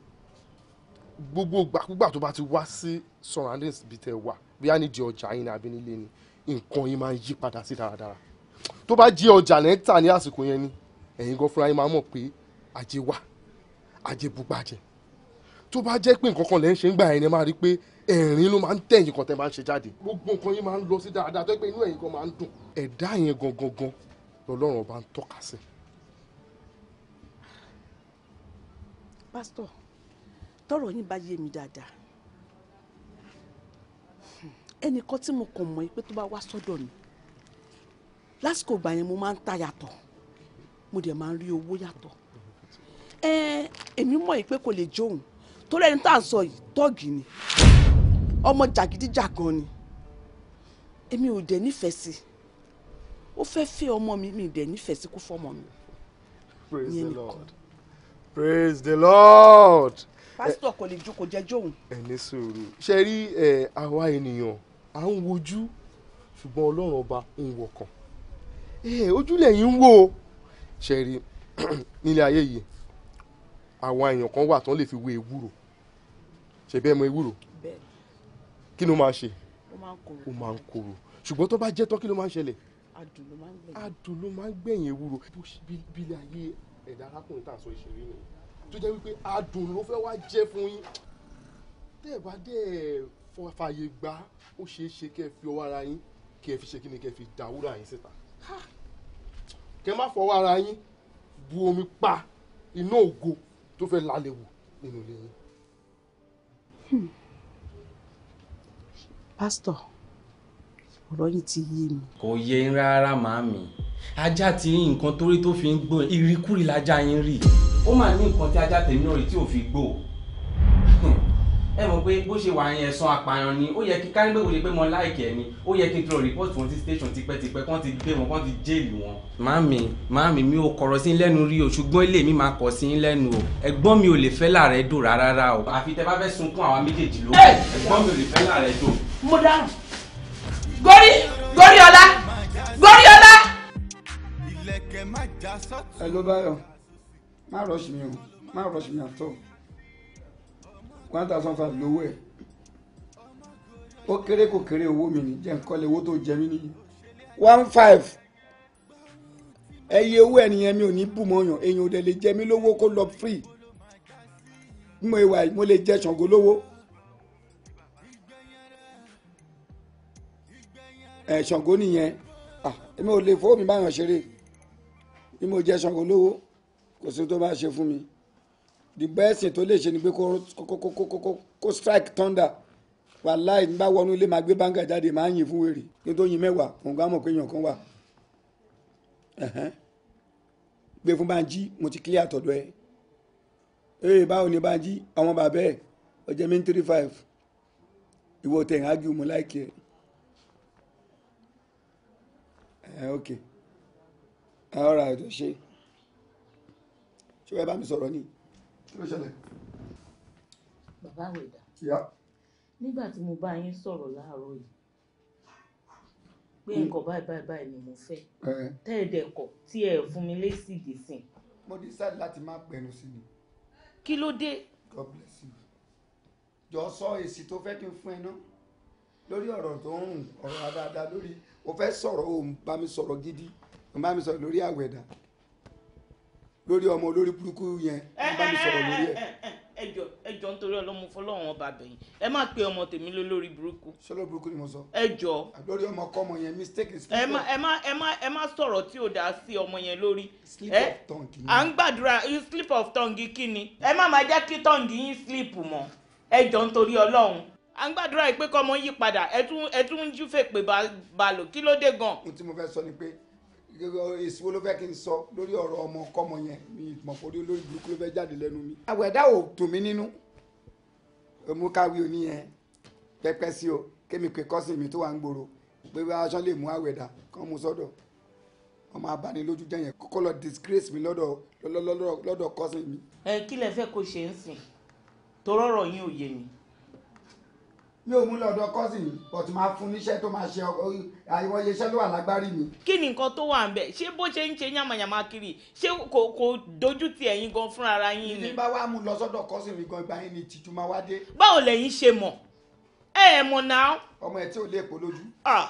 gbogbo ìgbàkúgbà tó bá ti wá sí surroundings bíi tẹ wà bíyá nídìí ọjà yín ní abínilé ni nǹkan yín máa ń yí padà sí dáradára tó bá jẹ ọjà lẹ́ńtà ní àsìkò yẹn ni ẹ̀yin gan fúnra yín máa mọ̀ pé ajé wà ajé búgbàjẹ́ tó bá jẹ́ pé nǹkan kan lẹ́ ń ṣe ń gbà ẹni máa rí pé ẹ̀rín ló máa ń tẹ̀yìn kan tẹ́ máa ń ṣe jáde gbogbo nǹkan yín máa ń lọ sí dáadáa tó pé inú ẹ̀yìn kan máa ń dùn ẹ̀dá yẹn gangan gan lọ́lọ́run ọba ń tọ́ka sí. pásítọ̀ tọrọ yín bá yé mi dáadáa ẹnìkan tí mo kàn mọ̀ pé tó bá wá sọ́dọ̀ mi lásìkò ìgbà yẹn mo máa ń ta yàtọ̀ mo dẹ̀ máa ń rí owó yàtọ̀ ẹ èmi mọ̀ pé kò lè jóun torí ẹni tá à ń sọ yìí tọ́ọ̀gì ni ọmọ jàgídíjàgan ni èmi ò dẹ̀ nífẹ̀ẹ́ sí ó fẹ́ fẹ́ ọmọ mi mi dẹ̀ nífẹ̀ẹ́ sí kó fọmọ mi. praise the lord praise the lord. pásítọ̀ kò lè jókòó jẹ́jọ́ òun. ẹ ní sùúrù ṣe rí àwa ènìyàn à ń wojú ṣùgbọ́n ọlọ́run ọba ń wọkàn ojúlẹ̀ yìí ń wò ó ṣe rí nílé ayé yìí àwọn èèyàn kan wà tán lè fi wé ewúro ṣe bẹ́ẹ̀ mọ ewúro kí ló máa ṣe ó máa ń korò ṣùgbọ́n tó bá jẹ́ tán kí ló máa ń ṣẹlẹ̀ adùn ló máa ń gbẹ̀yìn ewúro bílẹ̀ ayé ẹ̀dá arákùnrin tá à ń sọ ìṣeré nìyẹn tó jẹ́ wípé adùn ló fẹ́ wá jẹ́ fún yín tẹ́ ẹ̀ bá dẹ́ ẹ̀ fààyè gbà ó ṣeé ṣe kẹ́ ẹ fi ọwọ́ ara yín kẹ́ ẹ fi ṣe kí ni kẹ́ ẹ fi da wúrà yín síta kẹ́ ẹ má fọwọ́ ara yín bu omi pa iná ògo tó fẹ́ lálẹ́ wò nínú ilé yín. Pastor, ọ̀rọ̀ yìí ti yé mi. kò yé yín rárá màámi ajá ti rí nǹkan torí tó fi ń gbó ìrìkúrì lajá yín rí ó mà ní nǹkan tí ajá tèmi náà rí tí ò fi gbó ẹ mọ̀ pé bó ṣe wà yẹn ẹ̀sán apààyàn ni ó yẹ kí kárígbé wòye pé mo láìkì ẹ̀ ni ó yẹ kí n tọrọ rìpọ́ọ̀tù wọn sí station tipẹ́tipẹ́ kán ti gbé wọn kán ti jẹ́ẹ̀lì wọn. màámi màámi mi ò kọ̀rọ̀ sí lẹ́nu rí o ṣùgbọ́n ilé mi máa kọ̀ sí lẹ́nu o ẹ̀gbọ́n mi ò lè fẹ́ láàrẹ̀ dò rárá o. àfi tẹ bá fẹ́ sunkún àwa méjèèjì ló ẹ̀gbọ́n mi ò lè fẹ́ láàrẹ̀ dò. mo dáhùn gorí gorí ọlá gorí ọlá. ẹ ló bá yọ má rọ̀ṣì one thousand five lówó ẹ̀ ó kéré kò kéré owó mi ní jẹ́ nkọ́lé owó tó jẹ mí nìyí one five ẹyẹ owó ẹnìyẹn mi ò ní bù mọ́ yàn èèyàn ò dẹ̀ lè jẹ mí lówó kó lọ free bí mo ìwà mo lè jẹ Ṣàngó lówó ẹ Ṣàngó nìyẹn èmi ò lè fowó mi báyàn ṣeré bí mo jẹ Ṣàngó lówó kò sí tó bá ṣe fún mi the best thing tó lè ṣe ni pé kó strike thunder wàláì nígbà wọnú ilé máa gbé báńgà jáde máa ń yin fún wèrè kí n tó yin mẹ́wàá òun gbà mọ̀ pé èèyàn kan wà gbé fún Bánjí mo ti clear àtọ̀dọ̀ ẹ̀ ee báwo ni Bánjí àwọn bàbá ẹ̀ ọjọ́ mi ń three five ìwọ tẹ̀ ń ágì mo láìkì ẹ̀ ẹ̀ ok ọ̀rọ̀ àìtọ́ ṣe ṣé wọ́n bá mi sọ̀rọ̀ nìyí kí ló ṣẹlẹ̀. bàbá àwẹ̀dà. ìyá. nígbà tí mo bá yín sọ̀rọ̀ láàárọ̀ yìí pé hmm. nǹkan báyìí báyìí báyìí ni mo fẹ́ eh. tẹ́ẹ̀dẹ̀kọ̀ tí ẹ fún mi lésì dìsìn. mo decide láti máa pẹ̀lú sí ni. kí ló dé. God bless you. jọ sọ èsì tó fẹ́ kí n fún ẹ náà lórí ọ̀rọ̀ tó ń rùn ọ̀rọ̀ àdáadáa lórí o fẹ́ sọ̀rọ̀ o bá mi sọ̀rọ̀ gidi o bá mi sọ̀rọ̀ lórí àwẹ̀dà lórí ọmọ olórí burúkú yẹn ń bá mi sọ̀rọ̀ lórí ẹ̀. ẹjọ ẹjọ nítorí ọlọmọ fọlọ́run ọba bẹyìn ẹ má pe ọmọ tèmi lólórí burúkú. sọlọ burúkú ni mo sọ. ẹjọ. lórí ọmọ kọmọ yẹn mistake is. ẹ má ẹ má ẹ má ẹ tí o dà sí ọmọ yẹn lórí. slip of tongue yín. à ń gbàdúrà slip of tongue kí ni. ẹ má máa jẹ́ kí tongue yín slip mọ́ ẹjọ nítorí ọlọ́run à ń gbàdúrà yìí pé kọ́mọ yí padà ẹ tún ẹ tún ń júfè balò kí ló dé gan. ohun tí mo fẹ́ sọ ni pé èsì wo ló fẹ́ kí n sọ lórí ọ̀rọ̀ ọmọ kọ́mọ yẹn mi ìmọ̀ forí olórí burúkú ló fẹ́ jáde lẹ́nu mi. àwẹ̀dá ò tù mí nínú mú káwí òní yẹn pẹpẹ sí o kémi pé kọ́sìn mi tó wà ń gbòòrò pé aṣọ lè mú àwẹ̀dá kán mú sọ́dọ̀ ọmọ abánilójú jẹ́ yẹn kókó lọ disgrace mi lọ́dọ̀ lọ́dọ̀ kọ́sìn mi. ẹ kí lẹ fẹ́ kó ṣe ń sìn torọ́rọ̀ yín ò yé mi ò mú lọ́dọ̀ kọ́sì mi but máa fún níṣẹ́ tó máa ṣe àìwọye iṣẹ́ ló wà lágbárí mi. kí ni nǹkan tó wà ń bẹ̀ ṣé bó ṣe ń ṣe yàmàyàmà kiri ṣé kò kò dojú ti ẹ̀yin gan fúnra ara yín ni. ìdíbà wa mú lọ sọ́dọ̀ kọ́sì mi gan ìgbà yẹn ni tìjú máa wá dé. báwo lẹ̀yin ṣe mọ̀ ẹ ẹ mọ̀ náà. ọmọ ẹ tí ò lè pò lójú. Ah.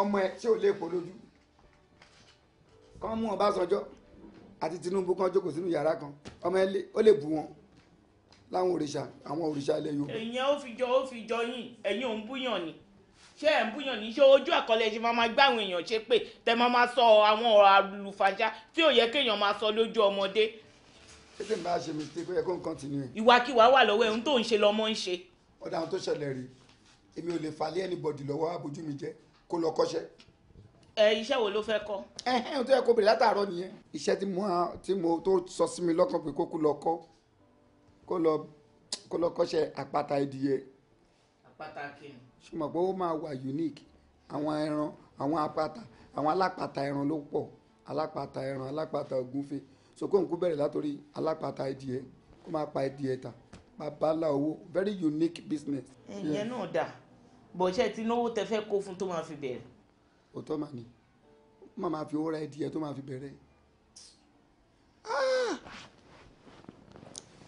ọmọ ẹ tí ò lè pò lójú. kán mú Ọbásanjọ́ àti Tinubu kan jókòó sínú yàrá kan ọmọ ẹ ó lè bù wọn láwọn òrìṣà àwọn òrìṣà ilẹ̀ Yorùbá. èèyàn ó fi jọ ó fi jọ yín ẹ̀yin ò ń búyàn ni ṣé ẹ̀ ń búyàn ní ṣé ojú àkọlẹ̀ ṣe máa máa gbá àwọn èèyàn ṣe pé tẹ máa máa sọ àwọn ọ̀rọ̀ àlùfàṣà tí ò yẹ kéèyàn máa sọ lójú ọmọdé. ètè mi bá ṣe mistake ó yẹ kó n continue. ìwàkiwà wà lọ́wọ́ ẹ̀hún tó ń ṣe lọ́mọ ń ṣe. ọ̀dà àwọn tó ṣẹlẹ̀ rí èmi ò lè falẹ̀ anybody lọ́wọ́ abojú mi jẹ́ kó lọ kọ́ṣẹ́. ẹ iṣẹ́ wo ló fẹ́ kọ́. ẹ ẹ tó yẹ kó bèrè látàárọ̀ nìyẹn. iṣẹ́ tí mo tó sọ sí mi lọ́kàn pé kó kú lọ kọ́ kó lọ kó lọ kọ́ṣẹ́ àpáta ìdíyẹ. àpáta kìíní. ṣùgbọ́n pé ó máa wà unique àwọn ẹran àwọn àpáta àwọn alápàtà ẹran ló pọ̀ alápàtà ẹran alápàtà ògúnfe so kó n kú bẹ̀rẹ̀ látòrí alápàtà ìdíyẹ kó máa pa ìdíyẹ ta babalá owó very unique business. ìyẹn náà dà bọ̀ṣẹ́ tí náwó tẹ fẹ́ kó fún tó máa fi bẹ̀rẹ̀. òótọ́ màá ní màá máa fi owó ra ìdíyẹ tó máa fi bẹ̀rẹ̀. Ah!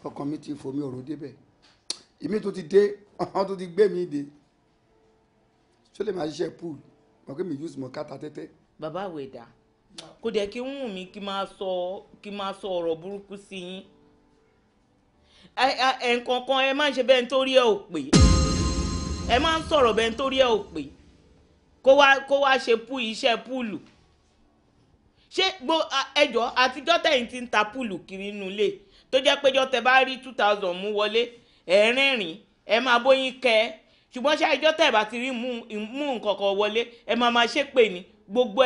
ọkàn mi ti fò mí ọ̀rọ̀ débẹ̀ ìmí tó ti dé ọ̀hún tó ti gbé mi dé ṣó lè máa ṣiṣẹ́ pool mọ̀ pé mi use mọ̀ káta tẹ́tẹ́. bàbá àwẹ̀dà kò dẹ̀ kí ń wù mí kí máa sọ kí máa sọ ọ̀rọ̀ burúkú sí yín ẹ̀ǹkankan ẹ má ṣe bẹ́ẹ̀ nítorí ẹ ò pé ẹ má ń sọ̀rọ̀ bẹ́ẹ̀ nítorí ẹ ò pé kó wá ṣe iṣẹ́ púùlù ṣé gbọ́ ẹjọ́ àtijọ́ tẹ̀yìn ti ń ta púùlù kiri nulẹ̀ tó jẹ́ péjọ tẹ bá rí two thousand mú wọlé ẹ̀ẹ́rẹ́rìn ẹ máa bóyin kẹ́ ẹ ṣùgbọ́n ṣáà ìjọ tẹ̀ bá ti rí mú nǹkan kan wọlé ẹ máa máa ṣépè ni gbogbo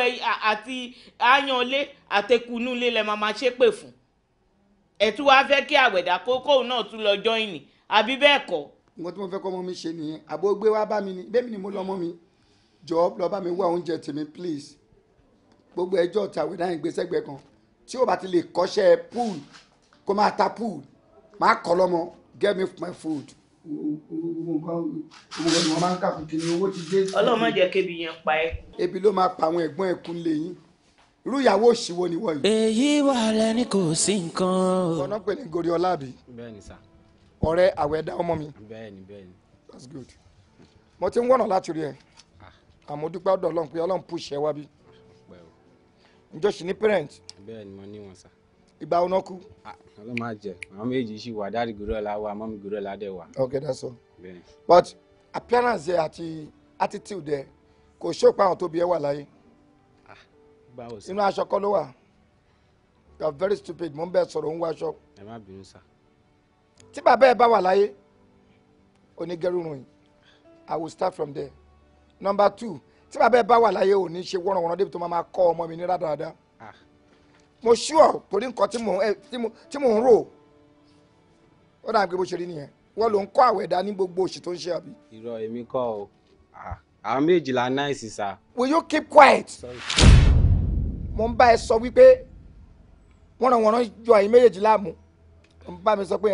àti áyanlé àtẹkùnúlé lẹ máa máa ṣépè fún ẹ tún wáá fẹ́ kí àwẹ̀dà kókó náà tún lọ jọ́ìnì àbí bẹ́ẹ̀ kọ́. nǹkan tí mo fẹ́ kọ́ ọmọ mi ṣe nìyẹn àbó gbé wá bá mi ni bẹ́ẹ̀ ni mo lọ́mọ mi jọ̀ọ́ lọ bá mi wá oúnjẹ tèmi please gbogbo ẹjọ́ tàwé náà gbé sẹ́gbẹ̀ẹ́ kan tí ó bá ti lè kọ́ṣẹ́ pool kó máa ta pool máa kọ́ lọ́mọ get me my food. ọlọ́mọ jẹ́ kébi yẹn pa ẹ́. ebi ló máa pa àwọn ẹ̀gbọ́n ẹ̀kún lé yín irú ìyàwó òṣìwò ni wọ́n yìí. èyí wà lẹ́ni kò sí nǹkan. ọ̀nà pè ní gori ọlábì. bẹ́ẹ̀ni sá. ọ̀rẹ́ àwẹ̀dá ọmọ mi. that's good. mo ti ń wọ̀nà láti rí ẹ ah. àmọ́ dúpẹ́ ọ̀dọ̀ ọlọ́run pé ọlọ́run push ẹ wá bí. ǹjọ́ sì ní parent. bẹ́ẹ̀ni mo ní wọn sá. ìgbà ọ̀nà kú. Ah ló máa jẹ àwọn méjì sì wà dáàdì gòrọ́lá wa mọ́mí gòrọ́lá dẹ̀ wà. okay that's all yeah. but appearance ẹ àti attitude ẹ kò ṣòpin àwọn tóbi ẹ wà láyé ah, inú aṣọ kọ́ ló wà you are very stupid mo ń bẹ sọ̀rọ̀ ń wá aṣọ. ẹ má bínú sá. tí bàbá ẹ bá wà láyé onígẹrùrùn yìí i will start from there number two tí bàbá ẹ bá wà láyé ò ní ṣe wọ́nrọ̀wọ́nrọ̀ débi tó máa kọ́ ọmọ mi ní rádaràda mo ṣúọ̀ torí nǹkan tí mò eh, ń rò ó dàbí pé ṣe rí nìyẹn wọ́n ló ń kọ́ àwẹ̀ dá ní gbogbo oṣù tó ń ṣe àbí. irọ́ èmi kọ́ o ah, àwọn méjìlá náìsì sá. will you keep quiet. mo ń bá ẹ sọ wípé wọ́n ràn wọ́n rán jọ àyín méjèèjì láàmú mo ń bá mi sọ pé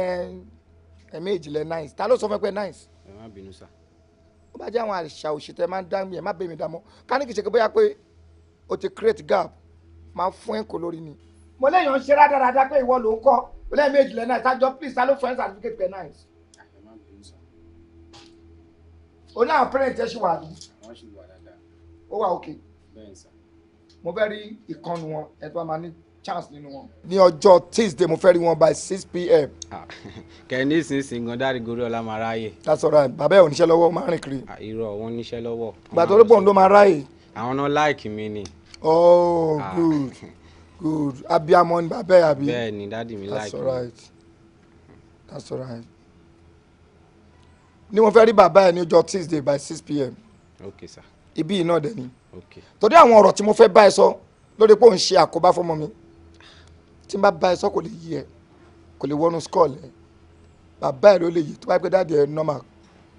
ẹ méjìlá náìsì ta ló sọ fún ẹ pé náìsì. ẹ má bínú sá. ó bá jẹ́ àwọn àṣà òṣìṣẹ́ máa ń dá mi ẹ̀ má bẹ́ẹ̀ mi dá mọ́ ká ṣe pé bóyá pé o ti create gap máa fún ẹ̀kọ́ lórí ni. mo léèyàn ṣe rádaràda pé ìwọ ló ń kọ́ ó lẹ́yìn méjì lẹ́nà ìtajọ́ please ta ló fún ẹ certificate pẹ̀ náà. o ní àwọn parent ẹ ṣì wà ní. ó wà òkè. mo fẹ́ rí ìkànnì wọn ẹ tó máa ní chance nínú wọn. ní ọjọ́ tuesday mo fẹ́ rí wọn by six pm. Ah, kẹ́ni ìsinsìnyí gan dárí gorí ọlá máa ráyè. that's all right bàbá ẹ̀ ò níṣẹ́ lọ́wọ́ máa rìn kiri. Ah, irọ́ wọn níṣẹ́ lọ́wọ́. gbàtọ́ ló pọ̀ ń lọ máa ráyè. àwọn náà láìkì mi ni oh ah. good good abiamọ ni bàbá ẹ àbí bẹ́ẹ̀ ni dádì mi láìpẹ́ that's alright that's alright ni wọ́n fẹ́ rí bàbá ẹ ní ọjọ́ tuesday by 6 pm okay sir ibi iná dẹ ni okay Today àwọn ọ̀rọ̀ tí mo fẹ́ bá ẹ so. lórí pé ò ń ṣe àkóbá fọmọ mi tí n bá bá ẹ sọ kò lè yí ẹ kò lè wọnú skọl ẹ bàbá ẹ ló lè yí tó bá pẹ́ dáàdì ẹ normal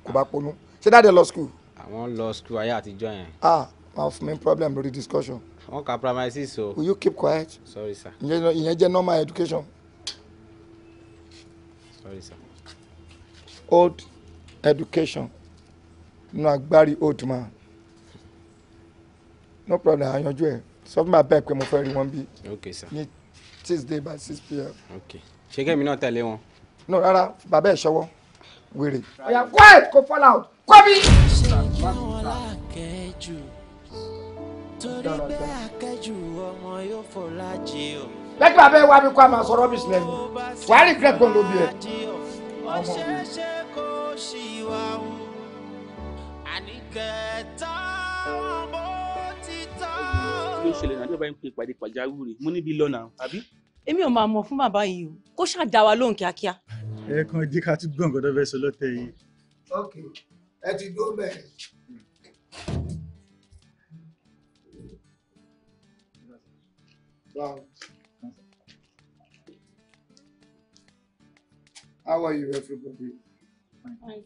kò bá ponú ṣé dáàdì ẹ school. àwọn lọ school ayé àtijọ́ yẹn. ah wọn main problem lórí discussion wọn kà primary o. will you keep quiet. sorry sir. ìyẹn jẹ́ normal education. sorry sir. old education no agbárí old man no problem àyànjú ẹ sọ fún mi abẹ́ pé mo fẹ́ rí wọn bí. okay sir. ní tuesday by six pm. okay ṣé kẹ́mi náà tẹ̀lé wọn. no rárá bàbá ẹ̀ ṣọwọ́ wèrè. oya quiet go fall out kọ́bí. ṣe kí wọn lákẹ́ jù torí pé akẹ́jù ọmọ yóò fọlá jẹ o. lẹ́gbẹ̀ẹ́ abẹ́ wa mi kọ́ àmà sọ̀rọ̀ bí sinẹ́ mi wàá rí greg kò ló bí ẹ. ọ̀ṣẹ̀ṣẹ̀ kò ṣì wá o àníkẹ́tà ọmọ ti tán. bí ó ṣẹlẹ̀ náà bí ọba ń pe ìpàdé pàjáwìrì mo níbi lọ́nà àbí. èmi ò máa mọ̀ fún bàbá yìí o kó ṣáà dá wa lóhùn kíákíá. ẹ kàn jí ká tún gbọ̀ngàn tó fẹ́ sọ lọ́tẹ̀ yìí. ok ẹ ti dó bẹ́ẹ̀. Wow. How are you, everybody? Fine.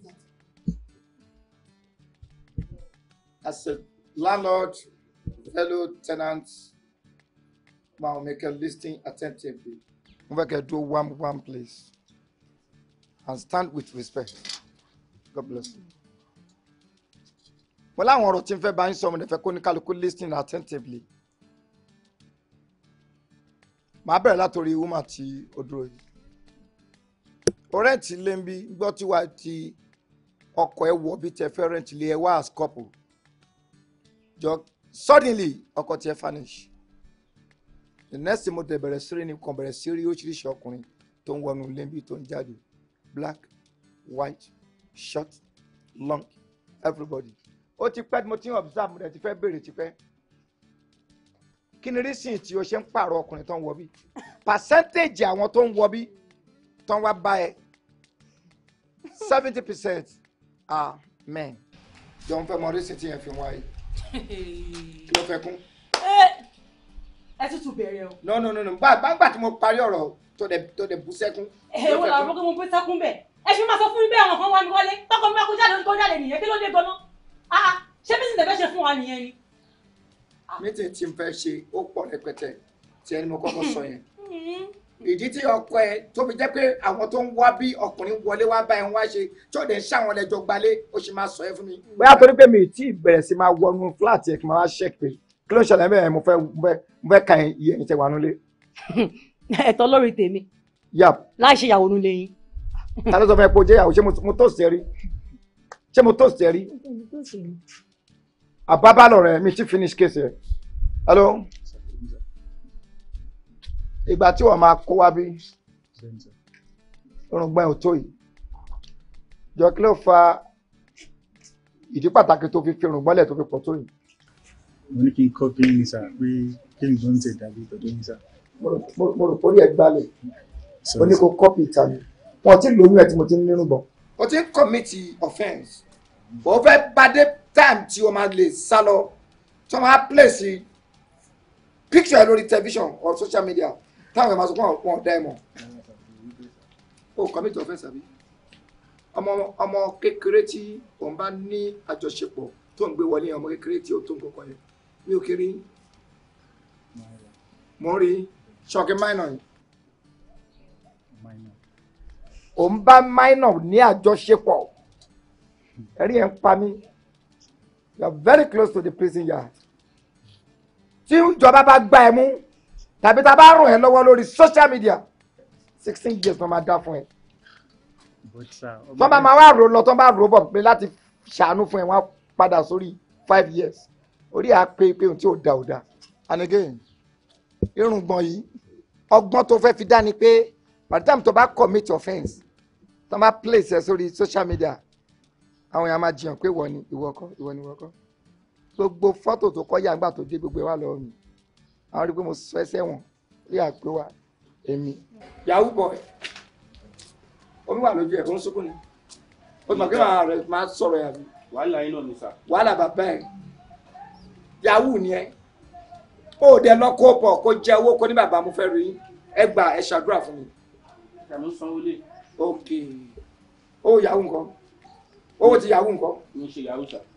As a landlord, fellow tenants, ma make a listing attentively. Mo going to do one one place and stand with respect. God bless you. Mo láwọn ọ̀rọ̀ tí n fẹ́ bá yín sọ, mo lè fẹ́ kó ní kálukú listening attentively màá bẹ̀rẹ̀ látòrí woman tí ó dúró yìí rẹ́ǹtì lé ń bí gbọ́ tí wàá ti ọkọ̀ ẹ wọ̀ bí tẹ fẹ́ rẹ́ǹtì lé ẹ wá as couple jọ suddenly ọkọ̀ tiẹ̀ vanish the next thing mo tẹ̀ bẹ̀rẹ̀ sí rí ni kàn bẹ̀rẹ̀ sí rí oríṣiríṣi ọkùnrin tó ń wọnú lé ń bí tó ń jáde black white short long everybody ó ti pẹ́ tí mo ti ń observe mo dẹ̀ ti fẹ́ béèrè ti pẹ́ kí ni rísìn tí o ṣe ń pààrọ̀ ọkùnrin tó ń wọ bí àwọn tó ń wọ tó ń wá bá ẹ seventy percent are men jọ ń fẹ́ mọ rísìn tí yẹn fi wá yìí kí ló fẹ́ kún. ẹ tútù bẹ̀rẹ̀ o. no no no no gbàgbà tí mo parí ọ̀rọ̀ tó dẹ̀ tó dẹ̀ bú sẹ́kún. ẹ wọ́n làwọn fọ́kẹ́ mo bú sẹ́kún bẹ̀ ẹ fi máa sọ fún mi bẹ́ẹ̀ àwọn kan wá mi wọlé tọkọ mi bá kó jáde kó jáde nìyẹn kí ló dé gan ah, ah. ṣé bí sì ṣe fún wa nìyẹn ni meeting tí n fẹ́ ṣe ó pọ̀ rẹpẹtẹ tí ẹni mo kọ́kọ́ sọ yẹn mm-hmm. ìdí tí ọkọ ẹ tó fi jẹ́ pé àwọn tó ń wá bí ọkùnrin wọlé wá bá ẹ ń wá ṣe tí ò dé ń ṣàwọn ẹlẹ́jọ́ gbalé ó sì máa sọ ẹ fún mi. bóyá torí pé mi ì tí ì bẹ̀rẹ̀ sí máa wọnú fúláàtì ẹ̀ kí n máa ṣẹ̀ pé kí ló ń ṣẹlẹ̀ bẹ́ẹ̀ mo fẹ́ mo fẹ́ ka iye ẹ̀yin tẹ wà nulẹ̀. ẹ̀tọ́ lórí tèmi láì ṣe ìyàwó nulẹ̀ yín. ta sọ fún ẹ pé o jẹ́ ìyàwó ṣé mo tó ṣe ṣé mo tó ṣe àbábálọ̀ rẹ̀ mi ti finish case ẹ̀ hello ìgbà tí wọ́n máa kó wá bí orùngbọ̀n ò yìí jọ kí ló fa ìdí pàtàkì tó fi fi orùngbọ̀n lẹ̀ tó fi pọ̀ tó yìí. mo ní kí n kọ́ kí n sà pé kí n gbọ́n tẹ̀ dàbí ìtọ́jú ń mo rò orí ẹ gbalẹ̀ o ní kó kọ́pì ìta mi wọn ti lóyún ẹ tí mo ti ń nínú bọ̀. o ti ń commit offence o fẹ́ bá dé time tí o máa lè sá lọ tí wọ́n máa place picture ẹ lórí television or social media táwọn ẹ̀ máa sọ fún ọ̀pọ̀ ọ̀dá ẹ̀ mọ̀ o commit offence àbí ọmọ ọmọ kékeré tí òun bá ní àjọṣepọ̀ tó ń gbé wọlé ọmọ kékeré tí ó tó ń kọkọ yẹn mi ò kiri mo rí ṣọkí minor yìí òun bá minor ní àjọṣepọ̀ ẹ̀rí ẹ̀ ń pa mí you are very close to the prison yard tí ìjọba bá gbá ẹ mú tàbí tá a bá ràn ẹ lọ́wọ́ lórí social media sixteen years ló máa dá fún ẹ tó bá máa wá rò lọ tó bá rò bọ̀ pé láti ṣàánú fún ẹ wọ́n á padà sórí five years orí àpè pé ohun tí ò da ò da and again irùngbọ̀n yìí ọgbọ́n tó fẹ́ fi dá ni pé by the time tó bá commit offence tó bá place ẹ sórí social media àwọn yẹn a máa jiyàn pé ìwọ ni ìwọ kọ́ ìwọ ni ìwọ kọ́ gbogbo fọ́tò tó kọ́ yà tó dé gbogbo ẹ̀ lọ́wọ́ mi àwọn rí i pé mo sọ ẹsẹ̀ wọn rí àpé wa èmi. yahoo boy omi wà lójú ẹ̀ ó ń sunkún ni ó mọ̀ kí màá rẹ̀ máa sọ̀rọ̀ yà mí. wàhálà yín náà ni sà. wàhálà bàbá ẹ̀ yahoo ni ẹ ó dẹ lọ kó kó jẹ owó kó ní bàbá mo fẹ́ rí ẹ gbà ẹ ṣàdúrà fún mi. ìyàmú sanwó lè. ok ó yahoo nǹkan owó ti yahoo nǹkan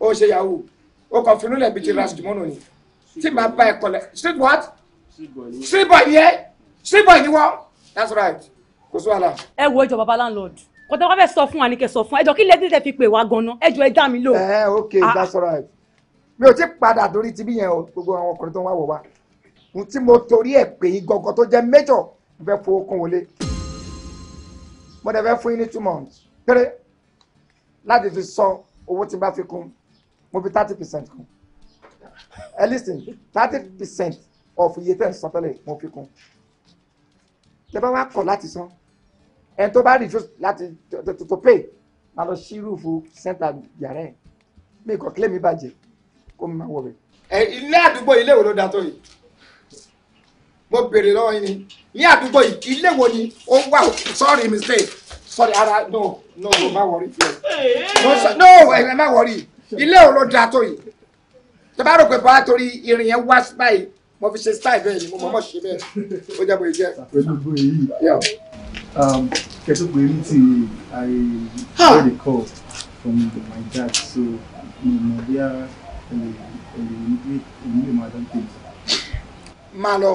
ó ṣe yahoo o kàn finú lẹ̀ bí ti ras jùmọ́nù ni tí màá bá ẹ kọlẹ̀ street what street boy ni ẹ street boy ni wọ́n that's right kò sí wàhálà. ẹ wo ẹjọ baba landlord kọtà wàá fẹ́ sọ fún wa ní kẹ́ sọ fún ẹjọ kí lẹbi tẹ fi pè wá ganan ẹjọ ẹ dá mi lò. ẹ eh, ok ah. that's right mi ò tí padà torí tibí yẹn o gbogbo àwọn ọkùnrin tó ń wá wò wá ohun tí mo torí ẹ pè yín gangan tó jẹ méjọ mo fẹ́ fowó kún wọlé mo dẹ̀ fẹ́ fún yín ní two months péré láti fi sọ owó tí n bá fi kún mo fi thirty percent kún ẹ listen thirty percent of iye tẹ̀ ń sọ tẹ́lẹ̀ mo fi kún tẹ bá wá kọ̀ láti san ẹni tó bá refuse láti to pay máa lọ sí rúfu center yàrá ẹ̀ mi kọ̀ kílẹ̀ mi bàjẹ́ kó mi máa wọ̀ bẹ̀. ẹ ilé àdúgbò ilé wo ló da tó yìí mo béèrè lọ́wọ́ yín ni ní àdúgbò yìí ilé wo ni ó wà sọ́ọ̀rì mistake sorry ara no no no má wọrí no no ẹ má wọrí ilé òun ló da tó yìí tó bá rò pé bá torí irin yẹn wá báyìí mo fi ṣe style bẹ́ẹ̀ ni mo mọ̀ mọ̀ ṣe bẹ́ẹ̀ ó jẹ́ bó jẹ́. pẹ̀lú gbogbo èyí kẹ́tọ́ pé ní ti I get a call from my dad so mo bí a èyí lè máa dán tèmi. máa lọ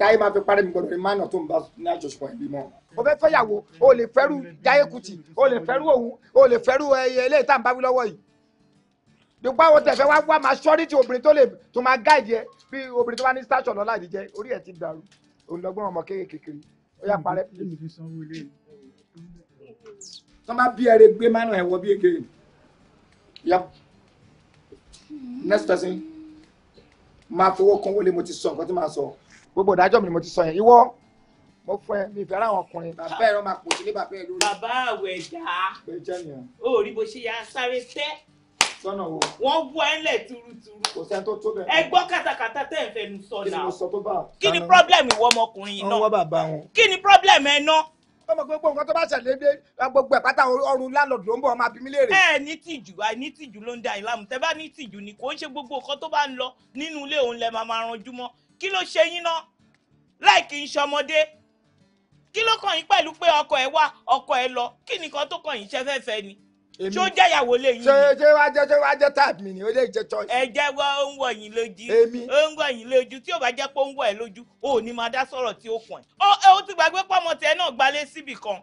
táyé máa fi parí mi gbọdọ̀ ní mánà tó ń bá ní àjọṣepọ̀ ẹbí mọ́. o fẹ́ fẹ́yàwó o lè fẹ́rú Jaiye Kuti o lè fẹ́rú òun o lè fẹ́rú ẹyẹ eléyìí tá à ń bá wí lọ́wọ́ yìí. dùpọ̀ àwọn tẹ̀fẹ́ wá wá máa ṣọ́rí ti obìnrin tó lè tó máa gáàdì ẹ bí obìnrin tó bá ní station lọ́la ìdíjẹ́ orí ẹ̀ ti dàrú òǹdọ́gbọ́n ọmọ kékeré ó yá parẹ́. tọ́ bá bí ẹrẹ gbé mánà ẹ̀wọ̀ bí ege máa fowó kan wọlé mo ti sọ nǹkan tí màá sọ gbogbo ìdájọ́ mi ni mo ti sọ yẹn ìwọ mo fún ẹ mi fẹ́ràn àwọn ọkùnrin bàbá ẹ̀rọ máa pòṣì ní bàbá ẹ lórí. bàbá àwẹ̀ dá ó bó ṣe yá sáré tẹ́ sọ́nà wo. wọ́n wú ẹlẹ̀ turuturu. kò sẹ́ni tó tó bẹ́ẹ̀. ẹ gbọ́ kátàkátà tẹ̀ ń fẹnu sọ náà. kí ni mo sọ tó bá. kí ni problem ìwọ ọmọkùnrin yìí náà. wọ́n bàbá wọn. kí ni problem ẹ ná ọmọ gbogbo nǹkan tó bá ṣẹlẹ̀ dé gbogbo ẹ̀ pátá ọrùn landlord ló ń bọ̀ ọmọ kí ló ṣe yín ná láì kí n ṣọmọdé kí ló kàn yín pẹ̀lú pé ọkọ ẹ wá ọkọ ẹ lọ kí nìkan tó kàn yín ṣe fẹ́fẹ́ ni ṣó jẹ́ ìyàwó lè yín. ṣé ṣé wàá jẹ́ ṣé wàá jẹ́ táàbù mi ni ó lè jẹ́ tọ́. ẹ jẹ́ wọ́n ó ń wọ̀ yín lójú ó ń wọ̀ yín lójú tí ò bá jẹ́ pé ó ń wọ̀ ẹ́ lójú ò ní máa dá sọ̀rọ̀ tí ó kàn ẹ́. ó ti gbàgbé pọ́mọ tiẹ̀ náà gbalé síbì kan.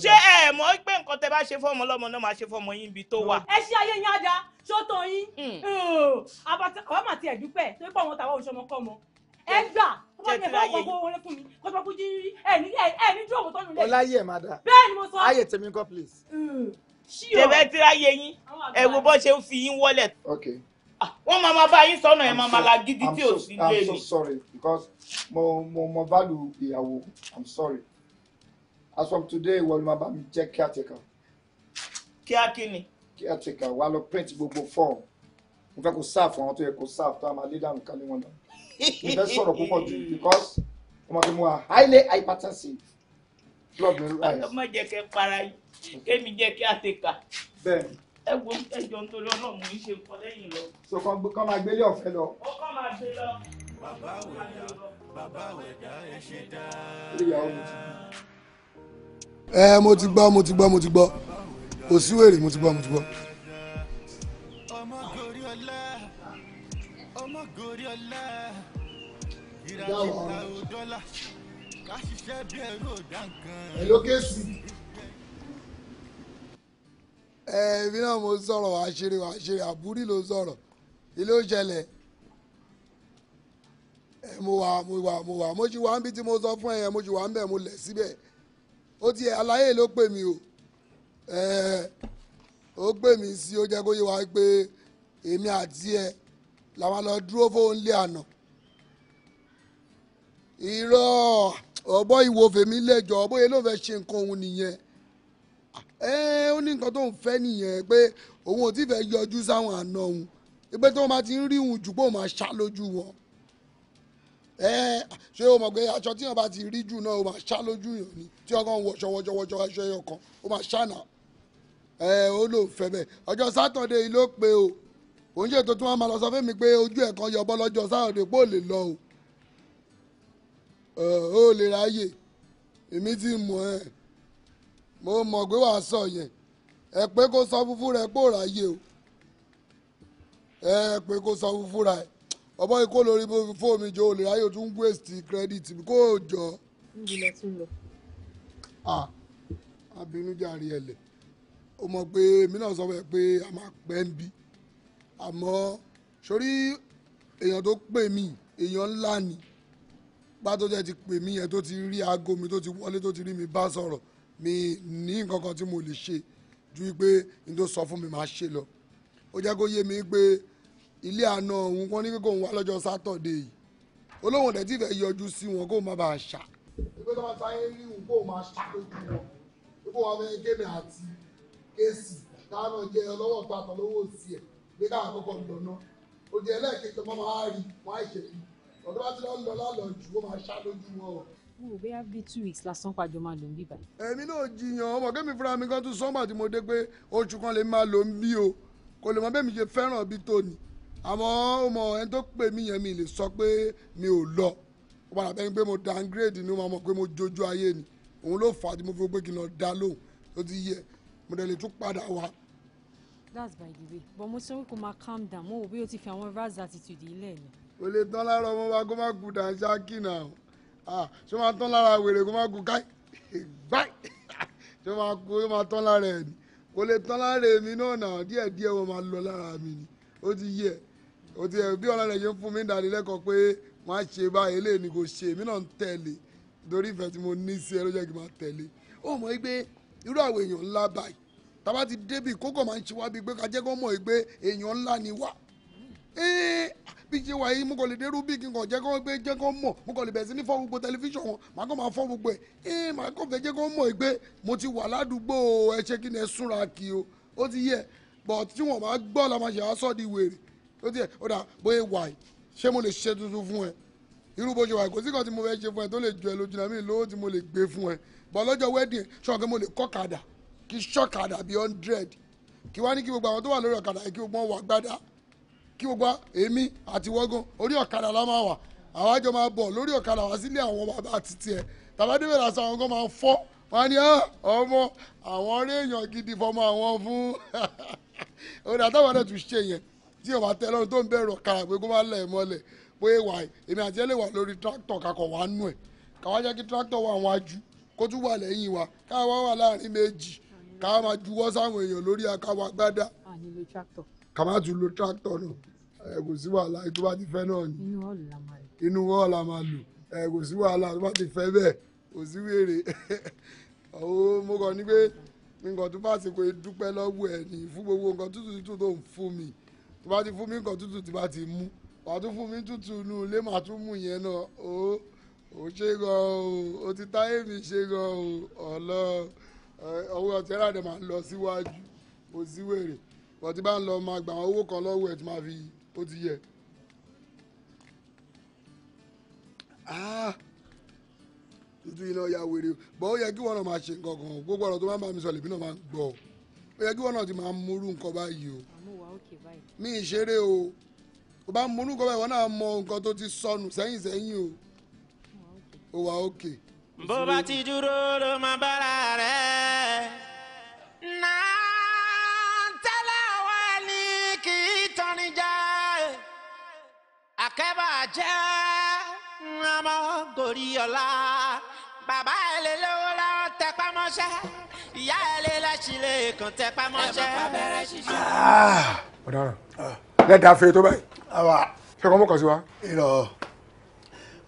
ṣé ẹ mọ̀ pé nǹkan tẹ bá ṣe fọ́mọ lọ́mọ náà máa ṣe fọ́mọ yín ibi tó wà. ẹ ṣe ayé yín ajá ṣó tó yín. Hmm. Hmm. àbàtà àwọn ẹ gbà wọ́n ti fọwọ́ gbọ́ wọlé dúró tó nílé. ọláyé please. Hmm. tẹ̀fẹ́ tíra yé yín ẹ wo bó ṣe ń fi yín wọlé. Ah, wọ́n máa máa bá yín sọ́nà ẹ̀ máa máa la gidi tí ò sí lé mi. I'm so sorry because mo mo mo value ìyàwó I'm sorry as from today wọ́n ló máa bá mi jẹ́ caretaker. kíá kí ni. caretaker wà á lọ print gbogbo form mo fẹ́ kó sáà fún àwọn tó yẹ kó sáà tó a máa lé dànù kálí wọn náà ìfẹ́ sọ̀rọ̀ púpọ̀ jù because ọmọ mi mú a highly hypertensive blood mi rise. ọmọ jẹ́ kẹ́ para yìí kémi jẹ́ kí a ti kà. bẹ́ẹ̀ni. ẹ wo ẹjọ ń torí Ọlọ́run yìí ṣe nǹkan lẹ́yìn lọ. so kan kan máa gbélé ọ̀fẹ́ lọ. ó kàn máa gbé lọ. bàbá wẹ̀dá bàbá wẹ̀dá ẹ ṣe dáa. ẹ mo ti gbọ́ mo ti gbọ́ mo ti gbọ́ kò sí wèrè mo ti gbọ́ mo ti gbọ́. ọmọ gòrí ọlá ọmọ gòrí ọlá ìdá ọ̀rọ̀ ẹ ló ké sí. ẹ ẹbí náà mo sọ̀rọ̀ wàá ṣeré wàá ṣeré àbúrí ló sọ̀rọ̀ ilé ó ṣẹlẹ̀ ẹ mo wà mo wà mo wà mo ṣì wà níbi tí mo sọ fún ẹ yẹn mo ṣì wà níbẹ̀ mo lẹ̀ síbẹ̀ ó ti ẹ̀ ló pè mí o ẹ ó pè mí sí ó jẹ́ kó yé wa pé èmi àti ẹ làwọn lọ dúró fóun lé àná irọ́ ọ̀bọ ìwòfèmí lẹ́jọ́ bóyá ló fẹ́ ṣe nǹkan òun nìyẹn ó ní nǹkan tó ń fẹ́ nìyẹn pé òun ò tí fẹ́ yọjú sáwọn àna òun pé tí wọ́n bá ti ń rí òun jù pé òun máa ṣá lójú wọn ṣé o mọ̀ pé aṣọ tí wọ́n bá ti rí jù náà ó máa ṣá lójú yàn ni tí wọ́n kàn ń wọṣọ wọjọ wọjọ aṣọ ẹyọ kan ó máa ṣá nà ó lò fẹ́ bẹ́ẹ̀ ọjọ́ sátọ̀dẹ̀ yìí ló pe o òun ṣètò tí wọ́n máa lọ sọ fún mi pé ojú ẹ̀ kan yọbọ lọ́jọ́ sátọ̀dẹ̀ pé ò lè lọ o o lè ráyè èmi ti mọ̀ ẹ́ mo mọ̀ pé wàá sọ yẹn ẹ pé kó sọ fúnfún rẹ pé ò ráyè o ẹ pé kó sọ fúnfún rẹ ọmọ ikó lórí fóònù jọ olè ráyè tún wéèsì kírẹ́dìtì mi kó o jọ. ìjìnlẹ̀ tún lọ. abinújàre o mọ̀ pé náà sọ pé a máa ń bí sórí èèyàn tó pátó jẹ́ ti pè mí yẹn tó ti rí aago mi tó ti wọlé tó ti rí mi bá sọ̀rọ̀ mi ní nǹkan kan tí mo lè ṣe ju pé n tó sọ fún mi máa ṣe lọ ó jẹ́ kó yé mi pé ilé àna òun kan ní kí kóun wá lọ́jọ́ sátọ̀dé yìí olóhùn dẹ̀ tí fẹ́ yọjú sí wọn kó má bàa ṣà. ìgbé tó máa sáyé rí òun kó máa ṣàkóso wọn ipò wọn fẹ́ kéde àti kéèsì táwọn jẹ ọlọ́wọ́ gbàtọ̀ lówó sí ẹ̀ gbé káàkókò lọ́nà òdì ẹlẹ́ẹ̀kejì ọmọ máa rí wọn àìṣèlú ọ̀dọ́ bá ti lọ lọ lálọ́ jù ó máa ṣá lójú wọn o. mo rò bóyá bíi two weeks lásán pàjọ máa lò ń bíbá. èmi náà jiyàn ọmọ kẹ́mi fúnra mi kan tún sọ́mà tí mo dé pé oṣù kan lè máa lò ń bí o kò lè mọ bẹ́ẹ̀ mi ṣe fẹ́ràn bí tóni àmọ́ ọmọ ẹni tó pè mí yẹn mi lè sọ pé mi ò lọ ó padà bẹ́ẹ̀ ni pé mo downgrade ni mo pé mo jójú ayé ni òun ló fà á tí mo fi gbé kí n lọ dá lóhùn tó ti yẹ mo dẹ̀ lè tún padà wá that's by the way but mo sọ pé kó máa calm down mo wò bí o ti fi àwọn razz attitude yìí lẹ́ẹ̀mí o lè tán lára ọmọ wa kó má kú dànsákì náà ah ṣé máa tán lára wèrè kó má kú káì báì ṣé máa kú ṣé máa tán lára ẹ̀ ni kò lè tán lára èmi náà náà díẹ̀ díẹ̀ wọ́n máa lọ lára mi ni ó ti yẹ ó ti yẹ bí ọlọ́run ẹ̀yẹ fún mi ń dánilẹ́kọ̀ọ́ pé wọ́n á ṣe báyìí eléyìí ni kò ṣe èmi náà ń tẹ̀lé torí ìfẹ́ tí mo ní sí ẹ ló jẹ́ kí n máa tẹ̀lé ó mọ̀ pé irú àwọn èèyàn ńlá báyìí tá ti débì kókò máa ń ṣe wá bíi pé ká mọ̀ pé èèyàn ńlá ni wá ee eh, bí ṣe wà yìí mo kàn lè dé rubik nǹkan jẹ́ kó pé jẹ́ kó mọ̀ mo kàn lè bẹ̀rẹ̀ sí ní fọ́ gbogbo tẹlifíṣàn wọn màá kàn máa fọ́ gbogbo ẹ̀ ee eh, màá kàn fẹ́ jẹ́ kó mọ̀ pé mo ti wà ládùúgbò ẹ ṣe kí ni ẹ súnra kí o ó ti yẹ but tí wọn máa gbọ́ la máa ṣe àásọ̀ di wèrè ó ti yẹ ó dà bóyá wà yìí ṣé mo lè ṣe tuntun fún ẹ irú bó ṣe wà kò sí kan tí mo fẹ́ ṣe fún ẹ tó lè jọ but lọ́jọ́ wedding ṣọ́ọ̀kẹ́ mo lè kọ́ kàdà kí ṣọ́ọ̀kàdà bíi hundred kí wá ní kí gbogbo àwọn tó wà lórí ọ̀kadà yìí kí gbogbo èmi àti wọ́gán orí ọ̀kadà la máa wà àwọn àjọ máa bọ̀ lórí ọ̀kadà wá sílé àwọn bàbá àti tiẹ̀ tàbá débẹ̀ làṣà àwọn kan máa fọ́ wọn ni ah, ọmọ àwọn réèyàn gidi fọmọ àwọn fún orí àtàwọn náà tún ṣe yẹn tí o bá tẹ lọ́run tó ń bẹ̀rù ọ̀kadà pé kó má lẹ̀ mọ́lẹ̀ bóyá wà èmi àti ẹ̀ lè wà lórí tractor kakọ̀ wà nù ẹ̀ káwá kí tractor wà wájú kó tún wà lẹ́yìn wa káwá wà láàrin méjì káwá máa tractor ká má tún lo tractor náà ẹ kò sí wàhálà tó bá ti fẹ́ náà ni inú wọ́ọ̀ la máa lò ẹ kò sí wàhálà tó bá ti fẹ́ bẹ́ẹ̀ kò sí wèrè àwọn mo kàn ní pé nǹkan tó bá ti pé dúpẹ́ lọ́wọ́ ẹ̀ ní fún gbogbo nǹkan tútù tútù tó ń fún mi tó bá ti fún mi nǹkan tútù tí bá ti mú wàá tún fún mi tútù inú ilé màá tún mú yẹn náà ó ó ṣe gan o ó ti táyé mi ṣe gan o ọ̀lọ́ ọwọ́ ọ̀tí ẹ̀rọ àdè máa ń lọ síwájú kò sí wèrè bọ́tí bá ń lọ máa gba àwọn owó kan lọ́wọ́ ẹ̀ tí máa fi ó ti yẹ. Ah! títí iná ya wèrè bọ́ ó yẹ kí wọ́n náà máa ṣe nǹkan kan gbogbo ọ̀rọ̀ tó máa ń bá mi sọ lèmi náà máa ń gbọ́ ó yẹ kí wọ́n náà ti máa múrú nǹkan báyìí o mi ì ṣeré o ó bá múrú nǹkan báyìí wọ́n náà mọ nǹkan tó ti sọnù sẹ́yìn sẹ́yìn o ó wà ókè. bó bá ti dúró ló máa bára rẹ̀ náà. àkẹ́bàjẹ́ ọmọ gòríọlá bàbá ẹ̀ lè lówó lọ́wọ́ tẹpá mọ́ṣẹ́ ìyá ẹ̀ lè lẹ́sílẹ̀ kan tẹpá mọ́ṣẹ́. Ah, ọ̀daràn lẹ́dàá fèrè tó báyìí ṣọkọ mọ́kàn sí wa. irọ́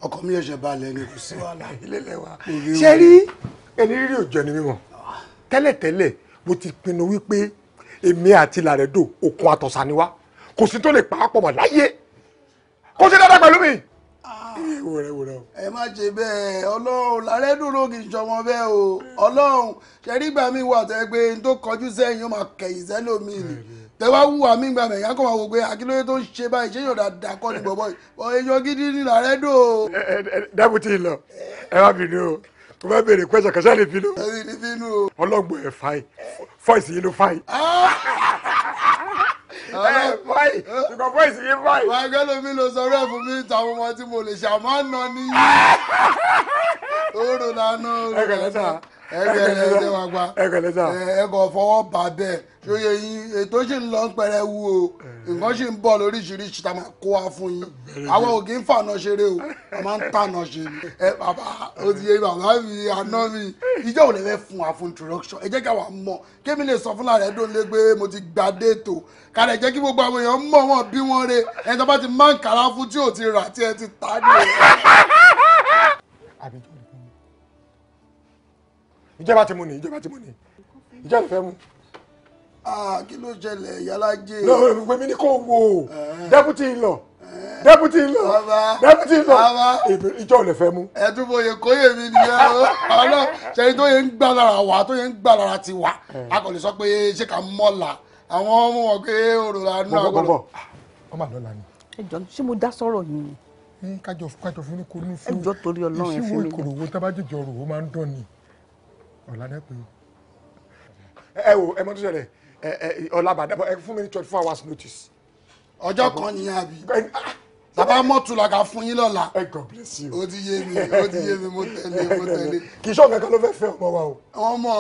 ọkọ mi ẹ̀ṣẹ̀ balẹ̀ ni kò sí wàhálà ilé lẹ́wà. ṣé rí ẹni rírí òjò ẹni mímọ́ tẹ́lẹ̀tẹ́lẹ̀ mo ti pinnu wípé èmi àti làrẹ́dò òkun àtọ̀sà ni wá kò sí tó lè pàápọ̀ mọ́ láyé kó ṣe dáadáa pẹ̀lú mi. ẹ má ṣe bẹ́ẹ̀ ọlọ́run làárẹ̀ dúró kì í ṣọmọ bẹ́ẹ̀ o ọlọ́run ṣẹ̀rí gbà mí wà tẹ́ pé n tó kọjú sẹ́yìn yóò máa kẹ̀yìn sẹ́lómi ni tẹ́wá wúwa mí gbà mẹ̀yà kọ́ máa wò pé akílóye tó ń ṣe báyìí ṣé yóò dáadáa kọ́ ni bọ̀bọ̀ yìí èèyàn gidi ni làárẹ̀ dò. dábùtì lọ ẹ má bínú o tó bá béèrè pẹ́sẹ̀ kẹsẹ́ lè bínú. ọlọ́gbọ̀n ẹ̀ fáì fọ́ìsì yìí ló fáì báyìí ṣùgbọ́n voice yìí báyìí. wàá gẹ́lẹ́ mi lọ sọ̀rọ̀ ẹ̀ fún mi tàwọn ọmọ tí mo lè ṣàmánà nìyí. oòrùn lànà oòrùn lànà ẹbí ẹrẹ ẹsẹ wa gba ẹkọ fọwọ́ bà bẹ́ẹ̀ ṣòye yín ètò ṣì ń lọ ń pẹrẹ wu o nǹkan ṣì ń bọ̀ lóríṣiríṣi tá a máa kó wa fún yín àwọn ò kì í fànà ṣeré o a máa ń tànà ṣe ni ẹ bàbá o ti yé bàbá mi àná mi ìjọ ò lè fẹ́ fún wa fún introduction ẹ jẹ́ kí àwa mọ̀ kémi lè sọ fúnra rẹ̀ dóńlé pé mo ti gba déètò kálẹ̀ jẹ́ kí gbogbo àwọn èèyàn mọ̀ wọ́n bí wọ́n re ẹni bá ti máa ń kàrà fún tí ò ti rà tí ẹ ti tà á nìyẹn ìjọba ti mú ni ìjọba ti mú ni ìjọba ti fẹ́ mú. Ah, kí ló ṣẹlẹ̀ yálàjẹ́. lọ́wọ́ ìwé mi ni kò wò ó eh. dẹ́kùtì lọ eh. dẹ́kùtì lọ dẹ́kùtì lọ ìjọ lè fẹ́ mú. ẹ̀dúgbò yẹn kó yé mi nìyẹn o ọlọ ṣẹ́yìn tó yẹn ń gbà lára wà tó yẹn ń gbà lára ti wà eh. a kò lè sọ pé ṣé ká mọ́la àwọn ọmọ wọn pé òrò la nù àgọ́dọ̀. bọ́bọ̀ ọmọ àlọ́ la ni. ẹ jọ ṣé mo dá sọ̀rọ̀ yìí. kájọ kájọ fún mi kò ní fún. ẹ jọ torí Ọlọ́run ẹ fún mi. ìṣíwò ìkòròwò tábàjẹjọ rò ó máa ń dán ni ọ̀la náà pé o. ẹ wo ẹ mọ tó ṣẹlẹ̀ ẹ ẹ ọ̀la bàdàbọ ẹ fún mi ní twenty four hours notice. ọjọ́ kan nìyẹn àbí bàbá mọ́tò lọ́gà fún yín lọ́la ó ti yé mi ó ti yé mi mo tẹ̀lé mo tẹ̀lé. kì í ṣe ọ̀gá kan ló fẹ́ fẹ́ ọmọ wa o. ọmọ.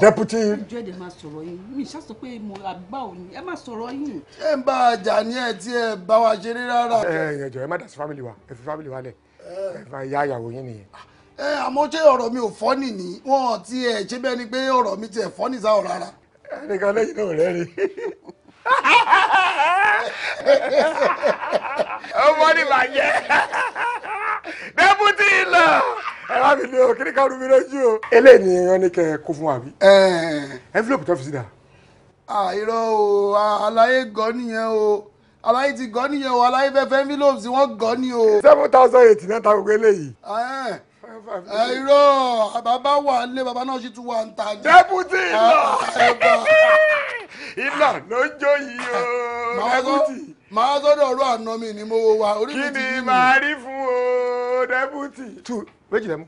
deputy. ìjọ èdè máa sọ̀rọ̀ yín mi ṣá pé mo àgbà ò ní ẹ máa sọ̀rọ̀ yín. ṣé ń bá a jà ní ẹ tí ẹ bá wa ṣeré rárá. ẹ ẹ jọ ẹ má dà sí family wa ẹ fi family wa lẹ ẹ fa ìyá ìyàwó yín nìyẹn ẹ àmọ́ ṣé ọ̀rọ̀ mi ò fọ́nì ní wọn ti ẹ̀ ṣe bẹ́ẹ̀ ni pé ọ̀rọ̀ mi ti ẹ̀ fọ́nì sáà rárá. ẹnìkan lẹ́yìn náà rẹ́ rí. ọmọ ni màá jẹ dẹ́pútì lọ. ẹ wá mi ní o kí ni ká rú mi lójú o. eléyìí ni wọn ní kẹ kó fún wa bí. envelope tó fi sí dà. àìrọ o àlàyé gan nìyẹn o aláyé ti gọ́ nìyẹn o aláyé fẹ́ fẹ́ envelopes wọ́n gọ́ ni o. seven thousand eight náà ta gbogbo eléyìí irọ́ bàbá wà lé bàbá náà sì tún wà ń ta ni. dẹ́pútì iná ah, iná ló ń jó yìí o dẹ́pútì. màá sọ́dọ̀ ọ̀rọ̀ àná mi ni mo wà orí mi ti yí mi. kí ni màá rí fún o dẹ́pútì. tu méjì lẹ́mú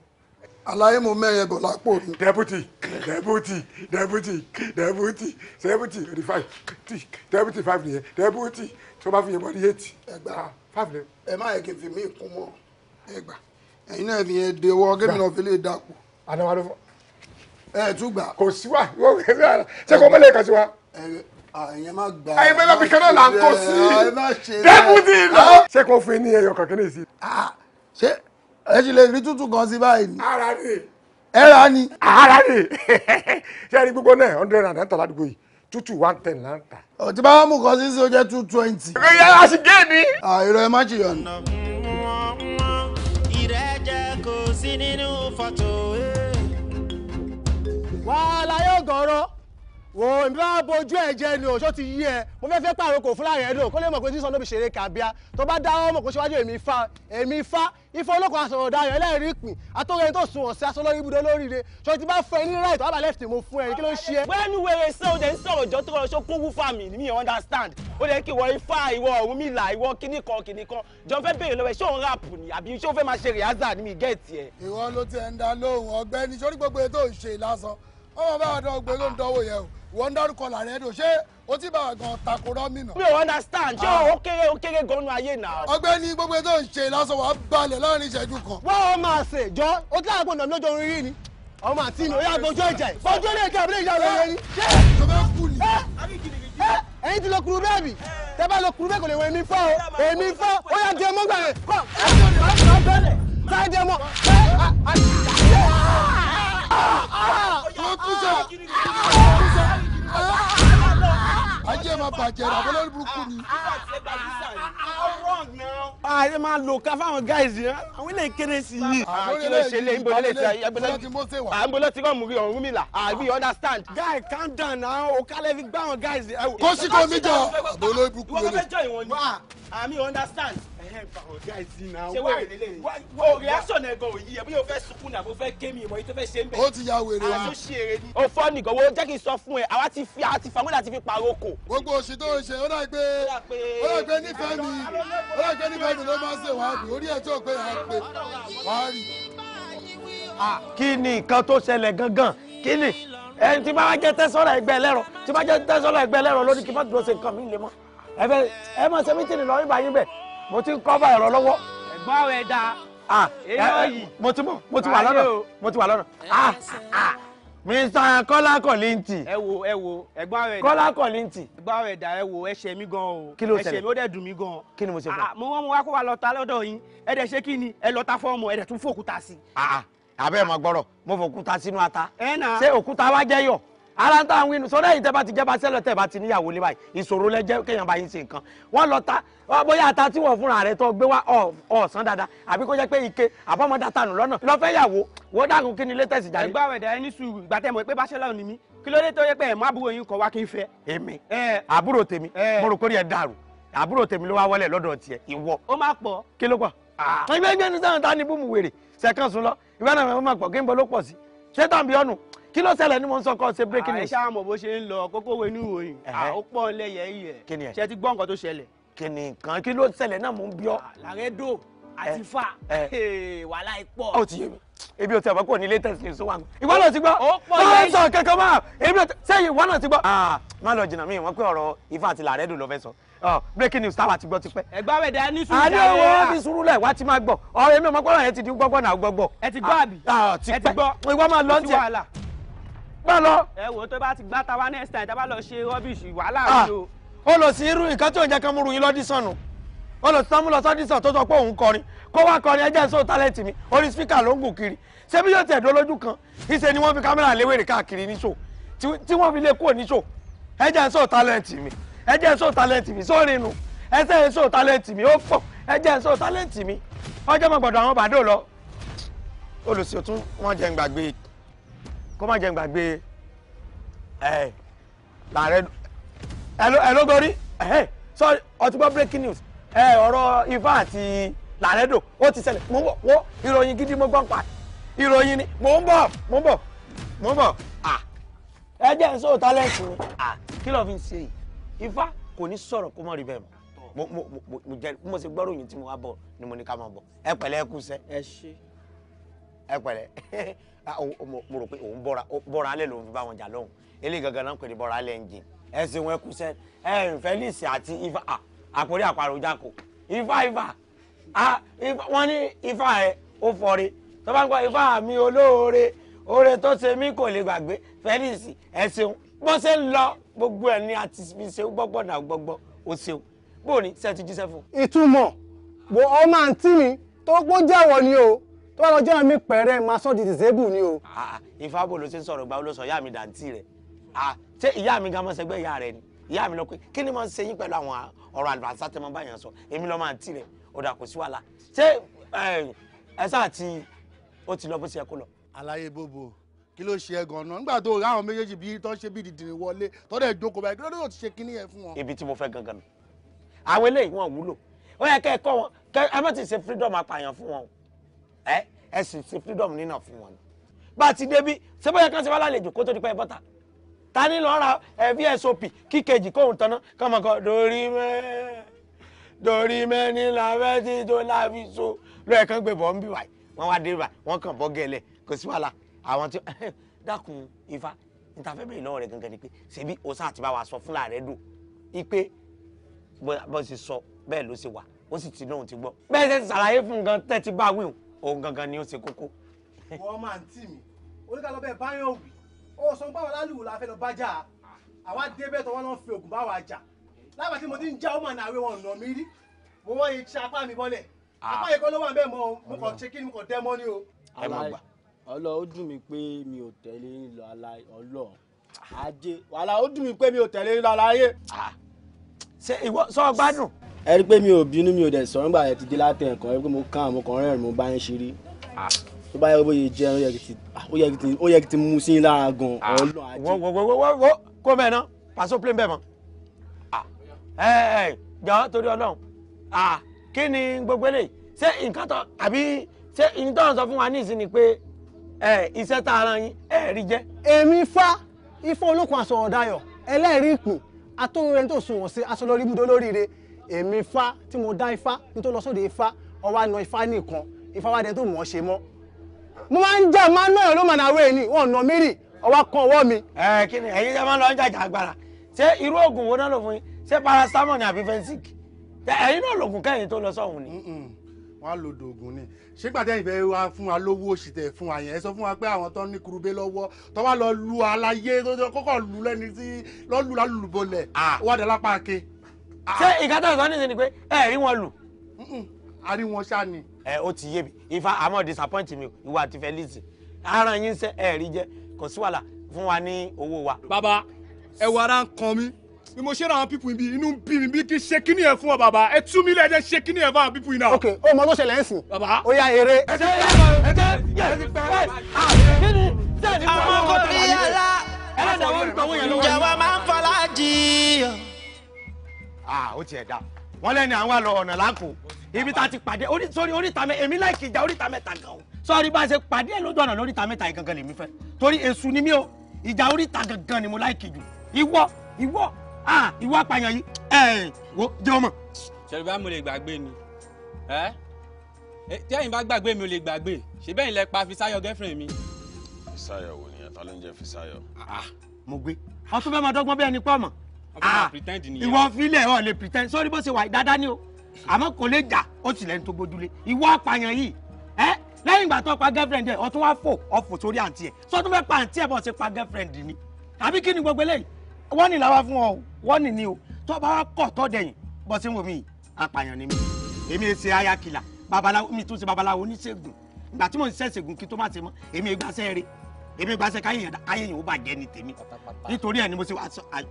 aláyé mo mẹ́yẹ bọ̀ lápò ni. deputy deputy deputy deputy seventy eighty five deputy five nìyẹn deputy tó bá fi yẹn bọ́ ní ẹgbàá five nìyẹn. ẹ má yẹ kí n fi mí kún mọ́ ẹgbàá ẹ̀yin náà ìyẹn de ọwọ́ gómìnà fi lè dàpọ̀. àná wa ló fọ. ẹ tún gbà. kò sí wa ṣé kò mọ́lẹ̀ kan sí wa. ẹ̀yin má gbà. ẹ̀yin bẹ́ẹ̀ lọ́bì kan náà là ń kó sí i dẹ́kun ti lọ. ṣé kò fún ẹni ẹyọ kankan ní ìsìn. ṣé ẹ ti lè rí tútù kan sí báyìí ni. ara ni. ẹ ra ni. ara ni. ṣé ẹni gbogbo náà hundred and nine tàládùúgbò yìí tútù one ten là ń tà. ọ̀tí bá wà mú kan sí sí ó two twenty. ìròyìn aṣègé ni. àìrọ̀ ẹ má ṣèyàn ni. nínú fọ́tò. Eh. wàhálà yóò gọ̀ọ́rọ́ wo nbí wàá bojú ẹ jẹ ni òṣó ti yí ẹ mo fẹ́ fẹ́ pààrọ̀ kò fúlàrí ẹ dùn kó lè mọ̀ pé sísan ló fi ṣeré kàbíà tó bá dáwọ́ mọ̀ kó ṣíwájú èmi fa èmi fa ifọ̀ olókùn àsọ̀rọ̀ dayọ̀ ẹlẹ́rìí pin atọ́rẹ́ni tó sun ọ̀sẹ̀ aṣọ lórí ibùdó lórí re ṣọ ti bá fún ní right wàá bá left mo fún ẹ kí ló ń ṣe ẹ. wẹ́ẹ́nu wẹ̀rẹ̀ sẹ́ o dẹ̀ ń sọ̀rọ̀ jọ tó rọ ṣó kún wúfà mi understand ó lè kí ìwọ ifá ìwọ Ọ̀rúnmìlà ìwọ kíní kan kíní kan jọ fẹ́ béèrè lọ́wọ́ ẹ ṣé òun ráàpù ni àbí ṣé wọ́n dárúkọ làrẹ́ ẹ̀dọ̀ ṣé o ti bá gan takorọ́ mi nà. mi ò understand ṣé ah. o kéré o kéré gan nu ayé nà. ọ̀gbẹ́ni gbogbo ètò ìṣe lásán wàá balẹ̀ láàrin ìṣẹ́jú kan. wọ́n ọ máa ṣe jọ o ti láàgbọ̀n náà lọ́jọ́ orí ni ọmọ àti ìnà oyè àgbọ̀jọ́ ìjà yìí. bọ́jú ilé ìkẹ́ àbúlé ìyàwó ẹ̀yẹ ni. ṣọlá kù ni. ẹ̀yin ti lọ kuru bẹ́ẹ̀ bì tẹ́ kuru bẹ́ẹ̀ o tún sẹ o tún sẹ ajé ma bàjẹ́ rà bọ́lá burúkú ni. ààrẹ máa lò ká fáwọn guys yẹn àwọn ilé kéré sí i. kí ló ṣe lé nbọlẹ tí agbẹlẹ nbọlẹ tí kò mú rí ọrùn mi là ah. àbí understand. guy calm down na o kálẹ̀ fi gbá àwọn guys kó sí kó mi jọ bọ́lá burúkú yẹn. wọ́n fẹ́ jọ ìwọ̀n ni. àmì ah, understand o oh, reaction ẹ gan òyì ẹ bí o fẹ́ sunkún ní àbò fẹ́ ké mi ìmọ̀ yìí tó fẹ́ ṣe ń bẹ̀. ó ti ya wèrè wa o fọ́ nìkan wo jẹ́ kí sọ fún ẹ àwa ti fi àwa ti fàwọn láti fi pààrọ̀ kò. gbogbo òsì tó ń ṣe ó dà pé ó dà pé nífẹ̀ẹ́ mi ó dà pé nífẹ̀ẹ́ mi ló máa ń ṣe wàá bì orí ẹ̀ tó pé wàá pè wàá rì. kí ni nǹkan tó ṣẹlẹ̀ gangan kí ni ẹni tí bá jẹ́ tẹ́sọ́rọ̀ ẹgbẹ́ ẹlẹ́rọ tí bá jẹ́ tẹ́sọ́rọ̀ ẹgbẹ́ ẹlẹ́rọ lórí kí n má dúró ṣe nǹkan mi lè mọ́ ẹ fẹ́ ẹ máa ṣe mítìnì bá yín bẹ́ẹ̀ mo ti ń kọ́fà ẹ̀rọ lọ́wọ́. ẹ̀gbọ́n rẹ̀ da. Ah, èèyàn eh, yìí. Eh, mo ti mo ti wà lọ́nà mo ti wà lọ́nà. Mr. Kọ́lá Kọ̀lìntì. ẹ wo ẹ wo ẹ̀gbọ́n rẹ̀ da. Kọ́lá Kọ̀lìntì. ẹ̀gbọ́n rẹ̀ da ẹ wo ẹsẹ̀ mi gan o. kí ló ṣẹlẹ̀ ẹsẹ̀ mi ó dẹ̀ dùn mí gan. kí ni mo ṣe fún ah, mo wọ́n mo wá kó wa lọ ta lọ́dọ̀ yín ẹ dẹ̀ ṣe kí ni ẹ lọ ta fọ́ọ̀mù ẹ dẹ̀ tún fòkúta sí. àbẹ́ ah, ẹ̀ mọ̀ gbọ́rọ̀ mo fòkúta sínú ata. ẹ na ṣé òkúta wa jẹ́ yọ̀ ara ń tà àwọn inú sọdọ yìí tẹ bá ti jẹ bá sẹlẹ tẹ bá ti níyàwó lé báyìí ìṣòro lẹjẹ kéèyàn bá yín ṣe nǹkan wọn lọ ta bóyá ata tí wọn fúnra rẹ tó gbé wá ọsán dáadáa àbí kó jẹ pé ike àbọmọdá tanù lọnà lọfẹ yàwó wọ dàgùn kí ni latest jàre. ẹgbẹ́ àwẹ̀dà ẹni sùúrù ìgbà tẹ́ mọ̀ pé bachelor ni mí kí ló dé tó yẹ pé ẹ̀mú àbúrò yín kọ wá kí n fẹ́. èmi àbúrò tèmi mo rò kórìí ẹ dàrú àbúrò tèmi ló wá wọlé lọ́dọ̀ tiẹ̀ ìwọ. ó máa pọ̀. kí ló pọ̀. ẹgbẹ́ gbẹ́ni sáà ta ni bùmù wèrè sẹ́kànsùn lọ ìbára mi ó máa pọ̀ kí n bọ́ ló pọ̀ sí ṣé tàbí ọ̀nù kí ló ṣẹlẹ̀ ni mo ń sọ kọ́ ṣe breaking ah, news. àìsàn àmọ̀ bó ṣe ń lọ kókó wo inú ìròyìn ah, ó pọ̀ lẹ́yẹ iyẹ̀ ṣe ti gbọ́ nǹkan tó ṣẹlẹ̀. kí ni nǹkan kí ló ṣẹlẹ̀ náà mò ń bí ọ. Ah, làrẹ́dò àti fa wàhálà ìpọ̀. ó ti yé mi ebi o ti àbá kúrò ní latest news wa ìwọ náà ti gbọ́ ó pọ̀ lẹ́yìn sọ kankan máa ebi o ti sẹ́yìn ìwọ náà ti gbọ́. má lọ jìnnà mi ìwọ́n pé ọ̀rọ̀ ifá àti làrẹ́dò lọ fẹ́ sọ breaking news táwa ti gbọ́ ti pẹ́. ẹ̀gbọ́n rẹ̀ dá ní sùúrù dáadáa. àdéhùn wọn fi sùúrù lẹ̀ wá ti máa gbọ́ ọ̀rọ̀ èmi ọmọ pẹ́rọ ti di gbọ́gbọ́ náà gbọ́gbọ́. ẹ ti gbọ́ àbí ẹ ti gbọ́ ìwọ máa lọ́ọ́ tiẹ̀ má lọ. ẹ wo tó bá ti gbá tàwa next time tàbá lọ ṣe rọ́bìṣì wàhálà mi ah, o. ó lọ sí irú nǹkan tó ń jẹ́ kán múru yín lọ́dísọ̀nù ó lọ sọ́mú lọ sọ́dísọ̀n tó sọ pé òun kọrin kó wá kọrin ẹjẹ́ sóò tálẹ́ǹtì mi orí spíkà ló ń gùn kiri ṣé bí yóò tẹ̀ dó lójú kan ìṣe ni wọ́n fi kámẹ́rà léwèrè káàkiri níṣò tí wọ́n fi lé kúrò níṣò ẹjẹ́ sóò tálẹ́ǹtì mi ẹjẹ́ sóò tálẹ́ǹtì kó má jẹ́ gbàgbé ẹ làárẹ̀ ẹ ló gorí ẹ sọ ọtí gbọ́ breaking news ẹ ọ̀rọ̀ ifá àti làárẹ̀dò ó ti ṣẹlẹ̀ mò ń bọ̀ wọ́ ìròyìn gidi mo gbọ́n pa ìròyìn ni mò ń bọ̀ mò ń bọ̀ mò ń bọ̀ à ẹ jẹ́ ń sọ tálẹ́ǹtì ni à kí ló fi ń ṣe yìí ifá kò ní sọ̀rọ̀ kó mọ̀ rí bẹ́ẹ̀ mọ́ mo mo mo jẹ mo ṣe gbọ́rọ̀ yìí tí mo wá bọ̀ ni mo ní ká máa bọ̀ ẹ pẹ̀lẹ́ ẹ kú ẹ ṣe ẹ pẹ̀lẹ́ Ah, mo rò pé òun bọ́ra alẹ́ lòun fi bá wọn jà lọ́hùn eléyìí gangan náà ń pè ní bọ́ra alẹ́ engine ẹ̀sìn wọn kú sẹ́ ẹ̀ Felix àti ifá ah, àpòrí àparòjákò ifá ah, ifá wọ́n ní ifá ẹ̀ ó fọre tó bá ń gbọ́ ifá mi olóore oore tó ṣe mí kò lè gbàgbé Felix ẹ̀sìn bó ṣe ń lọ gbogbo ẹ̀ ni a ti fi ṣe gbọ́gbọ́ náà gbọ́gbọ́ ó ṣeun bóò ní sẹ́ẹ̀ ti jíṣẹ́ fún. ìtumọ̀ wo ọmọ àǹtí mi tó gbó jẹ́wọ́ ni o tó bá lọ jẹ́ mi pẹ̀rẹ́ máa sọ́ di disable ni o. ìfábò ah, ah, ló ṣe ń sọ̀rọ̀ gba olóṣọ ìyá mi dàǹtì rẹ̀ ah, ṣé ìyá mi gan mọ́ sẹ́gbẹ́ ìyá rẹ̀ ni ìyá mi lọ pé kí ni mo ń ṣe yín pẹ̀lú àwọn ọ̀rọ̀ àlùfáàsá tẹ́ mo bá yàn sọ èmi lọ́ máa ń tì rẹ̀ ó dà kò sí wàhálà ṣé eh, ẹ sáà ti ó ti lọ bó ṣe yẹ kó lọ. aláyé bòbò kí ló ṣe ẹ ganan nígbà tó ráwọn méjèèjì bíi tó ń ṣe bíi dìdìrín wọlé tó dẹ̀ jókòó báyìí kí ló dé tó ti ṣe kinní yẹn fún wọn. ibi tí mo fẹ́ gangan nù àwọn eléyìí wọn wúlò ó yẹ kẹ́ ẹ kọ́ wọn kẹ́ ẹ má ti ṣe freedom apààyàn fún wọn o ẹ ẹ sì ṣe freedom nínà fún wọn. bá a ti débi ṣé bóyá kan ṣe wá lálejò kó tó di pẹ́ bọ́tà ta ni lọ ra vsop kí kejì kóhun tanná kọ́mọ kan dorí mẹ́ dorí mẹ́ ní làbẹ́ tí tó láfi so lọ́ọ̀ kan gbé bọ́ ń bì wáyé wọ́n wá dé bá wọ́n kàn bọ́ gẹ́lẹ́ kò sí wàhálà àwọn tí dákun ifá ntàfẹ́ bẹ́ẹ̀ lọ́wọ́ rẹ̀ gangan ni pé ṣebí osa àti bá wa sọ fúnra rẹ̀ dùn ipe bó ṣe sọ bẹ́ẹ̀ ló ṣe wà ó sì ti lóhun ti gbọ́ bẹ́ẹ̀ ṣe ṣàlàyé fún gan tẹ́tí bá wíwùn ohun gangan ni o ṣe koko wọ́n máa ń tì mí oníkàlọ́ bẹ́ẹ̀ báyọ̀ wì ó sọ pé àwọn la fẹ́ lọ bá jà àwa débẹ̀ fi oògùn bá jà lábàá tí mo ti ń já ọmọ àná àwọn ọ̀nà rí mo wọ́n yìí ṣe mi bọ́lẹ̀ ah. apá yìí kọ́ ló mo kàn ṣe kí mo ni o. mí pé mi ò tẹ̀lé lọ ọlọ ajé mi ò tẹ̀lé aláyé. Ah. ṣé ìwọ sọ gbádùn. ẹ rí i pé mi ò bínú mi ò dẹ̀ sọ̀rọ̀ nígbà yẹn ti dé látẹ̀ nǹkan ẹ pé mo kàn án mo kàn rẹ́rìn mo bá yẹn ṣeré tó bá yẹ bó yẹ jẹ ó yẹ kí ti mú sí i lára gan ọlọ́ àti. wọ́n wọ́n wọ́n wọ́n kó mẹ́ẹ̀ ná pàṣẹ plane bẹ́ẹ̀ mọ́ ẹ ẹ jọ torí ọlọ́run kí ni gbogbo eléyìí ṣé nǹkan tó àbí ṣé nǹkan sọ fún wa ní ìsìn pé iṣẹ́ tá a ran yín ẹ̀ rí jẹ́. èmi fa ifá olókun àsọ̀rọ̀ dayọ̀ ẹlẹ́rìí ìpín atóhun ẹni tó sun wọn sí aṣọ lórí ibùdó lóríire èmi ifá tí mo dá ifá ní tó lọ sóde ifá ọwọ́ àna ifá nìkan ifá wàdẹ tó mọ̀ ọ́ ṣe mọ́ mo máa ń jà máa ń náà ló máa náwó ẹni wọn nà mírì ọwọ́ kan ọwọ́ mi. ẹ kí ni ẹ̀yin ṣe máa ń lọ jàjà agbára ṣé irú oògùn wo náà lò fún yín ṣé paracetamol ni àbí fensik ẹ̀yin náà lògùn kẹ́yìn tó lọ sọ́hùn ni. wọ́n á lo dògùn ni ṣégbà tẹ́yìn fẹ́ wá fún wa lówó oṣù tẹ̀ fún wa yẹn ẹ sọ fún wa pé àwọn tó ní kurube lọ́wọ́ tó wá lọ lu aláyé kókò lu lẹ́ni tí lọ́ lu lálùbọ̀lẹ̀ wọ́n dẹ̀ lápá ake. ṣé ìka tó ń sọ ní ìsìn pé ẹ rí wọn lù. a rí wọn ṣá ni. ẹ ó ti yé mi ifá àmọ́ disappoint mi ìwà àti Felix ara yín sẹ ẹ rí jẹ kò sí wàhálà fún wa ní owó wa. bàbá ẹ wàrà ń kan mi bí mo ṣe ra àwọn pípù yìí inú bí mi bí kí ṣe kíní ẹ fún wa bàbá ẹ tú mi lẹ́jẹ̀ ṣe kíní ẹ fún àwọn pípù yìí ok ó mọ ló ṣẹlẹ̀ ń sìn. bàbá ó yá eré. ẹsẹ̀ ẹsẹ̀ yẹn kí ni sẹ́ẹ̀ni fún àwọn ọmọ tó yẹ la máa ń fọlá jiyàn. ah ó tiẹ̀ da wọ́n lẹ́ni àwọn àlọ́ ọ̀nà láǹkó ibi tá a ti pàdé sórí oríta mẹ́ta èmi láìkì ìjà oríta mẹ́ta gan o sọ́ọ́rí bá a ṣe pàdé ẹ̀ lójú ọ̀nà lóríta mẹ́ta gangan lèmi fẹ́ torí èṣù ni mí o ìjà oríta gangan ni mo láìkì jù ìwọ ìwọ Ah, ìwà apàyàn yìí ẹ wo jẹ́ ọmọ. ṣèlúbà mo lè gbàgbé ni tẹ́yìn bá gbàgbé mi ò lè gbàgbé ṣé bẹ́ẹ̀ lẹ pa Fisáyọ̀ girlfriend mi. Fisáyọ̀ wò nìyẹn ta ló ń jẹ Fisáyọ̀. Ah, ah, mo gbé wọn tún fẹ́ máa dọ́gbọ́n bẹ́ẹ̀ ni pọ́ mọ̀ ìwọ filẹ̀ ọ̀ lè pretend sọ́ọ́rí bó ṣe wà dáadáa ni o àmọ́ kò lè jà ó sì lẹ́nu tó gbójúlé ìwọ apàyàn yìí ẹ́ lẹ́yìn ìgbà tó pa girlfriend ẹ̀ ọ tún wá fò ọ fò sórí àǹtí ẹ̀ sọ́ọ́ tún fẹ́ pa àǹtí ẹ̀ bọ̀ ṣe pa girlfriend ni àbí kí ni gbogbo eléyìí wọ́n ní làwa fún ọ wọ́n ní ni o tó bá wá kọ̀ tó dẹ̀yìn bọ́ sí wòmí apààyàn ni mi èmi ṣe ayakìlà babaláwo mi tún ṣe babaláwo oníṣègùn ìgbà tí mò ń ṣe ṣègùn kí tó má ṣe mọ́ èmi gbàṣẹ́ rẹ̀ èmi gbàṣẹ́ káyẹ̀yìn ó bàjẹ́ ni tèmi nítorí ẹ̀ ni mo ṣe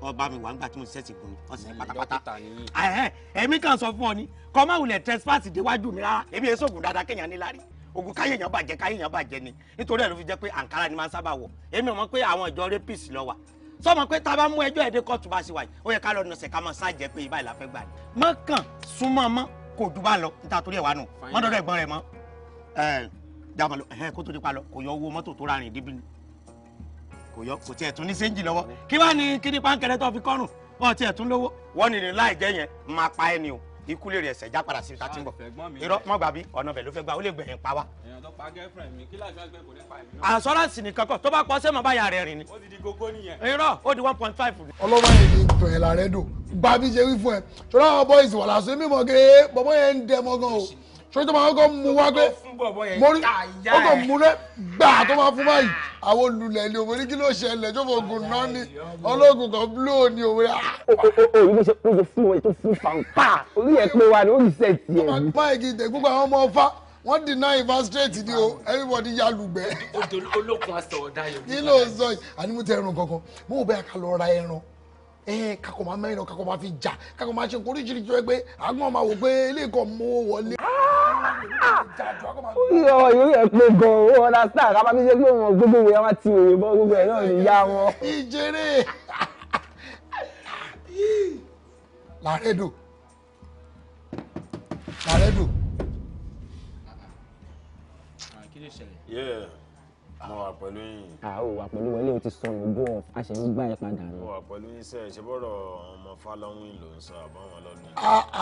ọba mi wà nígbà tí mo ṣe ṣègùn ni ọ̀sẹ̀ pátápátá èmi kan sọ fún ọ ni kọ́ máa wulẹ̀ trespass déwájú mi rárá èmi èso ògùn dáadáa kéèyàn ní lárí ogun káyẹ̀yàn bàjẹ́ káyẹ̀yàn bàjẹ́ ni nítorí ẹ̀ ló fi jẹ́ pé àǹkárá ni máa ń sábà wọ̀ èmi ò mọ̀ pé àwọn ìjọ rapists lọ wà sọmọ pé tá a bá mú ẹjọ́ ẹ̀dẹ́ kóòtù bá ṣe wáyé ó yẹ ká lọ nọ̀sẹ̀ ká mọ̀ ṣáàjẹ́ pé ibà ìlàfẹ́ gbà ní. mọ́kàn súnmọ́ mọ́ kò dùbà lọ níta torí ẹ̀ wá nù mọ́ dọ́dọ̀ ẹ̀gbọ́n rẹ̀ mọ́ ẹ̀ dàmọ́ lọ ẹ̀hẹ́ kó tó nípa lọ kò yọ owó mọ́tò tó ra rìn débi ni kò yọ kò tiẹ̀ tún ní séńjì lọ́wọ́ kí wàá ní kíní pánkẹ́rẹ́ tó fi kọ́rùn wọn tiẹ̀ tún lówó wọ́n ní ikú lè rìn ẹsẹ̀ já padà síbi tá a ti ń bọ̀ irọ́ mọ́ gbà ọ̀nà bẹ̀ ló fẹ́ gbà ó lè gbẹ̀yìn pa wá. èèyàn tó pa girlfriend mi kí láti ọ̀gbẹ́ kò ní pa èmi náà. àṣọ́ránsì nìkan kọ̀ tó bá pọ̀ sẹ́mọ̀ báyà rẹ̀ rìn ni. ó ti di gógó nìyẹn. irọ́ ó di one point five. ọlọ́wọ́ yẹn ni tọ̀ ẹ̀ làrẹ́ dò gbabi ṣe wí fún ẹ ṣọlá àwọn boys wà lásán mímọ́ gé bọ́bọ́ yẹn ń dẹ́ mọ́gán o sọ́jọ́ máa kọ́ mu wá pé mo rí ó kò mú rẹ́ gbà tó máa fún báyìí àwọn olùlẹ̀ ni òwe ní kí ló ṣẹlẹ̀ tó fò gùn náà ni ọlọ́gùn kan blo ni òwe. òyìnbó ṣe pé oye fún ẹ tó fún fàǹpà orí ẹ pé wa ni ó ń ṣe tiẹ̀ ní. máa kì í tẹ̀ gbogbo àwọn ọmọ ọfà wọ́n deny ìfà straight ni o everybody ya lùgbẹ́. olókun aṣọ ọ̀dà yorùbá. kí ló ń sọ yìí àní mo ti ẹran kankan mo ò bẹ́ẹ̀ ká lọ ra ẹran ẹ kakọ máa mẹ́rin náà kakọ máa fi jà kakọ máa ṣe oríṣiríṣi ẹ pé àgbọn máa wò pé eléèkọ mú wọlé. yọ yóò yẹ pé gan o understand ká bá fi ṣe pé wọn gbogbo ìwé wa ti òwe bọ gbogbo ẹ náà ní yá wọn. ìjẹrẹ làárẹ̀ dùn làárẹ̀ dùn. Ah, kí ló ṣẹlẹ̀ mo wà pẹ̀lú yín. a ò wà pẹ̀lú wọlé o ti sọ ògùn ọ̀ a ṣe ń gbá ẹ padà mo wà pẹ̀lú yín sẹ́ẹ̀ ṣe bọ́rọ̀ ọmọ fálọ́wìn ló ń sọ àbáwọn lọ́dún.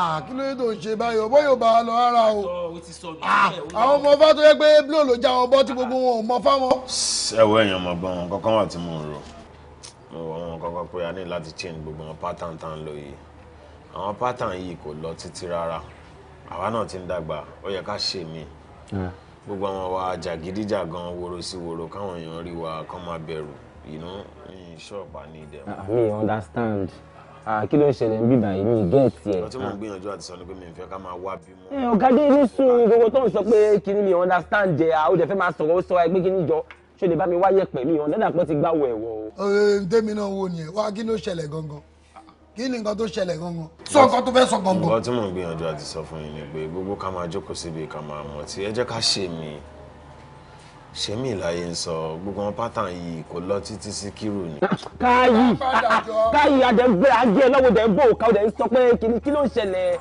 àà kí ló dé tó ṣe báyọ̀ bóyá bá a lọ ara o. àwọn ọmọ fá tó yẹ pé bílò ló já wọn bọ́ tí gbogbo wọn ò mọ fáwọn. ẹwọ èèyàn mọ bọ wọn kankan wà tí mo rò mo wọ wọn kankan pé a ní láti change gbogbo wọn pattern tá à yìí àwọn pattern yìí kò lọ títí rárá àwa náà ti ń dàgbà ó yẹ ká ṣe mí gbogbo àwọn wa jàgídíjàgan woro sí woro káwọn èèyàn rí wa kán máa bẹ̀rù you know in shop I mi understand ah, kí ló ń ṣẹlẹ̀ ń bíbà yìí mi gẹ́ẹ̀ tiẹ̀. ọtí mo ń gbìyànjú àti sọ ni pé mi fẹ́ ká máa wá bímọ. ẹ eh, ọ̀gá dé ní sùn ah. gbogbo tó ń sọ pé kí ni mi understand jẹ àwọn òde fẹ́ máa sọ̀rọ̀ sọ ẹgbẹ́ kí ni jọ ṣé lè bá mi wáyé pẹ̀ mi ọ̀nà dàpọ̀ ti gbáwọ̀ ẹ̀wọ̀ o. ọ̀rẹ́ kí ni nǹkan tó ṣẹlẹ̀ gangan sọ nǹkan tó fẹ́ sọ gangan. nǹkan tí mò ń gbìyànjú àti sọ fún yín ni pé gbogbo ká máa jókòó síbi ká máa mọ̀ tí ẹ jẹ́ ká ṣe mí ṣe mí láyé ń sọ gbogbo wọn pátá yìí kò lọ títí sí kírù ni. Ah, káyì káyì àdẹ́gbẹ́ ajé lọ́wọ́ dẹ̀ bò ká ọ̀dẹ̀ sọ pé kìnnì kí ló ń ṣẹlẹ̀.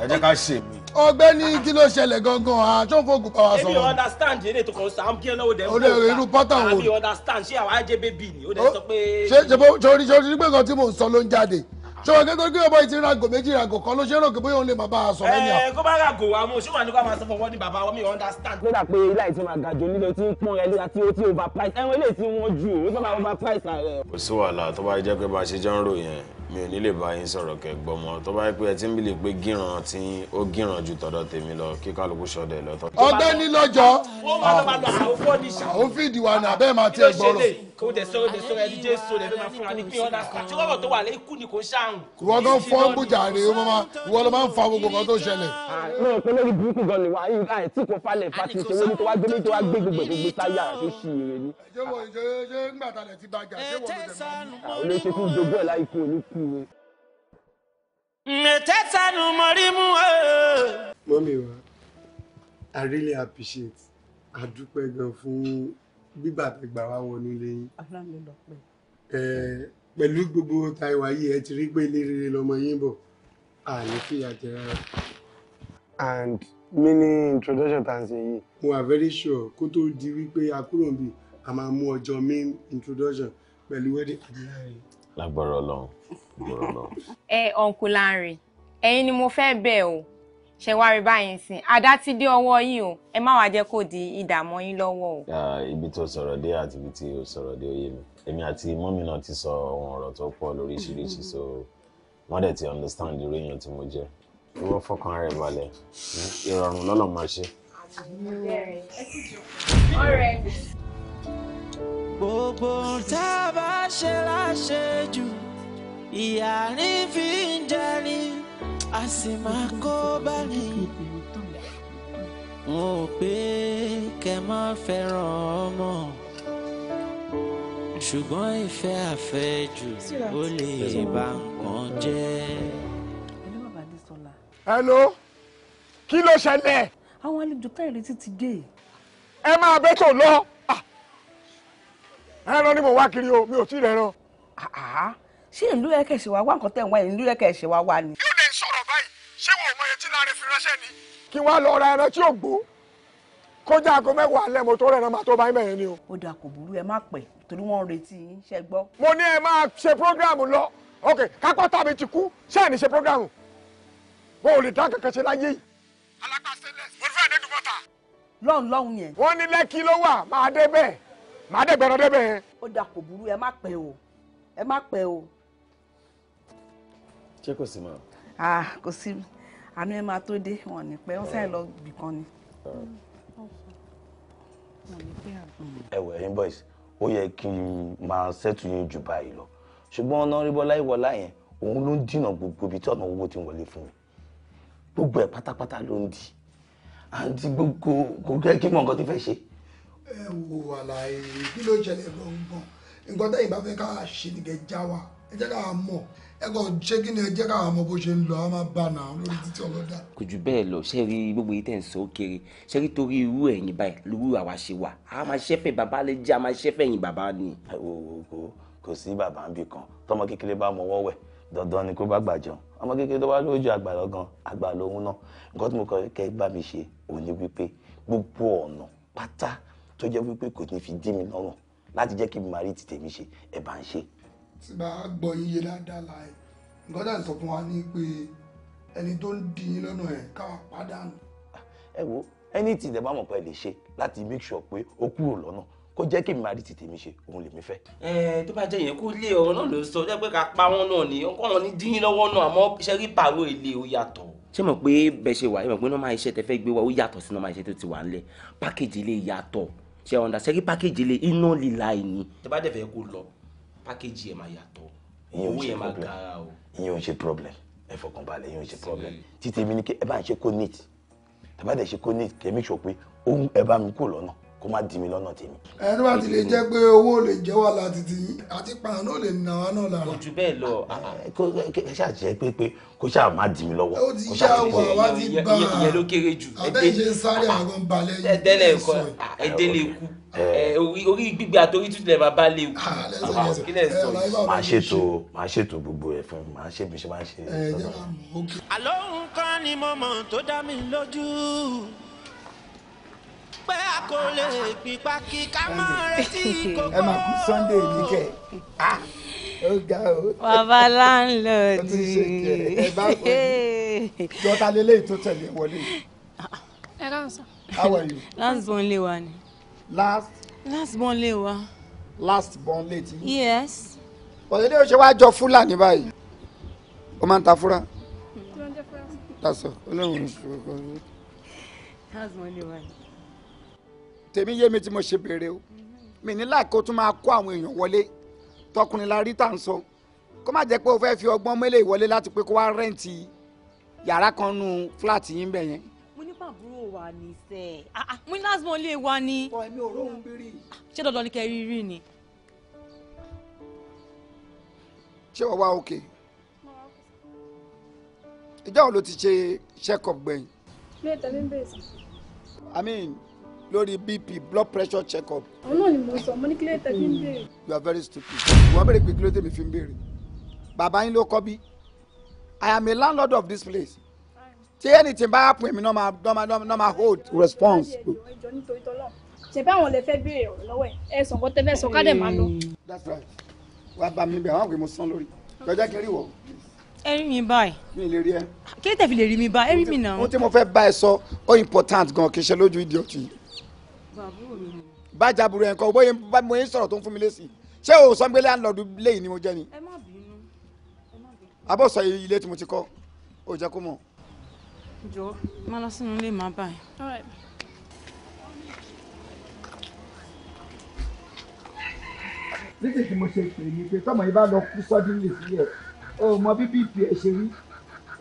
ẹ jẹ́ ká ṣe mí. ọ̀gbẹ́ni kí ló ṣẹlẹ̀ gangan àjọpọ̀ ah, ògùn pa wá sọ̀rọ̀. èmi understand eré tó kọ sọ àwọn bíi ọlọ́wọ́ dẹ̀ bò ká irú pátá wo. àmì understand ṣé àwọn ajé bébì ni ó dẹ̀ oh, sọ pé. ṣé ṣe bó ṣe orí ṣe orí nígbà kan tí mò ń sọ ló ń jáde ṣé wọn kẹtọ gbé ọmọ yìí ti ra gò méjì ra gò kan ló ṣe é rò pé òun lè máa bá a sọ lẹ́yìn. ẹ kó bá ra gò wa mú ṣé wàá ní ká máa sọ fọwọ́ ní bàbá wa mi understand. nígbà pé ilé àìsàn máa gàjò nílé tí ń pọ́n ẹ lóra tí ó ti overprice ẹ̀wọ̀n eléyìí tí wọ́n ju òun tó máa overprice rẹ̀. kò sí wàhálà tó bá jẹ́ pé bá a ṣe jọ ń ròyìn mi ò ní lè bá yín sọ̀rọ̀ kẹgbọ́n mọ́ tó bá yẹ pé ẹ ti ń bìlẹ̀ pé gíran tí ó gíran ju tọ̀dọ̀ tèmi lọ kí kálukú sọdẹ lọ. ọ̀gbẹ́ni lọ́jọ́ àwọn fídíò wa náà bẹ́ẹ̀ máa tẹ gbọ́rọ̀. kò dẹ̀ sọ dẹ̀ sọ ẹni jẹ́ sọ lẹ́fẹ̀ẹ́ máa fún wa ní kí ọ̀dà tí wọ́n bọ̀ tó wà lé ni kò ń ṣàrùn. ìwọ tó fọ́ bùjà rè é mọ́mọ́ máa ń fa gbogbo kan tó ṣẹlẹ̀. náà pé gan ni wà á yíra ẹ̀ tí kò falẹ̀ fati o. i really appreciate àdúpẹ́ gan fún gbígbà tẹ́ gbà wá wọnú ilé yín. pẹ̀lú gbogbo taiwa yìí ẹ ti rí pé ilé rere lọmọ yín bọ̀ àní fìyà jẹ rárá. and many introduction tá à are very sure Kuto divi di wípé a kúrò a máa mú introduction pẹ̀lú wedding àdìyà lágbára Ọlọ́run lágbára Ọlọ́run. ẹ ọ̀nkù láàrin ẹ̀yin ni mo fẹ́ bẹ̀ o ṣe wá rí báyìí sìn àdá ti dé ọwọ́ yín o ẹ má wàá jẹ́ kó di ìdààmú yín lọ́wọ́ o. ibi tó sọ̀rọ̀ dé àti ibi tí o sọ̀rọ̀ dé òye mi èmi àti mọ́mí náà ti sọ ohun ọ̀rọ̀ tó pọ̀ lóríṣiríṣi so wọ́n dẹ̀ ti understand irú èèyàn tí mo jẹ́ ìwọ fọkàn rẹ̀ balẹ̀ ìrọ̀rùn lọ́lọ́ máa ṣe. ọ̀rẹ́ mi gbogbo tá a bá ṣe láṣejù ìyá ní fi ń jẹni a sì máa kó bá n ò pé kẹ́ máa fẹ́ràn ọmọ ṣùgbọ́n ìfẹ́ àfẹ́jù ó lè bà nǹkan jẹ́. hello kí ló ṣẹlẹ̀. àwọn àlejò tá ìrètí ti dé. ẹ máa bẹ́tò lọ ẹran ni mo wá kiri o mi ò tí ì rẹran. ṣé ìlú ẹ̀kẹ́sì wa wá nǹkan tẹ̀ wá ìlú ẹ̀kẹ́sì wa wá ni. yóò lè sọ̀rọ̀ báyìí ṣé wọn ò mọ etí láre fi ránṣẹ́ ni. kí wàá lọ ra ẹran tí ò gbó kódà aago mẹ́wàá alẹ́ mo tó rẹ̀ran máa tó bá ń bẹ̀rẹ̀ ni o. ó dà kò burú ẹ má pẹ́ torí wọ́n retí yín gbọ́. mo ní ẹ máa ṣe prógráàmù lọ ok kápọ́ tàbí ti kú ṣé ẹni ṣe prógráàmù wọn ò lè dá kankan ṣe láyé yìí. alágbàsẹ́lẹ̀ mo màá dẹ̀ gbọ́dọ̀ débẹ̀ yẹn. ó dà kò burú ẹ má pẹ́ o ẹ má pẹ́ o. ṣé kò sí mọ́. ah kò sí àánú ẹ máa tó dé wọn ní pẹ́ wọ́n sẹ́yìn lọ bì kan ni. ẹ wẹ̀ ẹ̀yin boys ó yẹ kí n máa ṣètò yín jù báyìí lọ ṣùgbọ́n ọ̀nà ríbọ́lá ìwọlá yẹn òun ló ń dínà gbogbo ibi tí ọ̀nà owó ti wọlé fún mi gbogbo ẹ̀ pátápátá ló ń di àǹtí gbogbo kò kẹ́ kí mọ̀ nǹkan tó fẹ́ ṣe ẹ wo àlàyé kí ló ṣẹlẹ̀ gbọ̀ngbọ̀n nǹkan tẹ́yìn bá fẹ́ ká ṣe nìkẹ́ já wa ẹ jẹ́ ká mọ̀ ẹ kàn ṣé kí ni ẹ jẹ́ ká mọ̀ bó ṣe ń lọ a máa bá nà án lórí títí ọlọ́dà. kò jù bẹ́ẹ̀ lọ ṣé rí gbogbo yìí tẹ̀ ń sọ ó kéré ṣé rí torí irú ẹ̀yìn báyìí lórí àwa ṣe wà a máa ṣẹ́fẹ̀ bàbá lè jẹ́ a máa ṣẹ́fẹ̀ ẹ̀yìn bàbá ni. kò sí bàbá ń bì kan tọmọ kékeré bá mọ wọ́wẹ̀ dandan ni kó bá gbà jẹun ọmọ kékeré tó bá lójú àgbà lọ́gán àgbà lóhun náà nǹkan tí mo kọ kẹ́ bá mi ṣe òní wípé gbogbo ọ̀nà pátá tó jẹ́ wípé kò ní fi dí mi lọ́rùn láti jẹ́ kí mi máa rí ti tèmi ṣe ẹ bá ń ṣe. tí bá a gbọ́ yín yé dáadáa la ẹ̀ nǹkan dà sọ fún wa ní pé ẹni tó ń di yín lọ́nà ẹ̀ káwa pàdánù. ẹ wo anything ẹ bá mọ̀ pé ẹ lè ṣe láti make sure pé ó kúrò lọ́nà kó jẹ́ kí mi máa rí ti tèmi ṣe òun lèmi fẹ́. ẹ tó bá jẹ́ yẹn kó lé ọ̀rọ̀ náà ló sọ jẹ́ pé ká pa wọn náà ni ọkọ wọn ní dín lọ́wọ́ náà àmọ́ iṣẹ́ rí pàrọ̀ èlé ó yàtọ̀. ṣé mọ̀ pé bẹ́ẹ̀ ṣe wà ẹ mọ̀ pé normal iṣẹ́ tẹ fẹ́ gbé wa ó yàtọ̀ sí normal iṣẹ́ tó ti wà ńlẹ̀ pákéjì ilé yàtọ̀ ṣe ọ̀nà sẹ́rí pákéjì lè iná líla ẹni. tẹ bá dẹ̀ fẹ́ kó lọ pákéjì ẹ̀ máa yàtọ̀ owó yẹn máa gara o. ìyẹn ò ṣe problem ẹ fọkàn balẹ̀ ìyẹn ò ṣe problem títí èmi ni kí ẹ bá ń ṣe kó neat tẹ bá dẹ̀ ṣe kó neat kẹ́ make pé ẹ bá mi kó lọ́nà kó má dì mí lọ́nà tèmi. ẹ tó bá ti lè jẹ́ pé owó lè jẹ́ wà láti ti àti pààrọ̀ náà lè nà wá náà lára. kò jù bẹ́ẹ̀ lọ. Ah, ah, eh, kò eh, ṣáà jẹ́ pé pé kó ṣáà má dì mí lọ́wọ́. ó ti yá wà wá ti gbà á ìyẹn ló kéré jù. àtẹ̀jẹ́ sáré ah, àwọn balẹ̀ yìí. ẹ̀dẹ́lẹ̀ ẹ̀kọ́ ẹ̀dẹ́lẹ̀ ikú eh. orí gbígbé àtòrí tútù lẹ́ẹ̀ máa bá léwu. máa ṣètò máa ṣètò gbogbo ẹ̀ fún máa ṣe bí ṣe máa ṣe. àlọ́ nǹkan ni mo mọ̀ tó dá mi lójú pẹ́ a kò lè pípa kí ká mọ́ retí kókó. ẹ máa kú Sunday yìí kẹ ó ga o. bàbá láńlọ́ọ̀dì. ẹ bá wọlé tó tẹ̀lé wọlé. how are you. last born lé wa ni. last. last born lé wa. last born lé yes. ọ̀yẹ́dẹ́ o ṣe wá jọ fúlàní báyìí o máa ń ta fúra. that's all olóhùn ìṣòro kan. last born lé wa ni tèmi yé mi tí mo ṣe béèrè o mi ní láàkó tún máa kó àwọn èèyàn wọlé tọkùnrin la rí tà ń sọ kó má jẹ́ pé o fẹ́ fi ọgbọ́n mélòó ìwọlé láti pé kó wá rẹ́ǹtì yàrá kan nu fúláàtì yín bẹ̀ yẹn. mo ní pàbúrò wa ní sẹ ah, ah, mo ní lásìmọ̀ lé wa ní. ṣé dandan ni kẹrin rí ni. ṣé wọ́n wá òkè ìjọ́ wo ló ti ṣe check up gbẹ̀yìn. mi ò tẹ̀lé ń bèèrè sí lórí bp blood pressure check up. àwọn náà ni mo sọ mo ní kílẹ̀ tẹ́ kí n béèrè. you are very stupid wọ́n béèrè pé kílẹ̀ tèmi fi ń béèrè bàbá yín ló kọ́ bí i am a landlord of this place tí anything bá happen èmi náà máa hold response. ṣèbí àwọn lè fẹ́ béèrè lọ́wọ́ ẹ̀ ẹ̀sán kó tẹ́lẹ̀ sọ ká dẹ̀ máa lọ. that's right wà á bá mi bẹ̀ àwọn àgbẹ̀ mo sán lórí jọjọ́ kiri wọ̀. ẹ rí mi báyìí. mi lè rí ẹ. kí tẹ̀ fi lè rí mi báyìí ẹ rí mi náà. ohun tí mo fẹ́ bá ẹ sọ ó important gan kì í ṣe lójú ìdí ọ̀tún yìí bájà burú yẹn kọ bóyá bá mo yẹn sọ̀rọ̀ tó ń fún mi lésì ṣé o sọ pé láńlọ́ọ̀dù léyìí ni mo jẹ́ ni. ẹ má bínú ẹ má bínú. abọ́ sọ ilé tí mo ti kọ́ o jẹ́ kó mọ̀. jọ má lọ sínú ilé má báyìí. títí tí mo ṣe pè ní pé tọmọ yìí bá lọ kú sọdún lè sílẹ̀ o mọ bí bp ẹ ṣe rí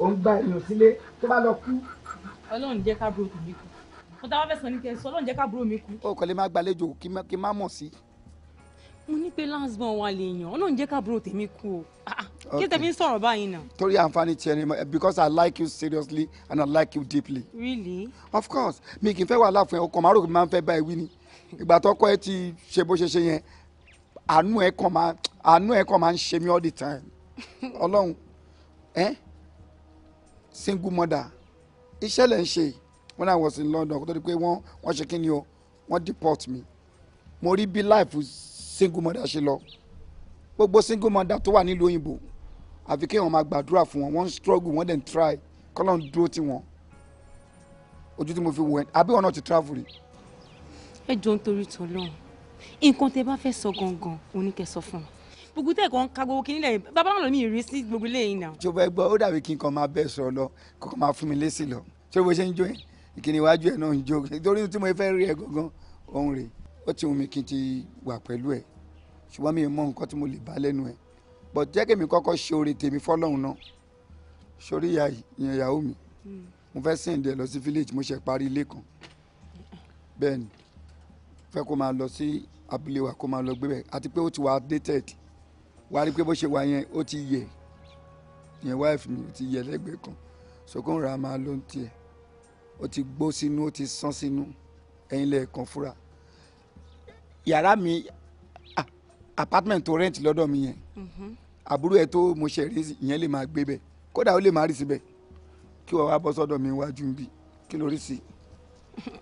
òun gba èèyàn tó bá lọ kú. ọlọ́run jẹ́ ká bro tèmi mo ta wá fẹ́ sàn ní kẹ́ ẹ sọ ọlọ́run jẹ́ káàbúrò mi kú. o kò lè má gbàlejò kí má mọ̀ sí. mo ní pé lásìbọn wa lè yàn ọlọ́run jẹ́ káàbúrò tèmi kú o ah, ah, kí tèmi sọ̀rọ̀ báyìí náà. torí àǹfààní tiẹ̀ ni because i like you seriously and i like you deeply. really. of course mi kì í fẹ́ wàhálà fún ẹ ọkọ̀ márùn mi máa ń fẹ́ bá ẹ wí ni ìgbà tọkọ ẹ ti ṣe bó ṣe ṣe yẹn àánú ẹ kàn máa ń ṣe mí all the time ọlọ́run ẹ single mother iṣẹ́ ń ṣe yìí when I was in London kó tó di pé wọ́n wọ́n ṣe kíni o wọ́n deport mi mo rí bí life single mother ṣe lọ gbogbo single mother tó wà nílùú òyìnbó àfi kéèyàn máa gbàdúrà fún wọn wọ́n ń struggle wọ́n dẹ̀ ń try kọ́lọ́n dúró tì wọ́n ojú tí mo fi wọ ẹ àbí wọn náà ti travel rí. ẹ jọ ń torí tọlọ́run nǹkan tẹ bá fẹ́ sọ gangan òun ni kẹ́ sọ fún mi gbogbo tẹ kàn ká gbogbo kìnìún lẹ́yìn bàbá náà mi rí sí gbogbo lẹ́yìn náà. ìjọba ẹgbọ́ ó dàbí kí n kàn máa bẹ́ẹ̀ sọ̀rọ̀ lọ kó kàn máa fún mi lésì lọ ṣé bó ṣe ń jó yẹn ìkíni iwájú ẹ̀ náà ń jó torí tí mo fẹ́ rí ẹ gangan ọ̀hún rè ó ti wù mí kí n ti wà pẹ̀lú ẹ̀ ṣùgbọ́n mi ò mọ nǹkan tí mo lè bá lẹ́nu ẹ̀ bọ̀ jẹ́ kí mi kọ́kọ́ ṣe oore tèmi fọ́lọ́hún náà sórí ìyẹn ìyàwó mi mo fẹ́ sìn dẹ̀ lọ sí village mo ṣe parí ilé kan bẹ́ẹ̀ ni fẹ́ kó máa lọ sí abúlé wa kó máa lọ gbé bẹ́ẹ̀ àti pé ó ti wà dated wàá rí pé bó ṣe wà yẹn ó ti yẹ yẹn wife mi ó ti yẹ lẹ́gbẹ̀ẹ́ kan so máa ló ń tiẹ̀ ó ti gbó sínú ó ti sán sínú ẹ̀yin lẹ́ẹ̀kan fúra yàrá mi apartment tó rent lọ́dọ̀ mi yẹn mhm. àbúrò ẹ̀ tó mo ṣe rí ìyẹn lè máa gbé bẹ̀ kódà ó lè máa rí síbẹ̀ kí wọ́n wá bọ́ sọ́dọ̀ mi wájú bí kí ló rí sí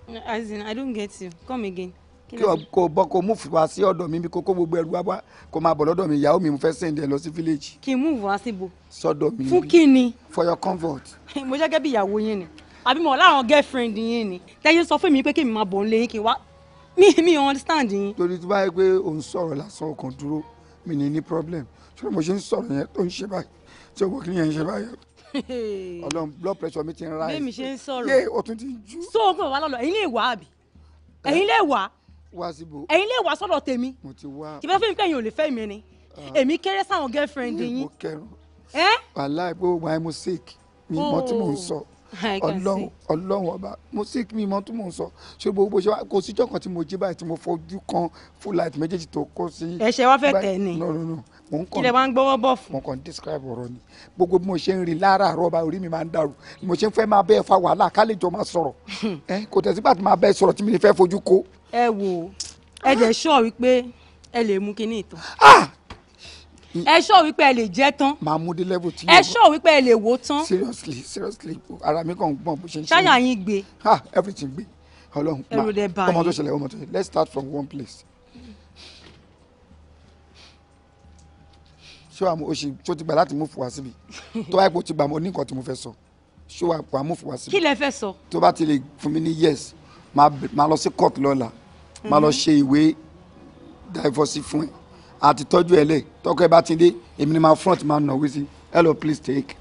i. as in i don't get you come again. kí o kò bọ́ kó múfù wá sí ọ̀dọ̀ mi bí kókó gbogbo ẹrù wá kó máa bọ̀ lọ́dọ̀ mi ìyàwó mi mo fẹ́ send lọ sí village. kí múfù wá síbo. sọ́dọ̀ mi fún kí ni. for your comfort. mo jẹ́ gẹ́gẹ́ bí ìyàwó yín ni àbí mo láwọn girlfriend yín ni tẹ́yìn sọ fún mi pé kí mi máa bọ̀ ń lé yín kí wá mi mi understand yín. torí tó bá yẹ pé òun sọ̀rọ̀ lásán ọkàn dúró mi ní ní problem ṣùgbọ́n mo ṣe ń sọ̀rọ̀ yẹn tó ń ṣe báyìí tí ọgbọ́n kìíní yẹn ń ṣe báyìí ọlọ́run blood pressure mi ti ń rise. bẹ́ẹ̀mi ṣe ń sọ̀rọ̀ yé o tún ti jú. so n kò wá lọ́lọ́ ẹ̀yin lè wá àbí ẹ̀yin lè wá wá síbo ẹ̀yin lè wá sọ́dọ̀ tèmi mo ti wá tìbẹ́ fún mi pé ẹ̀yin ò lè fẹ́ mi ni ah. èmi kéré sáwọn girlfriend yín. mo kẹrun wàhálà ìgbó wa ẹ sick mi mọ tí mò ń sọ ọlọ́run ọlọ́run ọba mo sick mi mọ́ tó mò ń sọ ṣé gbogbo ṣe wá kò síjọ́ kan tí mo jí báyìí tí mo fojú kan full light méjèèjì tó kó sí. ẹ̀ṣẹ̀ wá fẹ́ tẹ̀ ni mo ń kàn kílẹ̀ máa ń gbọ́wọ́ bọ̀ fún. mo kàn ń describe ọ̀rọ̀ ni gbogbo bí mo ṣe ń rìn láràárọ̀ ọba orí mi máa ń dàrú mo ṣe ń fẹ́ máa bẹ́ẹ̀ fa wàhálà ká lè jọ máa sọ̀rọ̀ kò tẹ̀sí bá ti máa bẹ́ẹ̀ sọ̀rọ̀ tí mi fẹ́ fojú kó. ẹ wo ẹ jẹ́ sọ wípé ẹ lè mú kinní ìtàn. Ah! ẹ ṣọ́ wípé ẹ lè jẹ́ tán. màá mú dé ẹ ṣọ́ wípé ẹ lè wò tán. seriously seriously ara mi kàn ń gbọ̀n bó ṣe ń ṣe. ṣáyà yín gbé. ha everything gbé Ọlọ́run ma ẹrù dẹ báyìí ọmọ tó ṣẹlẹ̀ ọmọ tó ṣẹlẹ̀ let's start from one place. ṣé wàá mú o ṣe tó ti gbà láti mú fùwà síbi tó wáyé pé o ti gbà mọ ní tí mo fẹ́ sọ ṣé wàá wàá mú fùwà síbi. kí lẹ fẹ́ sọ. tó bá ti lè fún mi ní yes máa lọ sí court lọ́la máa lọ mm-hmm. ṣe ìwé divorce fún ẹ àti tọ́jú ẹ lẹ̀ tọkọ ẹ bá ti dé èmi ni máa front máa nà wí sí hello please take.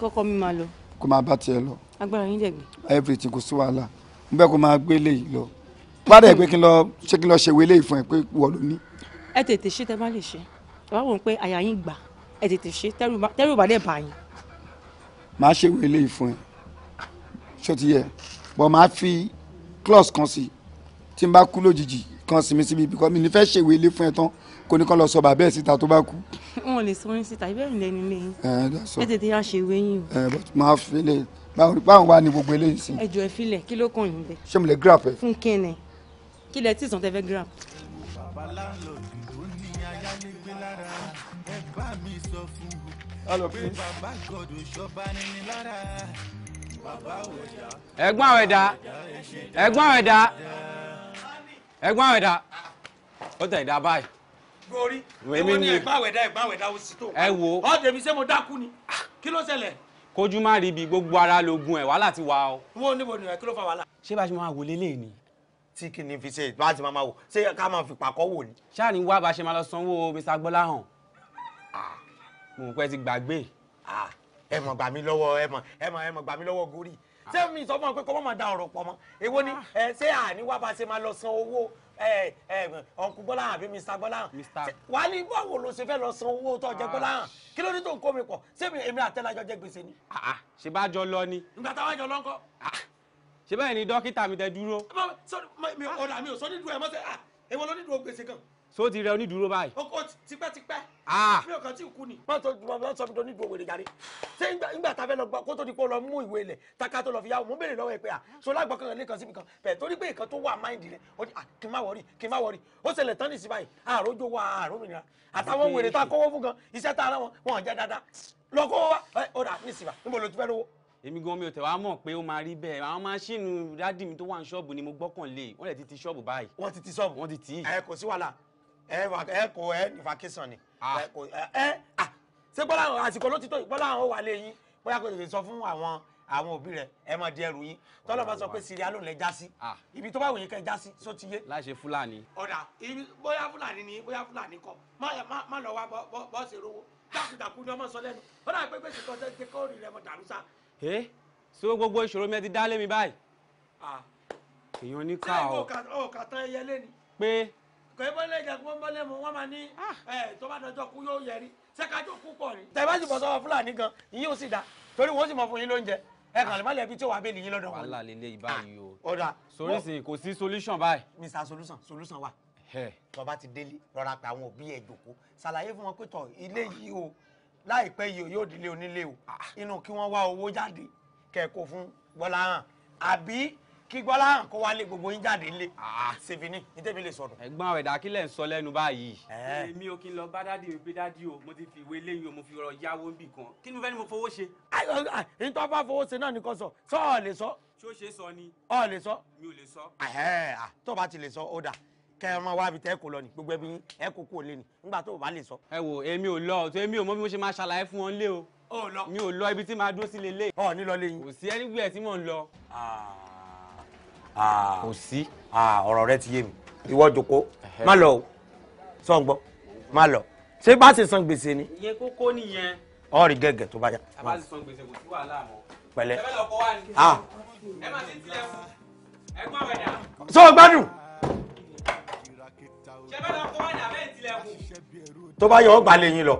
kọ́kọ́ mi máa lọ. kó máa bá tiẹ̀ lọ. agbára yín dẹ̀ gbé. everything kò sí wàhálà n bẹ́ẹ̀ kó máa gbé léyìí lọ. wá dẹ̀ pé kí n lọ ṣé kí n lọ ṣe ìwé léyìí fún ẹ pé wọ́n ló ní. ẹ tètè ṣe tẹ bá lè ṣe ẹ wá wò ó pé àyà yín gbà ẹ tètè ṣe tẹ́rù bá dẹ̀ bá yín. màá ṣe ìwé léyìí ẹ ṣó ti yẹ bọ́ màá fi clause kan sí tí n bá kú lójijì kan sí mi síbi bíkọ́ mi ní fẹ́ ṣèwé ilé fún ẹ tán kò ní kàn lọ sọ bàbá ẹ̀ síta tó bá kú. wọn ò lè sọ yín síta ibẹ̀ ń lẹ́nu ẹ tètè yá ṣe wéyìn o. ẹ bọ́ tí máa fi lè báwọn wà ní gbogbo eléyìí sí. ẹjọ ẹ filẹ kí ló kàn yín bẹ. ṣé mo lè grab ẹ. fún kẹ́nẹ̀ kí lẹ tí ì sàn tẹ́ fẹ́ grab. ẹ̀gbọ́n àwọn ẹ̀dá ẹ̀gbọ́n àwọn ẹ̀dá ẹ̀gbọ́n àwọn ẹ̀dá ó tẹ̀ ẹ̀dá báyìí gorí èmi ni ìbáwẹ̀dá ìbáwẹ̀dá ó sì tó ẹ wo ọ tèmi ṣé mo dákú ni kí ló ṣẹlẹ̀. kójú má rí ibi gbogbo ara lógun ẹ wàhálà ti wà o. wo níbo ni ẹ kí ló fa wàhálà. ṣé bá a ṣe máa wò lélẹ̀ ni. tí kì ní fi ṣe bá a ti máa wò ṣé ká máa fi pàkọ́ wò ni. ṣáà ní wá bá a ṣe máa lọ sanwó Mr. Gbọ́láhàn. mo pẹ́ ti gbàgbé. ẹ mọ̀ gbà mí lọ́wọ́ ẹ mọ̀ ẹ mọ̀ ẹ mọ̀ gbà mí lọ́wọ́ gorí ṣé mi sọ fún ọ pé kọ́ a ṣe máa lọ san ọ̀nkú bọ́lá àbí mr bọ́lá wà á ní báwo ló ṣe fẹ́ lọ san owó tó jẹ bọ́lá ah, kí ló dé tó ń kó mi pọ̀ sẹ́mi èmi àtẹ́lájọ jẹ gbèsè ni. Ah, ah, ṣe bá jọ lọ ni. nígbà táwọn jọ lọ ń kọ́. ṣe bẹ́ẹ̀ ni dókítà mi tẹ dúró. mi ò sọ ní dúró ẹ mọ́ sẹ́ èwo ló ní dúró gbèsè kan so ti rẹ onídùúró báyìí. o kò tipẹ́tipẹ́. Ah. mi ò kàn tí ì kú ni. má tó ma ma sọ mi tó onídùúró wèrè jàre. ṣé ìgbà tá a fẹ́ lọ gbọ́ kó tó di pé ó lọ mú ìwé lẹ̀ taka tó lọ fi yá o mo béèrè lọ́wọ́ ẹ pé à so lágbọ́ kankan lẹ́kan síbi kan bẹ̀ torí pé nǹkan tó wà máìndì rẹ o ní à kí n má wọrí kí n má wọrí ó ṣẹlẹ̀ tán nìsí báyìí àròjọ wa àròmìnira àtàwọn wèrè tá a kọ́wọ́ fún gan iṣẹ́ tá a rán wọn wọn jẹ́ dáadáa lọ kó wa ó dà nìsí bá níbo ló ti fẹ́ lówó èmi gan mi ò tẹ̀ mọ̀ pé ó máa rí bẹ́ẹ̀ àwọn máṣíìnì dádì tó wà ní ṣọ́ọ̀bù ni mo gbọ́kànlé wọ́n lè ti ti ṣọ́ọ̀bù báyìí. wọ́n ti ti ṣọ́ọ̀bù wọ́n ti tì í. ẹ kò sí wàhálà ẹ kò ẹ ní vacation ni ah. ẹ ṣé gbọ́dọ̀ àwọn àsìkò ló ti tó gbọ́dọ̀ àwọn wà lẹ́yìn bóyá kò lè sọ fún àwọn àwọn òbí rẹ ẹ mọ di ẹrù yín tọ́lọ́ bá sọ pé síríà ló lẹ já sí ah. ibi tó bá wòye kẹ já sí só ti yé. láṣẹ fúlàní. ọ̀dà ibi bóyá fúlàní ni bóyá fúlàní kọ má lọ wá bọ́ọ̀sì rówó dákúdàkú ni ọmọ sọ lẹ́nu ó dà pé gbèsè tọ́jú ẹgbẹ́ kọ́ọ̀rì rẹ mọ dàrú sá. ẹ ṣé gbogbo ìṣòro mi ti dá lé mi báyìí. èèyàn ní ká o. ṣé ìwọ ò kà tán ẹyẹ lé ni. pé kẹ́bọ́lẹ̀ jẹ́ kọ́ńbọ́lẹ̀ mu wọ́n máa ní ah. ẹ̀ tó bá dọjọ́ kú yóò yẹrí ṣé kájọ kú pọ̀ ni. tẹ̀ bá sì bọ̀ sọ́wọ́ fúlàní gan ìyín ò sì dá torí wọ́n sì mọ̀ fún yín lóúnjẹ ẹ kàn lè má lẹ́bi tí ò wá bẹ́ẹ̀ nìyí lọ́dọ̀ wọn. wàhálà lélẹ̀ ìbáyìí o. ọ̀dà ah, sórí sìn kò sí solution báyìí. mr solution solution wà tọba ti délé lọ́ra pé àwọn òbí ẹ̀ jòkó ṣàlàyé fún wọn pé tọ ilé yìí o láìpẹ́ yìí yóò dílé o ah. inú kí wọ́n wá owó jáde kẹ́ẹ̀kọ́ kí gbọ́lá kó wálé gbogbo yín jáde nílé ah. Ah, ṣèbí ni ní tèmi lè sọdún. ẹ̀gbọ́n ọ̀rẹ́dà kí lẹ̀ ń sọ lẹ́nu báyìí. Eh. èmi ò kí n lọ bá dádì mi pé dádì o mo ti fi ìwé léyìn o mo fi ọ̀rọ̀ yáwó níbì kan kí ni mo fẹ́ ni mo fowó ṣe. ní tó bá fowó ṣe náà ni kò sọ sọ ọ lè sọ. ṣé ó ṣe sọ ni. ọ lè sọ. mi ò lè sọ. Eh, eh, ah, tó bá ti lè sọ ó dà kẹ ọmọ wa bi tẹ kó lọ ni gbogbo ẹbí ẹ kó kó lé ni nígbà tó o bá lè sọ. ẹ wo èmi ò lọ ọ̀tọ̀ èmi ò mọ bí mo ṣe máa ṣàlàyé fún wọn lé o. ó lọ mi ò lọ ibi tí màá dúró sí lélẹ̀. ọ nílọ lẹ́yìn. kò sí ẹni gbé ẹ tí mò ń lọ. Ah. kò sí ah, ọ̀rọ̀ rẹ ti yé mi ìwọ jòkó má lọ o sọ̀ngbọ́ má lọ ṣé bá ṣe san gbèsè ni. ìyẹn kókó nìyẹn. ọ̀rì gẹ́gẹ́ tó bá yà. àbá ti san gbèsè kò sí wàhálà mọ́. pẹ̀lẹ́ ẹ lọ kọ wá ní. Ah. ẹ má ti tilẹ̀ fún ẹ gbọ́ wẹ̀dà. sọ gbádùn. ṣé bẹ́ẹ̀ lọ kọ wá ní abẹ́ ìtilẹ̀kùn. tó bá yọ ọgbà lẹ́yìn lọ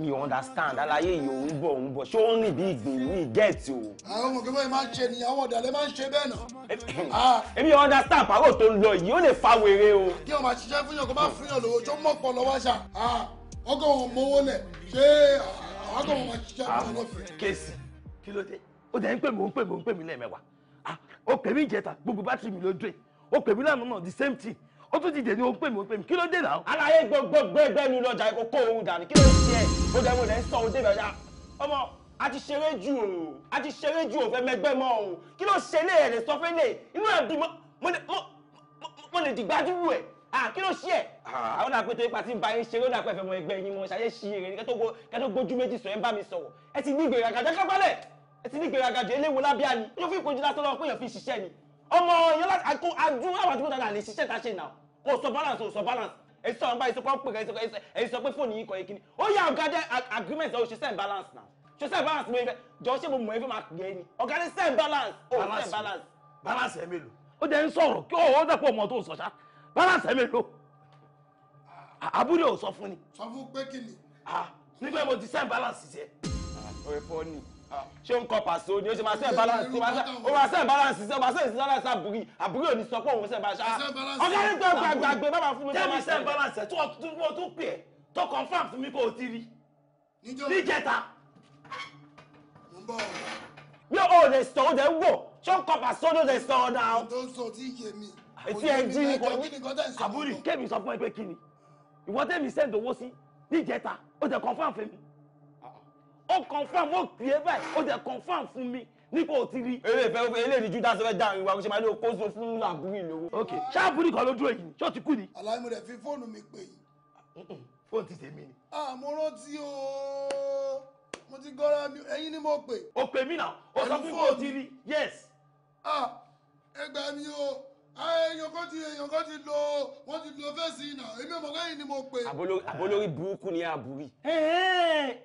you understand àlàyé yìí òun bọ̀ òun bọ̀ ṣé ó ń rìn bí ìgbìn ní gẹ̀ẹ́tì o. àwọn ọmọ kẹfẹ́ máa ń ṣe nìyàwó ọ̀dàlẹ̀ máa ń ṣe bẹ́ẹ̀ náà. èmi you ah. understand pàrọ̀ tó ń lọ yìí ó lè fa wèrè o. kí wọn máa ṣiṣẹ́ fún yàn kó bá fún yàn lówó tó mọ̀ pọ̀ lọ́wọ́ ṣá ọgọ́ wọn mọ́wó lẹ̀ ṣé ọgọ́ ah, wọn máa ṣiṣẹ́ fún yàn lọ́fẹ̀ẹ́. Ah, kéèsì kí ló dé ó dẹ̀ ń pè mò ń pè mò ń pè mí lẹ́ẹ̀mẹ́wàá ó pè mí ìjẹta gbogbo bátìrì mi ló dé ó pè mí láàmú náà the same thing ó tún dìde ní o pè mí o pè mí kí ló dé náà. àlàyé gbogbo mi lọ́jà ikú kó ohun dàní kí ló ń ṣe ó dẹ̀ mo dẹ̀ ń sọ ohun débẹ̀ ọjà ọmọ a ti ṣeré ju o a ti ṣeré ju o fẹ́ mẹgbẹ́ o kí ló ṣe lé ẹ̀rẹ̀ sọ fẹ́lẹ̀ inú ẹ̀ bí mo lè dìgbàdúrú ẹ̀ kí ló ṣe ẹ̀. àwọn àpètò ipa tí ń ba yín ṣeré ó dàpẹ́ mọ ẹgbẹ́ yín mọ ṣayé ṣí eré kẹ́tọ́ gbójú méjì sọ ẹ̀ ń bá mi sọ̀rọ̀ ẹ ti ní ìgbéraga jẹ́ ẹ ti ní ìgbéraga jẹ́ eléwo lábíà ni yóò fi ìpọ́njú lásán lọ́wọ́ pé èèyàn fi ṣiṣẹ́ ni ọmọ yọlá àdúrà àwọn àdúgbò dáadáa lè ṣiṣẹ́ tá a ṣe náà kò sọ balance ò sọ balance èyí sọ báyìí sọ pé èyí sọ pé èyí sọ pé fóònù yìí kọ yìí kíni ó yà ọ̀gádẹ́ agreement ọ̀ ṣe send balance náà ṣe send balance mi fẹ́ jọ ṣé mo mọ̀ ẹ́ fẹ́ máa gbé ni ọ̀gádẹ́ send balance ó send balance. balance ẹ̀ mélòó. ó jẹ́ ń sọ̀rọ̀ kí ó dẹ̀ pọ̀ ọmọ tó ń sọ ṣá balance ẹ̀ mélòó ah. àbúrò ò sọ fún ni. sọ fún pé kí ni. ah nígbà mo ti send balance ṣe. ọ̀rẹ́ fọ́ ni ṣé ń kọ pàṣẹ òní ó ṣe máa ṣe balance ó máa ṣe balance ṣe máa ṣe balance àbúrí àbúrí ò ní sọ pé òun ṣe balance ọ̀gá ní tó gbàgbàgbé bàbá fún mi. jẹ́mi ṣe balance tó mo tún pè é tó confam fún mi kó o ti rí níjẹta. bí o lè sọ ọ́ dẹ̀ ń wò ṣé ń kọ pàṣẹ òní ó lè sọ ọ́ náà. tó ń sọ tí yé mi. etí ẹ jí ni kò ní àbúrí kémi sọ fún ẹ pé kí ni ìwọ tẹ́mi send owó sí níjẹta ó tẹ confam fún mi ó confam ó gbé e báyìí ó dẹ̀ confam fún mi nípa ò ti rí. eré ìfẹ́ eré ìrìjú dá sẹ́fẹ́ dá ìwà kò ṣe máa ní okó so fún làbúrò ìlówó. ok ṣáàbùrì kan ló dúró yìí ṣó ti kú ni. aláìmọ̀ rẹ̀ fi fóònù mi pè yìí. fóònù ti tèmi ni. àmọ́ ah, rántí o mo ti gọ́ra mi ẹ̀yin ni mo pè. o pè mí náà o sọ fún mi o ti rí yes. ah ẹgbàá mi o èèyàn kan ti èèyàn kan ti lo wọ́n ti lo fẹ́ẹ̀sì iná èmi ọmọ lẹ́yìn ni mo pe. àbólórí burúkú ni àbúrí.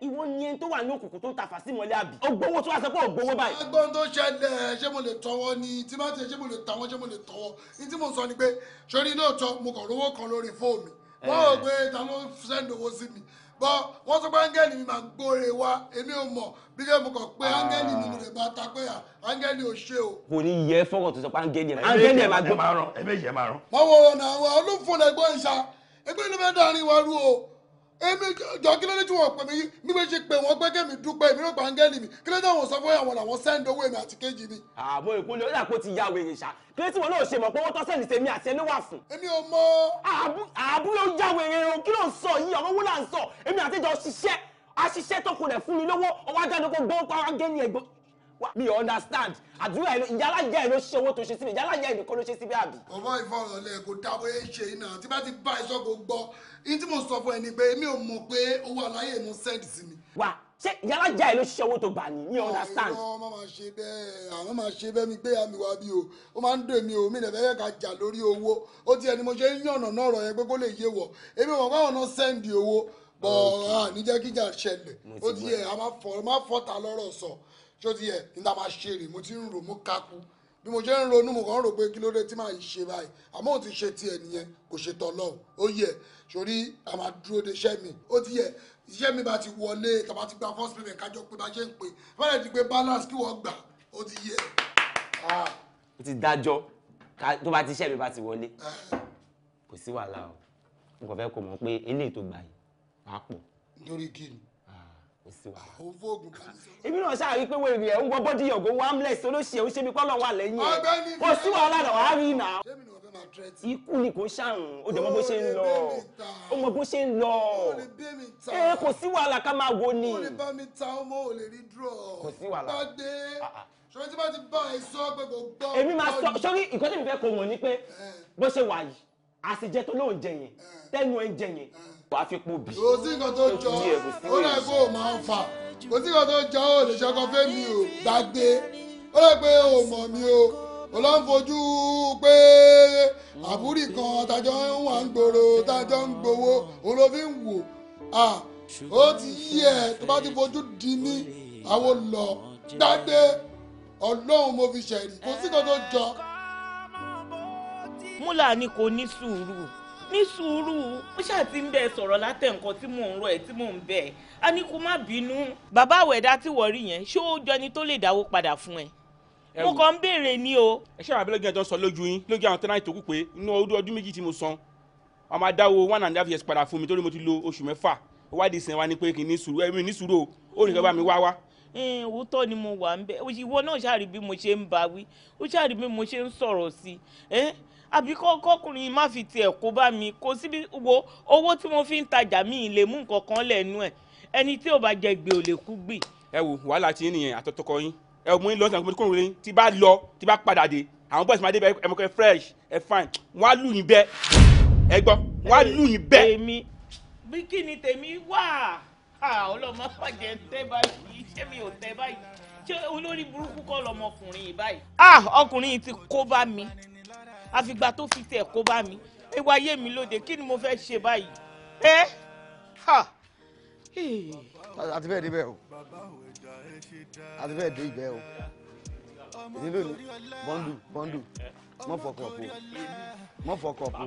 ìwọ ni ẹni tó wà ní òkùnkùn tó ń ta fàṣímọ́lé àbí. ògbówó tó wà sọ pé ògbówó báyìí. agbọ́n tó ṣẹlẹ̀ ṣé mo lè tọwọ́ ni tí bá ti ṣé mo lè tàwọn ṣé mo lè tọwọ́ ní tí mo sọ ni pé ṣorí lóòótọ́ mo kàn rówó kan lórí fóònù eh. wọ́n ò gbé ta ló sẹ́ńdowó sí mi bọ́ wọn sọ pé áńgẹ́lì mi máa gbóre wá èmi ò mọ̀ bí kẹ́ mo kàn pé áńgẹ́lì mi mo lè bá ta pé áńgẹ́lì ò ṣe o. kò ní yẹ fọwọ́ tó sọ pé áńgẹ́lì ẹ̀ áńgẹ́lì ẹ̀ máa gbé. máa rán. wọ́n ọ̀nà àwọn ìṣá ẹgbẹ́ èmi jọ kí ló dé tí wọn pè mí mi bẹ ṣe pé wọn gbẹgẹ mi dúpẹ́ mi ló pa áńgẹ́lì mi kí ló dé àwọn sọ fún àwọn làwọn sẹ́ńdì owó èmi àti kejì mi. àmọ́ ìkúnlẹ ó yàgò ti ya wèrè ṣá kí ló tí wọn náà ṣe mọ̀ pé owó tọ́sẹ̀ nìṣẹ́ mi àti ẹni wà fún. èmi ò mọ. àbú ló ya wèrè o kí ló ń sọ yìí ọmọ wúlà ń sọ èmi àti ìjọ ṣiṣẹ́ aṣiṣẹ́ tó kulẹ̀ fún mi lówó ọwọ́ ajá wa mi understand àdúrà ẹ ìyálàjà ẹ ló ṣe owó tó ṣe síbi ìyálàjà ẹ nìkan ló ṣe síbi àbí. ọmọ ìfọ̀rọ̀lẹ̀ kò dá bóyá ṣe iná tí bá ti bá iṣọ́ kò gbọ́ ní tí mo sọ fún ẹ ni pé mi ò mọ̀ pé owó aláyè mo send sí mi. wa ṣé ìyálàjà ẹ ló ṣe owó tó gbà ní mi understand. àwọn máa ṣe bẹ́ẹ̀ àwọn máa ṣe bẹ́ẹ̀ mi pé àmì wá bí o ó máa ń dè mí o mi lè fẹ́ ká jà lórí owó ó ti ẹni mo ṣe ń yànnà náà rọ̀ yẹn kíjà ṣẹlẹ̀ ó ti yẹ a máa fọ́ lọ́rọ̀ sọ ṣó ti yẹ ní ta máa ṣe rè mo ti ń rò mo kaku bí mo ṣe ń ronú mo kàn ń rò pé kí ló dé tí màá ṣe báyìí àmọ́ òun ti ṣe tiẹ̀ nìyẹn kò ṣe tọ̀ lọ́hùn ó yẹ sórí a máa de iṣẹ́ mi ó ti yẹ iṣẹ́ mi bá ti wọlé tàbá ti gba first payment kájọ pé bá ṣe ń pè báyìí ti pé balance kí wọ́n gbà ó ti yẹ. o ah. ti dájọ́ tó bá ti iṣẹ́ mi bá ti wọlé eh. kò sí wàhálà o n kò fẹ́ kó mọ̀ pé eléyìí tó gbà yìí wàá pọ̀. lórí kí ni kò sí wa. àwọn fóògùn kan sọ. èmi náà ṣáà rí i pé wèrè rẹ̀ ń gbọ́ bọ́dí ọ̀gọ́ wa amlẹ̀sì olóṣèlú ṣe mi kọ́lọ̀ wà lẹ́yìn ẹ̀ kò sí wàhálà náà wàá rí i ikú ni kò ṣàrùn ó dẹ̀ mọ bó ṣe ń lọ ó mọ bó ṣe ń lọ ẹ kò sí wàhálà ká máa wo ni. kò sí wàhálà sori ah, ah. tí bá ti bá ẹ sọ pé kò gbọ́. èmi máa sọ sori ìkọ́sẹ́ mi fẹ́ kò wọ́n ni pé eh. bó ṣe wà yìí àṣejẹ tó lóun jẹ eh wàá fi pò bì. kò sí nǹkan tó jọ ó láì kó o máa ń fà kò sí nǹkan tó jọ ó lè ṣọkọ fẹ́ mi o gbàgbé ó lè pé o mọ̀ mi o ó lọ fojú pé àbúrì kan tájọ ń wà ń gbòòrò tájọ ń gbowó òun ló fi ń wò à ó ti yí ẹ tó bá ti fojú di mí àwọn lọ gbàgbé ọlọ́run mo fi ṣẹ̀rí kò sí nǹkan tó jọ. múlà ni kò ní sùúrù ní sùúrù ó ṣáà ti ń bẹ sọ̀rọ̀ látẹ̀ nǹkan tí mò ń rọ ẹ̀ tí mò ń bẹ̀ á ní kó má bínú bàbá àwẹ̀dá tí wọ́n rí yẹn ṣé ó jọ ẹni tó lè dáwó padà fún ẹ mo kàn ń béèrè ni o. ẹ ṣe àwọn abẹ́lẹ́gẹ́ ẹjọ́ sọ lójú yín lójú àwọn tẹ́lá ìtòkù pé inú ọdún méjì tí mo san wọn máa dáwọ́ one and a half years padà fún mi torí mo ti lo oṣù mẹ́fà wádìí sìn wa ni pé kì í ní sùúrù òótọ́ ni mo wà ń bẹ ìwọ náà ṣàrí bí mo ṣe ń bá wí ó ṣàrí bí mo ṣe ń sọ̀rọ̀ sí i àbí kọ́kọ́kùnrin má fi tiẹ̀ kó bá mi kó síbi wo owó tí mo fi ń tajà mi ì lè mú nǹkan kan lẹ́nu ẹ̀ ẹni tí ò bá jẹ gbé ò lè kú gbì. ẹ wo wàhálà tí nìyẹn àtọ́tọ́kọ yín ẹ mú yín lọ sàn kúrò lóyún tí bá lọ tí bá padà dé àwọn bọ́ọ̀sì máa dé bẹ ẹ mọ̀ kẹ́ fresh ẹ fine wọ́n á lù yín bẹ́ẹ̀ ẹ gbọ́ wọ́n á lù yín bẹ́ẹ̀. èmi bí kí tèmi wà ọlọ́mọ fàjẹ́ ń tẹ́ báyìí ṣé mi ò tẹ́ báyìí ṣé olórí burúkú kọ́ lọmọkùnrin yìí báyìí. ah ọkùnrin yìí ti kó bá mi àfìgbà tó fi tẹ̀ kó bá mi ewu ayé mi lóde kí ni mo fẹ́ ṣe báyìí. ẹ ha àti bẹ́ẹ̀ dé bẹ́ẹ̀ o àti bẹ́ẹ̀ dé ibẹ̀ o èyí ló ní bọ́ndù bọ́ndù mọ́ fọkọ̀ po mọ́ fọkọ̀ po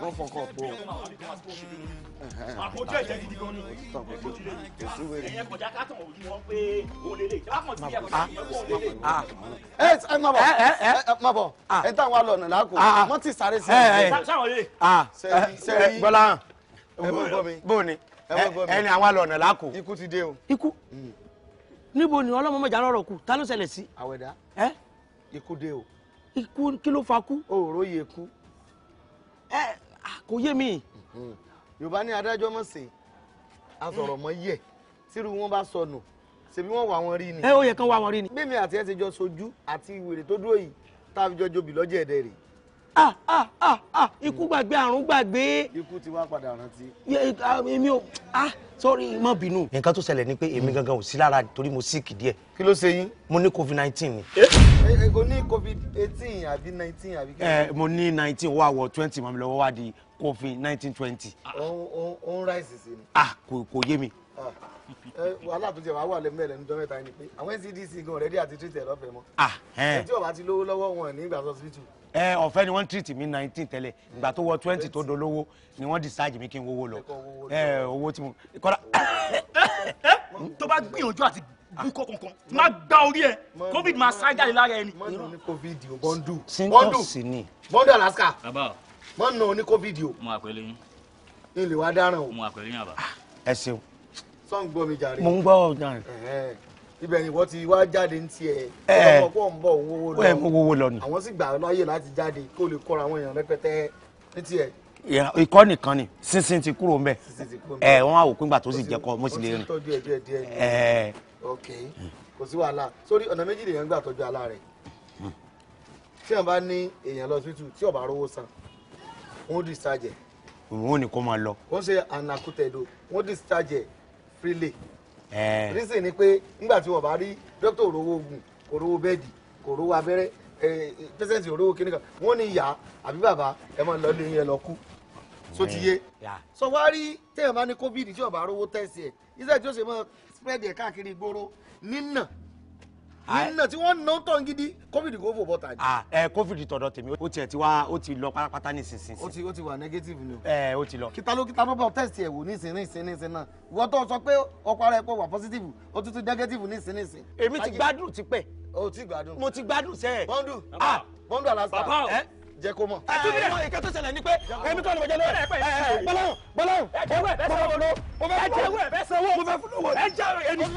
mọ́ fọkọ̀ po. àkójọ ìjẹ́ gidi gan ni èsì wèrè. ẹ̀yẹ kọjá kátàn òjú wọn pé olè lè jẹ́ àkàntì ìyá kọjá ìyẹn kò olè lè. ẹ ẹ má bọ̀ ẹ má bọ̀ ẹ táwọn alọ̀ nà lákò wọ́n ti sáré sí i. sáwọn olè. sẹ́yìn bọ́lá bó ni ẹni àwọn alọ̀ nà lákò. ikú ti dé o. ikú. Mm níbo ni ọlọ́mọ mọ̀jà lọ́rọ̀ kù ta ló ṣẹlẹ̀ sí. àwẹ̀dá ikú dé o. ikú kí ló fa kú. òòró yẹ kú. ẹ kò yé mi. yorùbá ní adájọ́ mọ̀ sí asọ̀rọ̀ mọ́ yẹ tírú wọn bá sọnù ṣebí wọn wà wọn rí ni. ẹ ó yẹ kán wà wọn rí ni. bẹ́ẹ̀ni àti ẹ ti jọ sojú àti wèrè tó dúró yìí tá a fi jọ jobi lọ́jọ́ ẹ̀dẹ̀ rè. ah ah ah ah ikú gbàgbé àrùn gbàgbé. ikú ti wá padà rántí. èmi ò sọ́rí má bínú. nǹkan tó ṣẹlẹ̀ ni pé èmi hmm. gangan ò sí lára torí mo sick díẹ̀. kí ló ṣe yín. mo ní covid nineteen ni. ẹ eh, eh, kò ní covid eighteen àbí nineteen àbí. ẹ eh, mo ní nineteen wá wọ twenty mọ̀ mi lọ́wọ́ wá di covid nineteen twenty. Ah, ó ń ráìsì sí ni. ah kò kò yé mi ah, wàhálà tó jẹ wàá wà lẹ́mẹ̀lẹ́ ní dọ́mẹ́ta ni pé àwọn ncdc gan ọ̀rẹ́dí àti twitter lọ́fẹ̀ẹ́ mọ́. Ah, ẹ tí ò bá ti lówó lọ́wọ́ wọn ní ìgbà ẹ ọ̀fẹ́ ni wọ́n tìrìtì mi nineteen tẹ́lẹ̀ ìgbà tó wọ twenty tó dolówó ni wọ́n discharge mi kí n wówó lọ ẹ owó tí mo kọ́ra. tó bá gbìyànjú àti bukọ kankan má gba orí ẹ covid máa sáré jáde lára ẹni. mọ́nà ní covid o bọ́ndù bọ́ndù bọ́ndù alaska mọ́nà ní covid o. mo àpẹẹrẹ yín. ilé wa dáràn o. mo àpẹẹrẹ yín àbá. ẹ ṣeun. sọ́ǹgbọ́n mi jàre. mo ń gbọ́ ọ̀gá rẹ̀ ibẹ̀ ni wọ́n ti wá jáde ní tiẹ̀ ọmọ pọ̀ ń bọ̀ owó lọ ni àwọn sì gbà láyè láti jáde kó lè kọ́ra àwọn èèyàn rẹpẹtẹ ní tiẹ̀ ikọ́ nìkan ni sísìn ti kúrò ń bẹ̀ ẹ wọ́n á wò pé ńgbà tó sì jẹ́ mo sì lè rìn. kò sí wàhálà sórí ọ̀nà méjì lèèyàn gbà tọ́jú ala rẹ̀ tí wọ́n bá ní èèyàn lọ sí tù tí ọ̀bà rówó san wọ́n discharge. òun ò ní kó máa lọ. wọ́n ṣe anakutẹ̀do wọ́n discharge freely. rísì ni pé nígbà tí wọ́n bá rí dókítà òrówó oògùn kò rówó bẹ́ẹ̀dì kò rówó abẹ́rẹ́ pẹ́sẹ́ǹtì òrówó ni wọ́n ní ìyá àbí bàbá ẹ máa lọ yẹn lọ kú so ti yé sọ wá rí téèyàn bá ní covid tí ó bá rówó tẹ̀sí ẹ̀ iṣẹ́ ó ṣe máa spread iná tí wọ́n ná tán gidi covid kò fò bọ́ta jù. Ah, ẹ covid tọ̀dọ̀ tèmi ó tiẹ̀ ti wá ó ti lọ pátápátá nísinsìnyí. ó ti ó ti wà negative ni o. ẹ ó ti lọ. kíta ló kíta mọ́bọ̀ test ẹ̀ wò nísinsìnyí nísinsìnyí náà ìwọ tó sọ pé ọkọ ara ẹ pọ̀ wà positive ó tún tún negative nísinsìnyí. èmi ti gbádùn tipẹ́. o ti gbádùn. mo ti gbádùn sẹ́ẹ̀. Ah, bọ́ndù alasa. bàbá o jẹ́ kó mọ̀. àtúbílẹ̀ ìkẹ́ tó ṣẹlẹ̀ ni pé ẹ̀mí kan ló lọ́wọ́ bọ́láhùn bọ́láhùn ẹ̀jẹ̀ wẹ̀ fẹ́ sanwó lọ ẹ̀jẹ̀ wẹ̀ fẹ́ sanwó mo fẹ́ fún wọn ẹ̀jẹ̀ mo fẹ́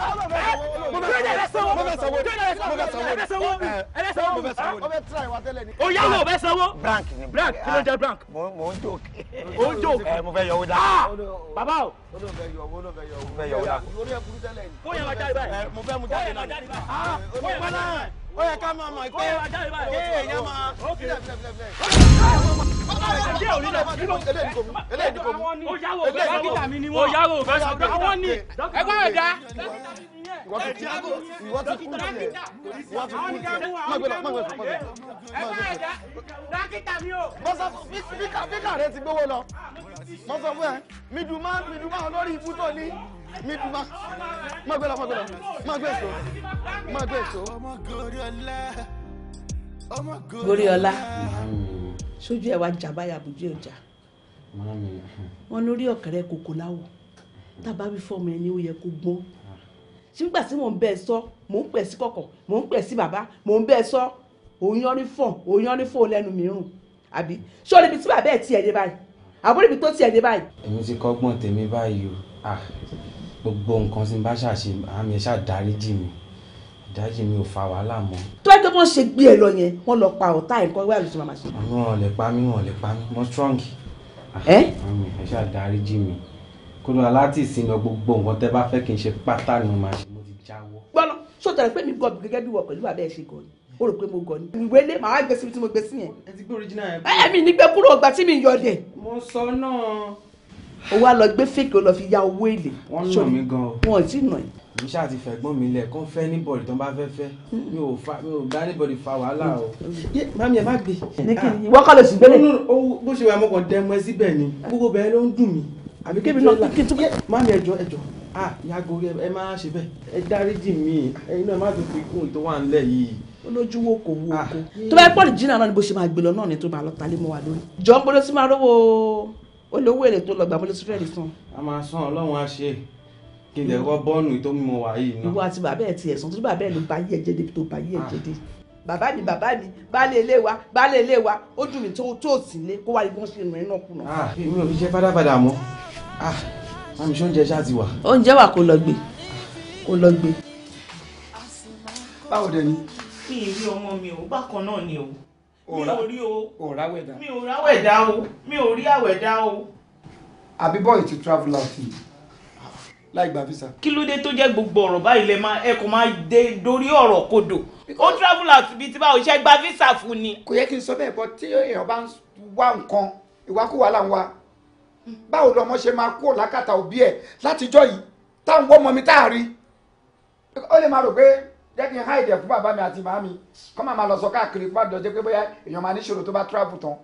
sanwó mo fẹ́ sanwó mo fẹ́ sanwó ẹ̀fẹ́ sanwó ẹ̀fẹ́ sanwó mo fẹ́ sanwó mo fẹ́ tíra ìwà tẹ́lẹ̀ ni. o yà wò fẹ́ sanwó. brank ni brank kí ló jẹ́ brank. mo ń jókè. o ń jókè. ẹ mo fẹ́ yọ owó dá. o. o ló yọ owó ló fẹ́ yọ owó. o fẹ́ yọ jáde báyìí. mo fẹ́ mu jáde náà ó yẹ ká máa mọ̀ pé kéèyàn máa filẹ̀ filẹ̀ filẹ̀ filẹ̀. ó yàwó fẹ́ sọ pé àwọn ní ẹgbẹ́ rẹ̀ dá. ìwọ tó ti ìwọ tó kú sílẹ̀ ìwọ tó kú sílẹ̀ má gbé lọ má gbé lọ má gbé lọ. ẹgbẹ́ rẹ̀ dá dókítà mi o. bọ́sọ̀ bíkà bíkà rẹ ti gbówó lọ bọ́sọ̀ fún ẹ mídùmá mídùmá olórí ibùdó ni ma ma lọ ma gbé lọ ma gbé èso ma gbé èso. Goriola sójú ẹ wá jà báyà bùjú ọjà wọn lórí ọ̀kẹ́rẹ́ kòkó láwọ tábà wí fọmọ ẹni ó yẹ kó gbọ́n sígbà tí mò ń bẹ sọ mò ń pẹ sí kọkọ mò ń pẹ sí bàbá mò ń bẹ sọ òun yọrí fọ òun yọrí fọ lẹ́nu mìíràn àbí ṣó níbi tí bàbá ẹ tiẹ̀ dé báyìí àbúrò ibi tó tiẹ̀ dé báyìí. èmi ti kọ́gbọ́n tèmi báyìí o ah gbogbo nǹkan tí n bá ṣàṣe àmì ẹ̀ ṣàdáríjì mi ìdájì mi ò fa wàhálà mọ́. tó ẹ tó wọ́n ṣe gbé ẹ lọ yẹn wọ́n lọ pa ọ̀tá ẹ̀ kọ́ wíwá lóṣù máa ṣe. wọn lè pa mí wọn lè pa mí mo strong. Ah, ẹ àmì ẹ ṣàdáríjì mi kódà láti ìsinmi gbogbo nǹkan tẹ bá fẹ́ kí n ṣe pátá ni mo máa ṣe mo ti jáwọ́. gbọ́dọ̀ sọ̀tọ̀ rẹ̀ pé mi gọ̀ gẹ́gẹ́ bí wọ̀ pẹ̀lú àbẹ́ o rò pé mo gọ̀ ni. ìwé lé màá gbé síbi tí mo gbé yẹn. ẹ ti gbé original yẹn. ẹ mi ní gbé kúrò ọgbà tí mi yọ dé. mo sọ náà o wá lọ gbé fèkì o lọ fi ya owó èlé. wọ́n nà mí gan o. wọn ò tí ì nà yìí. mi ṣáà ti fẹ̀gbọ́n mi lẹ̀ kó fẹ́ níbọ̀dì tó ń bá fẹ́ fẹ́ mi ò fa mi ò bá níbọ̀dì fa wàhálà o. yé mami ẹ má ah. gbé. nìkìyí wọ́n kọ́ lè sùn gbélé. bó ṣe wà mọ́kàn dẹ́mu ẹ síbẹ̀ ni ah. gbogbo bẹ́ẹ̀ ló ń dùn mí. àbí kébì náà kí n tún. mami ẹ jọ ẹ jọ ah yàgò ẹ má ṣe bẹ́ẹ̀ ẹ dáríjì mi inú ẹ má tún fi kún ìtọ́wà ńlẹ̀ yìí olójúwò kò wo oko ah. tó bá pọ̀ lè jí náà ni bó ṣe máa gbé lọ náà ni tó máa lọ talé mọ́ wa lórí jọ ń gbọ́dọ̀ sí máa rówó olówó èrè tó lọ gbàgbọ́ ló tún rí san. a máa san ọlọ́run á ṣe kí n lè rọ bọ́ọ̀nù tó mímọ wà yìí náà. ìwọ àti bàbá ẹ ti ẹ̀sán tó bàbá ẹ ló bá yí ẹ̀jẹ̀ débi tó bá yí ẹ̀jẹ̀ ah. dé. bàbá mi bàbá mi baálé ilé wa baálé ilé wa ó dùn mí tó tó sí ilé kó wá ibi wọn ṣe rìn náà kùnà. Ah, mi ò fi ṣe fádàbàdà mọ́ ah, mami ṣé oúnjẹ ṣáà ti wà. oúnjẹ wà kó lọ gbé kó lọ gbé. báwo dẹ ni. mi ì rí ọmọ mi ò bákan náà ni o mi ò rí o o mi ò rí àwẹ̀dá o. àbí bọ́ọ̀ì ti travel out yìí láì gba visa. kí ló dé tó jẹ́ gbogbo ọ̀rọ̀ báyìí lè máa ẹ máa dé dórí ọ̀rọ̀ kodò ó travel out bíi ti báwo ṣe gba visa fún ni. kò yẹ kí n sọ bẹ́ẹ̀ bọ́ tí èèyàn bá ń wá nǹkan ìwákùwà là ń wa báwo lọmọ ṣe máa kúrò lákàtà òbí ẹ̀ látijọ́ yìí táwọn ọmọ mi táà rí ó lè máa rò pé jẹ́ kí n háìdì ẹ̀ fún bàbá mi àti màmí kọ́ máa máa lọ sọ káàkiri fún àdìjọ́ pé bóyá èèyàn máa níṣòro tó bá travel tán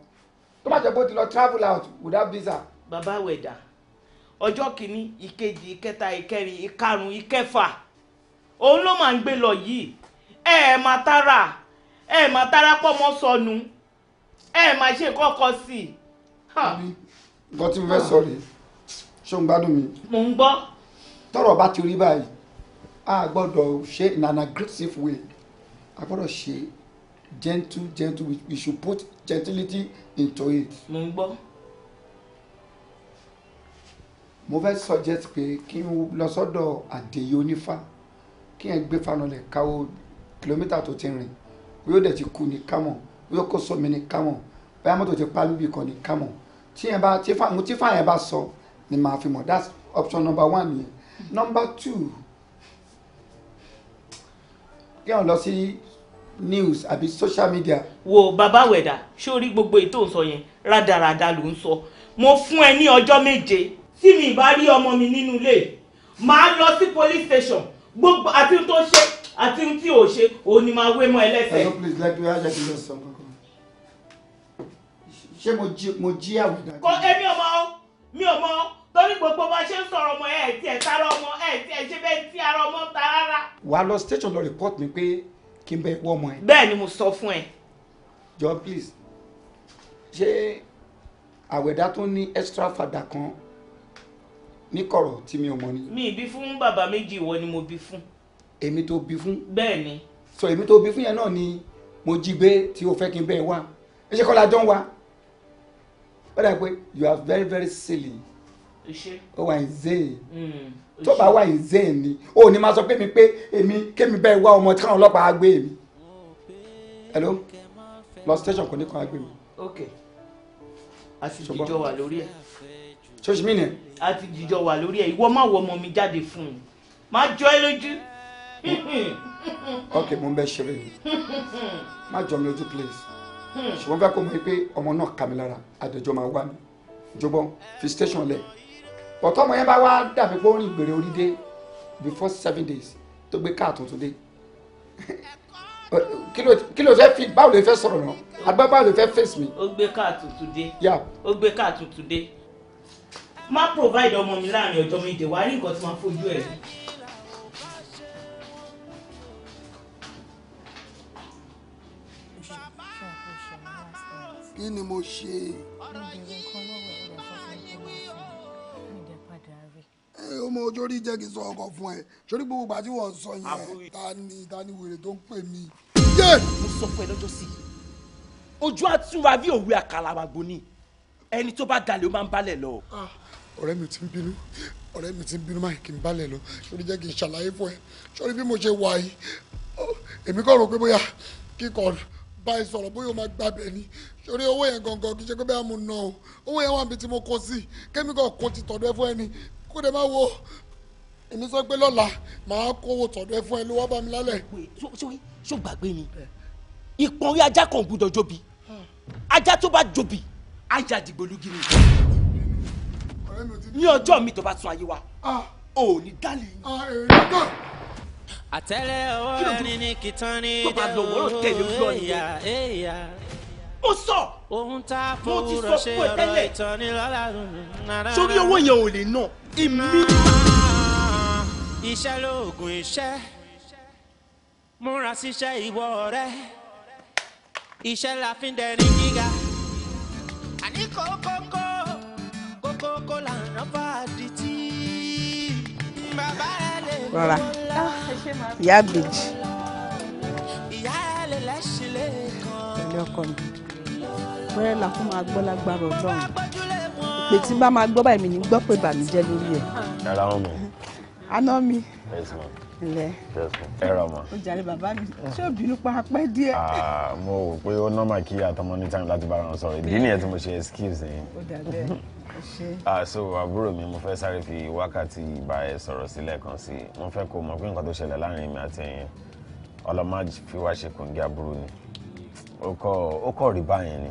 tó bá jẹ́ pé ó ti lọ travel out without visa. bàbá wẹ̀dà ọjọ́ kìíní ìkejì ìkẹta ìkẹrin ìkarùn ìkẹfà òun ló máa ń gbé lọ yìí ẹ ẹ máa tara ẹ ẹ máa tara pọ̀ mọ́ sọnù ẹ ẹ máa ṣe kọ́kọ́ sí i. nǹkan tí mo fẹ́ sọ rèé ṣé o ń gbádùn mi. mò ń gbọ́. tọ́rọ̀ bá ti rí báyìí a gbọ́dọ̀ ṣe in an aggressive way a gbọ́dọ̀ ṣe gentle gentle we should put gentility into it. mo ń gbọ́. mo fẹ́ suggest pé kí n lọ sọ́dọ̀ àdèyí onífá kí n gbé fanulẹ̀ káwọ́ kìlómítà tó ti rìn yóò dẹ̀ ti kú ní kámọ̀ yóò kó sọmi ní kámọ̀ báyà mọ́tò ti pa níbi kan ní kámọ̀ tí yẹn bá tí fáyẹn bá sọ ni màá fi mọ̀ that's option number one nìyẹn number two kéèyàn lọ sí news àbí social media. wo bàbá wẹ̀dà sórí gbogbo ètò ìsọ yẹn rádaràda ló ń sọ mo fún ẹ ní ọjọ́ méje tí mi bá rí ọmọ mi nínú ilé màá lọ sí police station gbogbo àti tó ṣe àti tí ò ṣe òun ni màá wé mọ́ ẹlẹ́sẹ̀. hello please let me ask you just something. ṣé mo jí àwẹ̀dà. kò èmi ò mọ̀ mi ò mọ̀ torí gbogbo bá ṣe ń sọ̀rọ̀ ọmọ ẹ̀ tí ẹ̀ tara ọmọ ẹ̀ tí ẹ̀ ṣe bẹ́ẹ̀ tí ara ọmọ ta rárá. wà á lọ station lọ report mi pé kí n bẹ wọ ọmọ ẹ. bẹ́ẹ̀ ni mo sọ fún ẹ. jọ please ṣé àwẹ̀dá tó ní extra fada kan ní kọ̀rọ̀ tí mi ò mọ̀ ni. mi ì bí fún bàbá méjì ìwọ ni mo bí fún. èmi tó bí fún. bẹ́ẹ̀ ni. sọ èmi tó bí fún yẹn náà ni mo jí gbé tí o fẹ́ kí n bẹ́ẹ̀ wá ẹ ṣe kọ́ la jọ ń wa ó dà pé you are very very silly ó wà ìzéè mm, tó bá wà ìzéè ni ó ní máa sọ pé mi pé èmi kémi bẹ́ẹ̀ wá ọmọ tí káwọn ọlọ́pàá gbé mi hello lọ station kò ní kan gbé mi. ok a jíjọ wà lórí ẹ. ṣoṣù mí ni. a jíjọ wà lórí ẹ ìwọ má wọ ọmọ mi jáde fún mi má jọ ẹ lójú. ok mo ń bẹ ṣeré ni má jọ mi lójú please ṣùgbọ́n fẹ́ kó mọ̀ pé ọmọ náà kà mí lára àdéjọ máa wá mi jọ̀bọ́ fi station lẹ̀ ọ̀tọ́mọ yẹn bá wá dàbí pé ó rìn gbèrè orí dé before seven days tó gbé káà tuntun dé kí ló fẹ́ fi báwo ló fẹ́ sọ̀rọ̀ náà àgbà báwo ló fẹ́ face mi. ó gbé káà tuntun dé ó gbé káà tuntun dé má provide ọmọ mi láàrin ọjọ́ méje wàá rí nǹkan tí máa fojú ẹ̀ kí ni mo ṣe. ọmọ ojórí jẹ́ kí n sọ ọkọ̀ fún ẹ sórí gbogbo ìgbà tí wọ́n sọ yẹn ta ni ta ni wèrè tó ń pè mí. mo sọ fún ẹ lọ́jọ́ ojú àtúnra bí òwe àkàlà àgbò ni ẹni tó bá dalẹ̀ ó máa ń balẹ̀ lọ. Ah! ọ̀rẹ́ mi ti ń bínú ọ̀rẹ́ mi ti ń bínú máa kí n balẹ̀ lọ sórí jẹ́ kí n ṣàlàyé fún ẹ sórí bí mo ṣe wà yìí èmi kàn rò pé bóyá kíkọ bá sọ̀rọ̀ bóyá o máa gbàbẹ̀ ni sórí owó yẹn gangan kì í ṣe pé bóyá mo ná o owó yẹn wà níbi tí mo kó sí kémi kó ti tọ̀dọ̀ ẹ fún ẹni kó dẹ̀ máa wo èmi sọ pé lọ́la màá kówó tọ̀dọ̀ ẹ fún ẹ ló bá mi lálẹ́. sórí gbàgbé ni ìpọ́n ajá kan gbúdọ̀ jóbi ajá tó bá jóbi ajá dìgbòlugi ni ní ọjọ́ mi tó bá tún ayé wa ah. ò ní dálé yín. Ah, àtẹ́lẹ̀ ọwọ́ ẹni ní kìtàn ní ìdè òwò ìyá ó sọ ohun tá a fowó rọ ṣe ọ̀rọ̀ ìtọ́ni lọ́la rárá. sórí owó yẹn ò lè ná èmi. iṣẹ́ lóògùn iṣẹ́ múra síṣẹ́ ìwọ ọ̀rẹ́ iṣẹ́ la fi ń dẹni gíga. àní kókókó kókókó là ń rán fàdí tí bàbá rẹ lè ah, mú un ìyá àgbèjì. ìyá ẹ lè lẹ́sìn lẹ́ẹ̀kan. pẹ̀lú ọkọ mi pẹ́rẹ́ la fún máa gbọ́ lágbára ọlọ́run ìpè tí bá máa gbọ́ báyìí mi ní gbọ́ pé bàmíjẹ́ lórí ẹ̀. ẹ̀rọ ọmọ mi. aná mi. ilẹ̀ ẹ̀rọ ọmọ. o jàre bàbá mi ṣé òbínú pa apẹ́ díẹ̀. Ah, mo rò pé ó nọ́mà kí àtọmọ ní time láti bára wọn sọ̀rọ̀ ìdí nìyẹn tí mo ṣe excuse yín. ó dà bẹ́ẹ̀ ah so àbúrò mi mo fẹ́ sáré fi wákàtí ìbá ẹ sọ̀rọ̀ sílẹ̀ kan sí i mo fẹ́ kó mọ̀ pé nǹkan tó ṣẹlẹ̀ láàrin mi àti ẹ̀yin ọlọ́mọ fi wá ṣe kòǹgì àbúrò ni ó kọ́ ó kọ́ rí báyẹn ni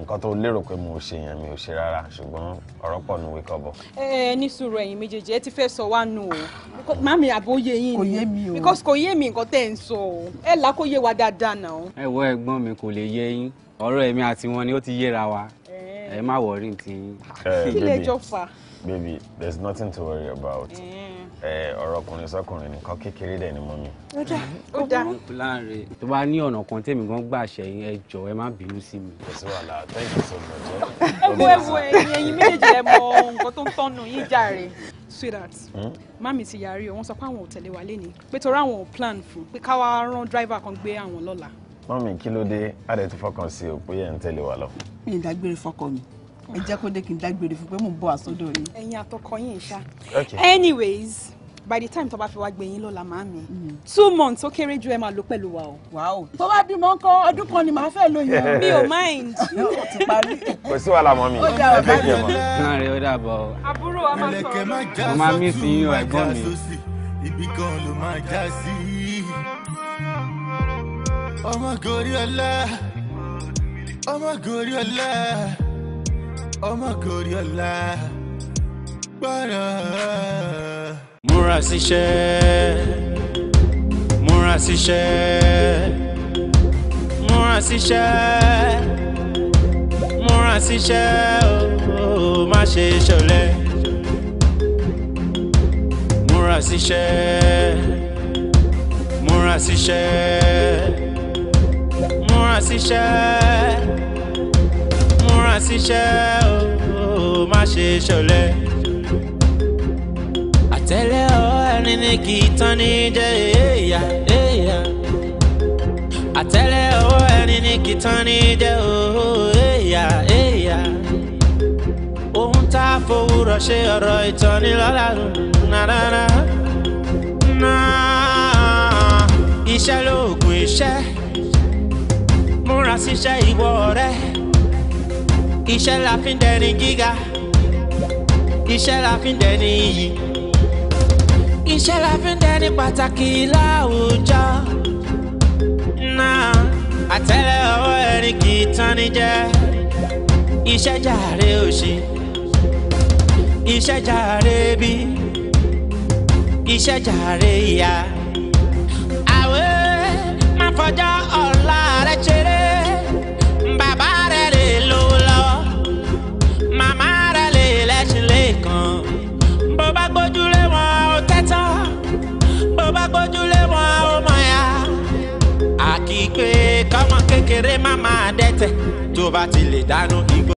nǹkan tó lérò pé mo ṣe yẹn mi ò ṣe rárá ṣùgbọ́n ọ̀rọ̀ pọ̀ ní wíkọ́ bọ̀. ẹ ẹ ní sùúrù ẹ̀yin méjèèjì ẹ ti fẹ́ sọ wá nù o mami àbó yé yín ni kò yé mi o because kò yé mi nǹkan tẹ́ ẹ̀ ń sọ o ẹ là kó yé wa dáadáa nà o. ẹ wọ ẹ̀gbọ́n mi kò lè yé yín ọ̀rọ̀ èmi àti wọn ni ó ti yéra wa ẹ má wọrí ti yín. kí lè jọ fà. baby there's nothing to worry about. Mm ọ̀rọ̀ ọkùnrin sọ́kùnrin nìkan kékeré dẹ̀ ni mo mi. ó dá ó dá. láàrin tó bá ní ọ̀nà kan tèmi gan gbà ṣẹ̀yìn ẹ jọ̀ọ́ ẹ má bínú sí mi. kò sí wàhálà thank you so much. ẹ wo ẹ wo ẹyin ẹyin méjèèjì ẹ mọ nǹkan tó ń tọ́nu yín jàre. sweetheart mami ti yàrí o wọ́n sọ pé àwọn ò tẹ̀lé wa lẹ́ni pé torí àwọn ò plan fún pé káwa rán driver kan gbé àwọn lọ́la. mọ́mí kí ló dé adẹ̀ tó fọkàn sí o pé ẹ̀ ń tẹ̀lé wa lọ. mi ì dágbére fọkọ mi ẹ jẹ́ kó dé kí n dágbére fún pé mò ń bọ̀ àsọdọ̀ rẹ. ẹ̀yin àtọkọ yín ṣá. anyways by the time tó bá fi wá gbé yín lọ́la máa mi mm. two months ó kéré ju ẹ máa lò pẹ̀lú wa o. wow tó bá bímọ ńkọ́ ọdún kan ni màá fẹ́ lóyún. mi ò mind. kò sí wàhálà mọ́ mi ẹ fẹ́ jẹ mọ́. náà rẹ ó dàbọ̀ o. àbúrò wa máa sọ. mo máa mí sí yín o ẹ̀gbọ́n mi. ibi kan ló máa já sí. ọmọ gòrí ọlá ọmọ gòrí ọlá ọmọ Goriola gbọ́dọ̀. múra síṣẹ́ múra síṣẹ́ múra síṣẹ́ múra síṣẹ́ o má ṣe ṣọ̀lẹ. múra síṣẹ́ múra síṣẹ́ múra síṣẹ́ múra síṣẹ́ o oh, má ṣe ṣọ̀lẹ. àtẹ́lẹ̀ ọ́ ẹni ní kì í tán ní jẹ́ èèyà eh, èèyà. Eh, àtẹ́lẹ̀ ọ́ ẹni ní kì í tán ní jẹ́ èèyà èèyà. ohun tá a fowórọ̀ ṣe ọ̀rọ̀ ìtọ́nilọ́lá nàràrà náà iṣẹ́ lóògùn iṣẹ́ múra síṣẹ́ ìwọ rẹ̀ iṣẹ́ la fi ń dẹni gíga iṣẹ́ la fi ń dẹni iyì iṣẹ́ la fi ń dẹni pàtàkì láwùjọ náà àtẹlẹ ọwọ́ ẹni kì í tán ni jẹ iṣẹ́ jàre òṣì iṣẹ́ jàre bí iṣẹ́ jàre ìyá àwẹ̀ máa fọjá eré má máa dẹ́tẹ̀ tó bá ti lè dáná igbó.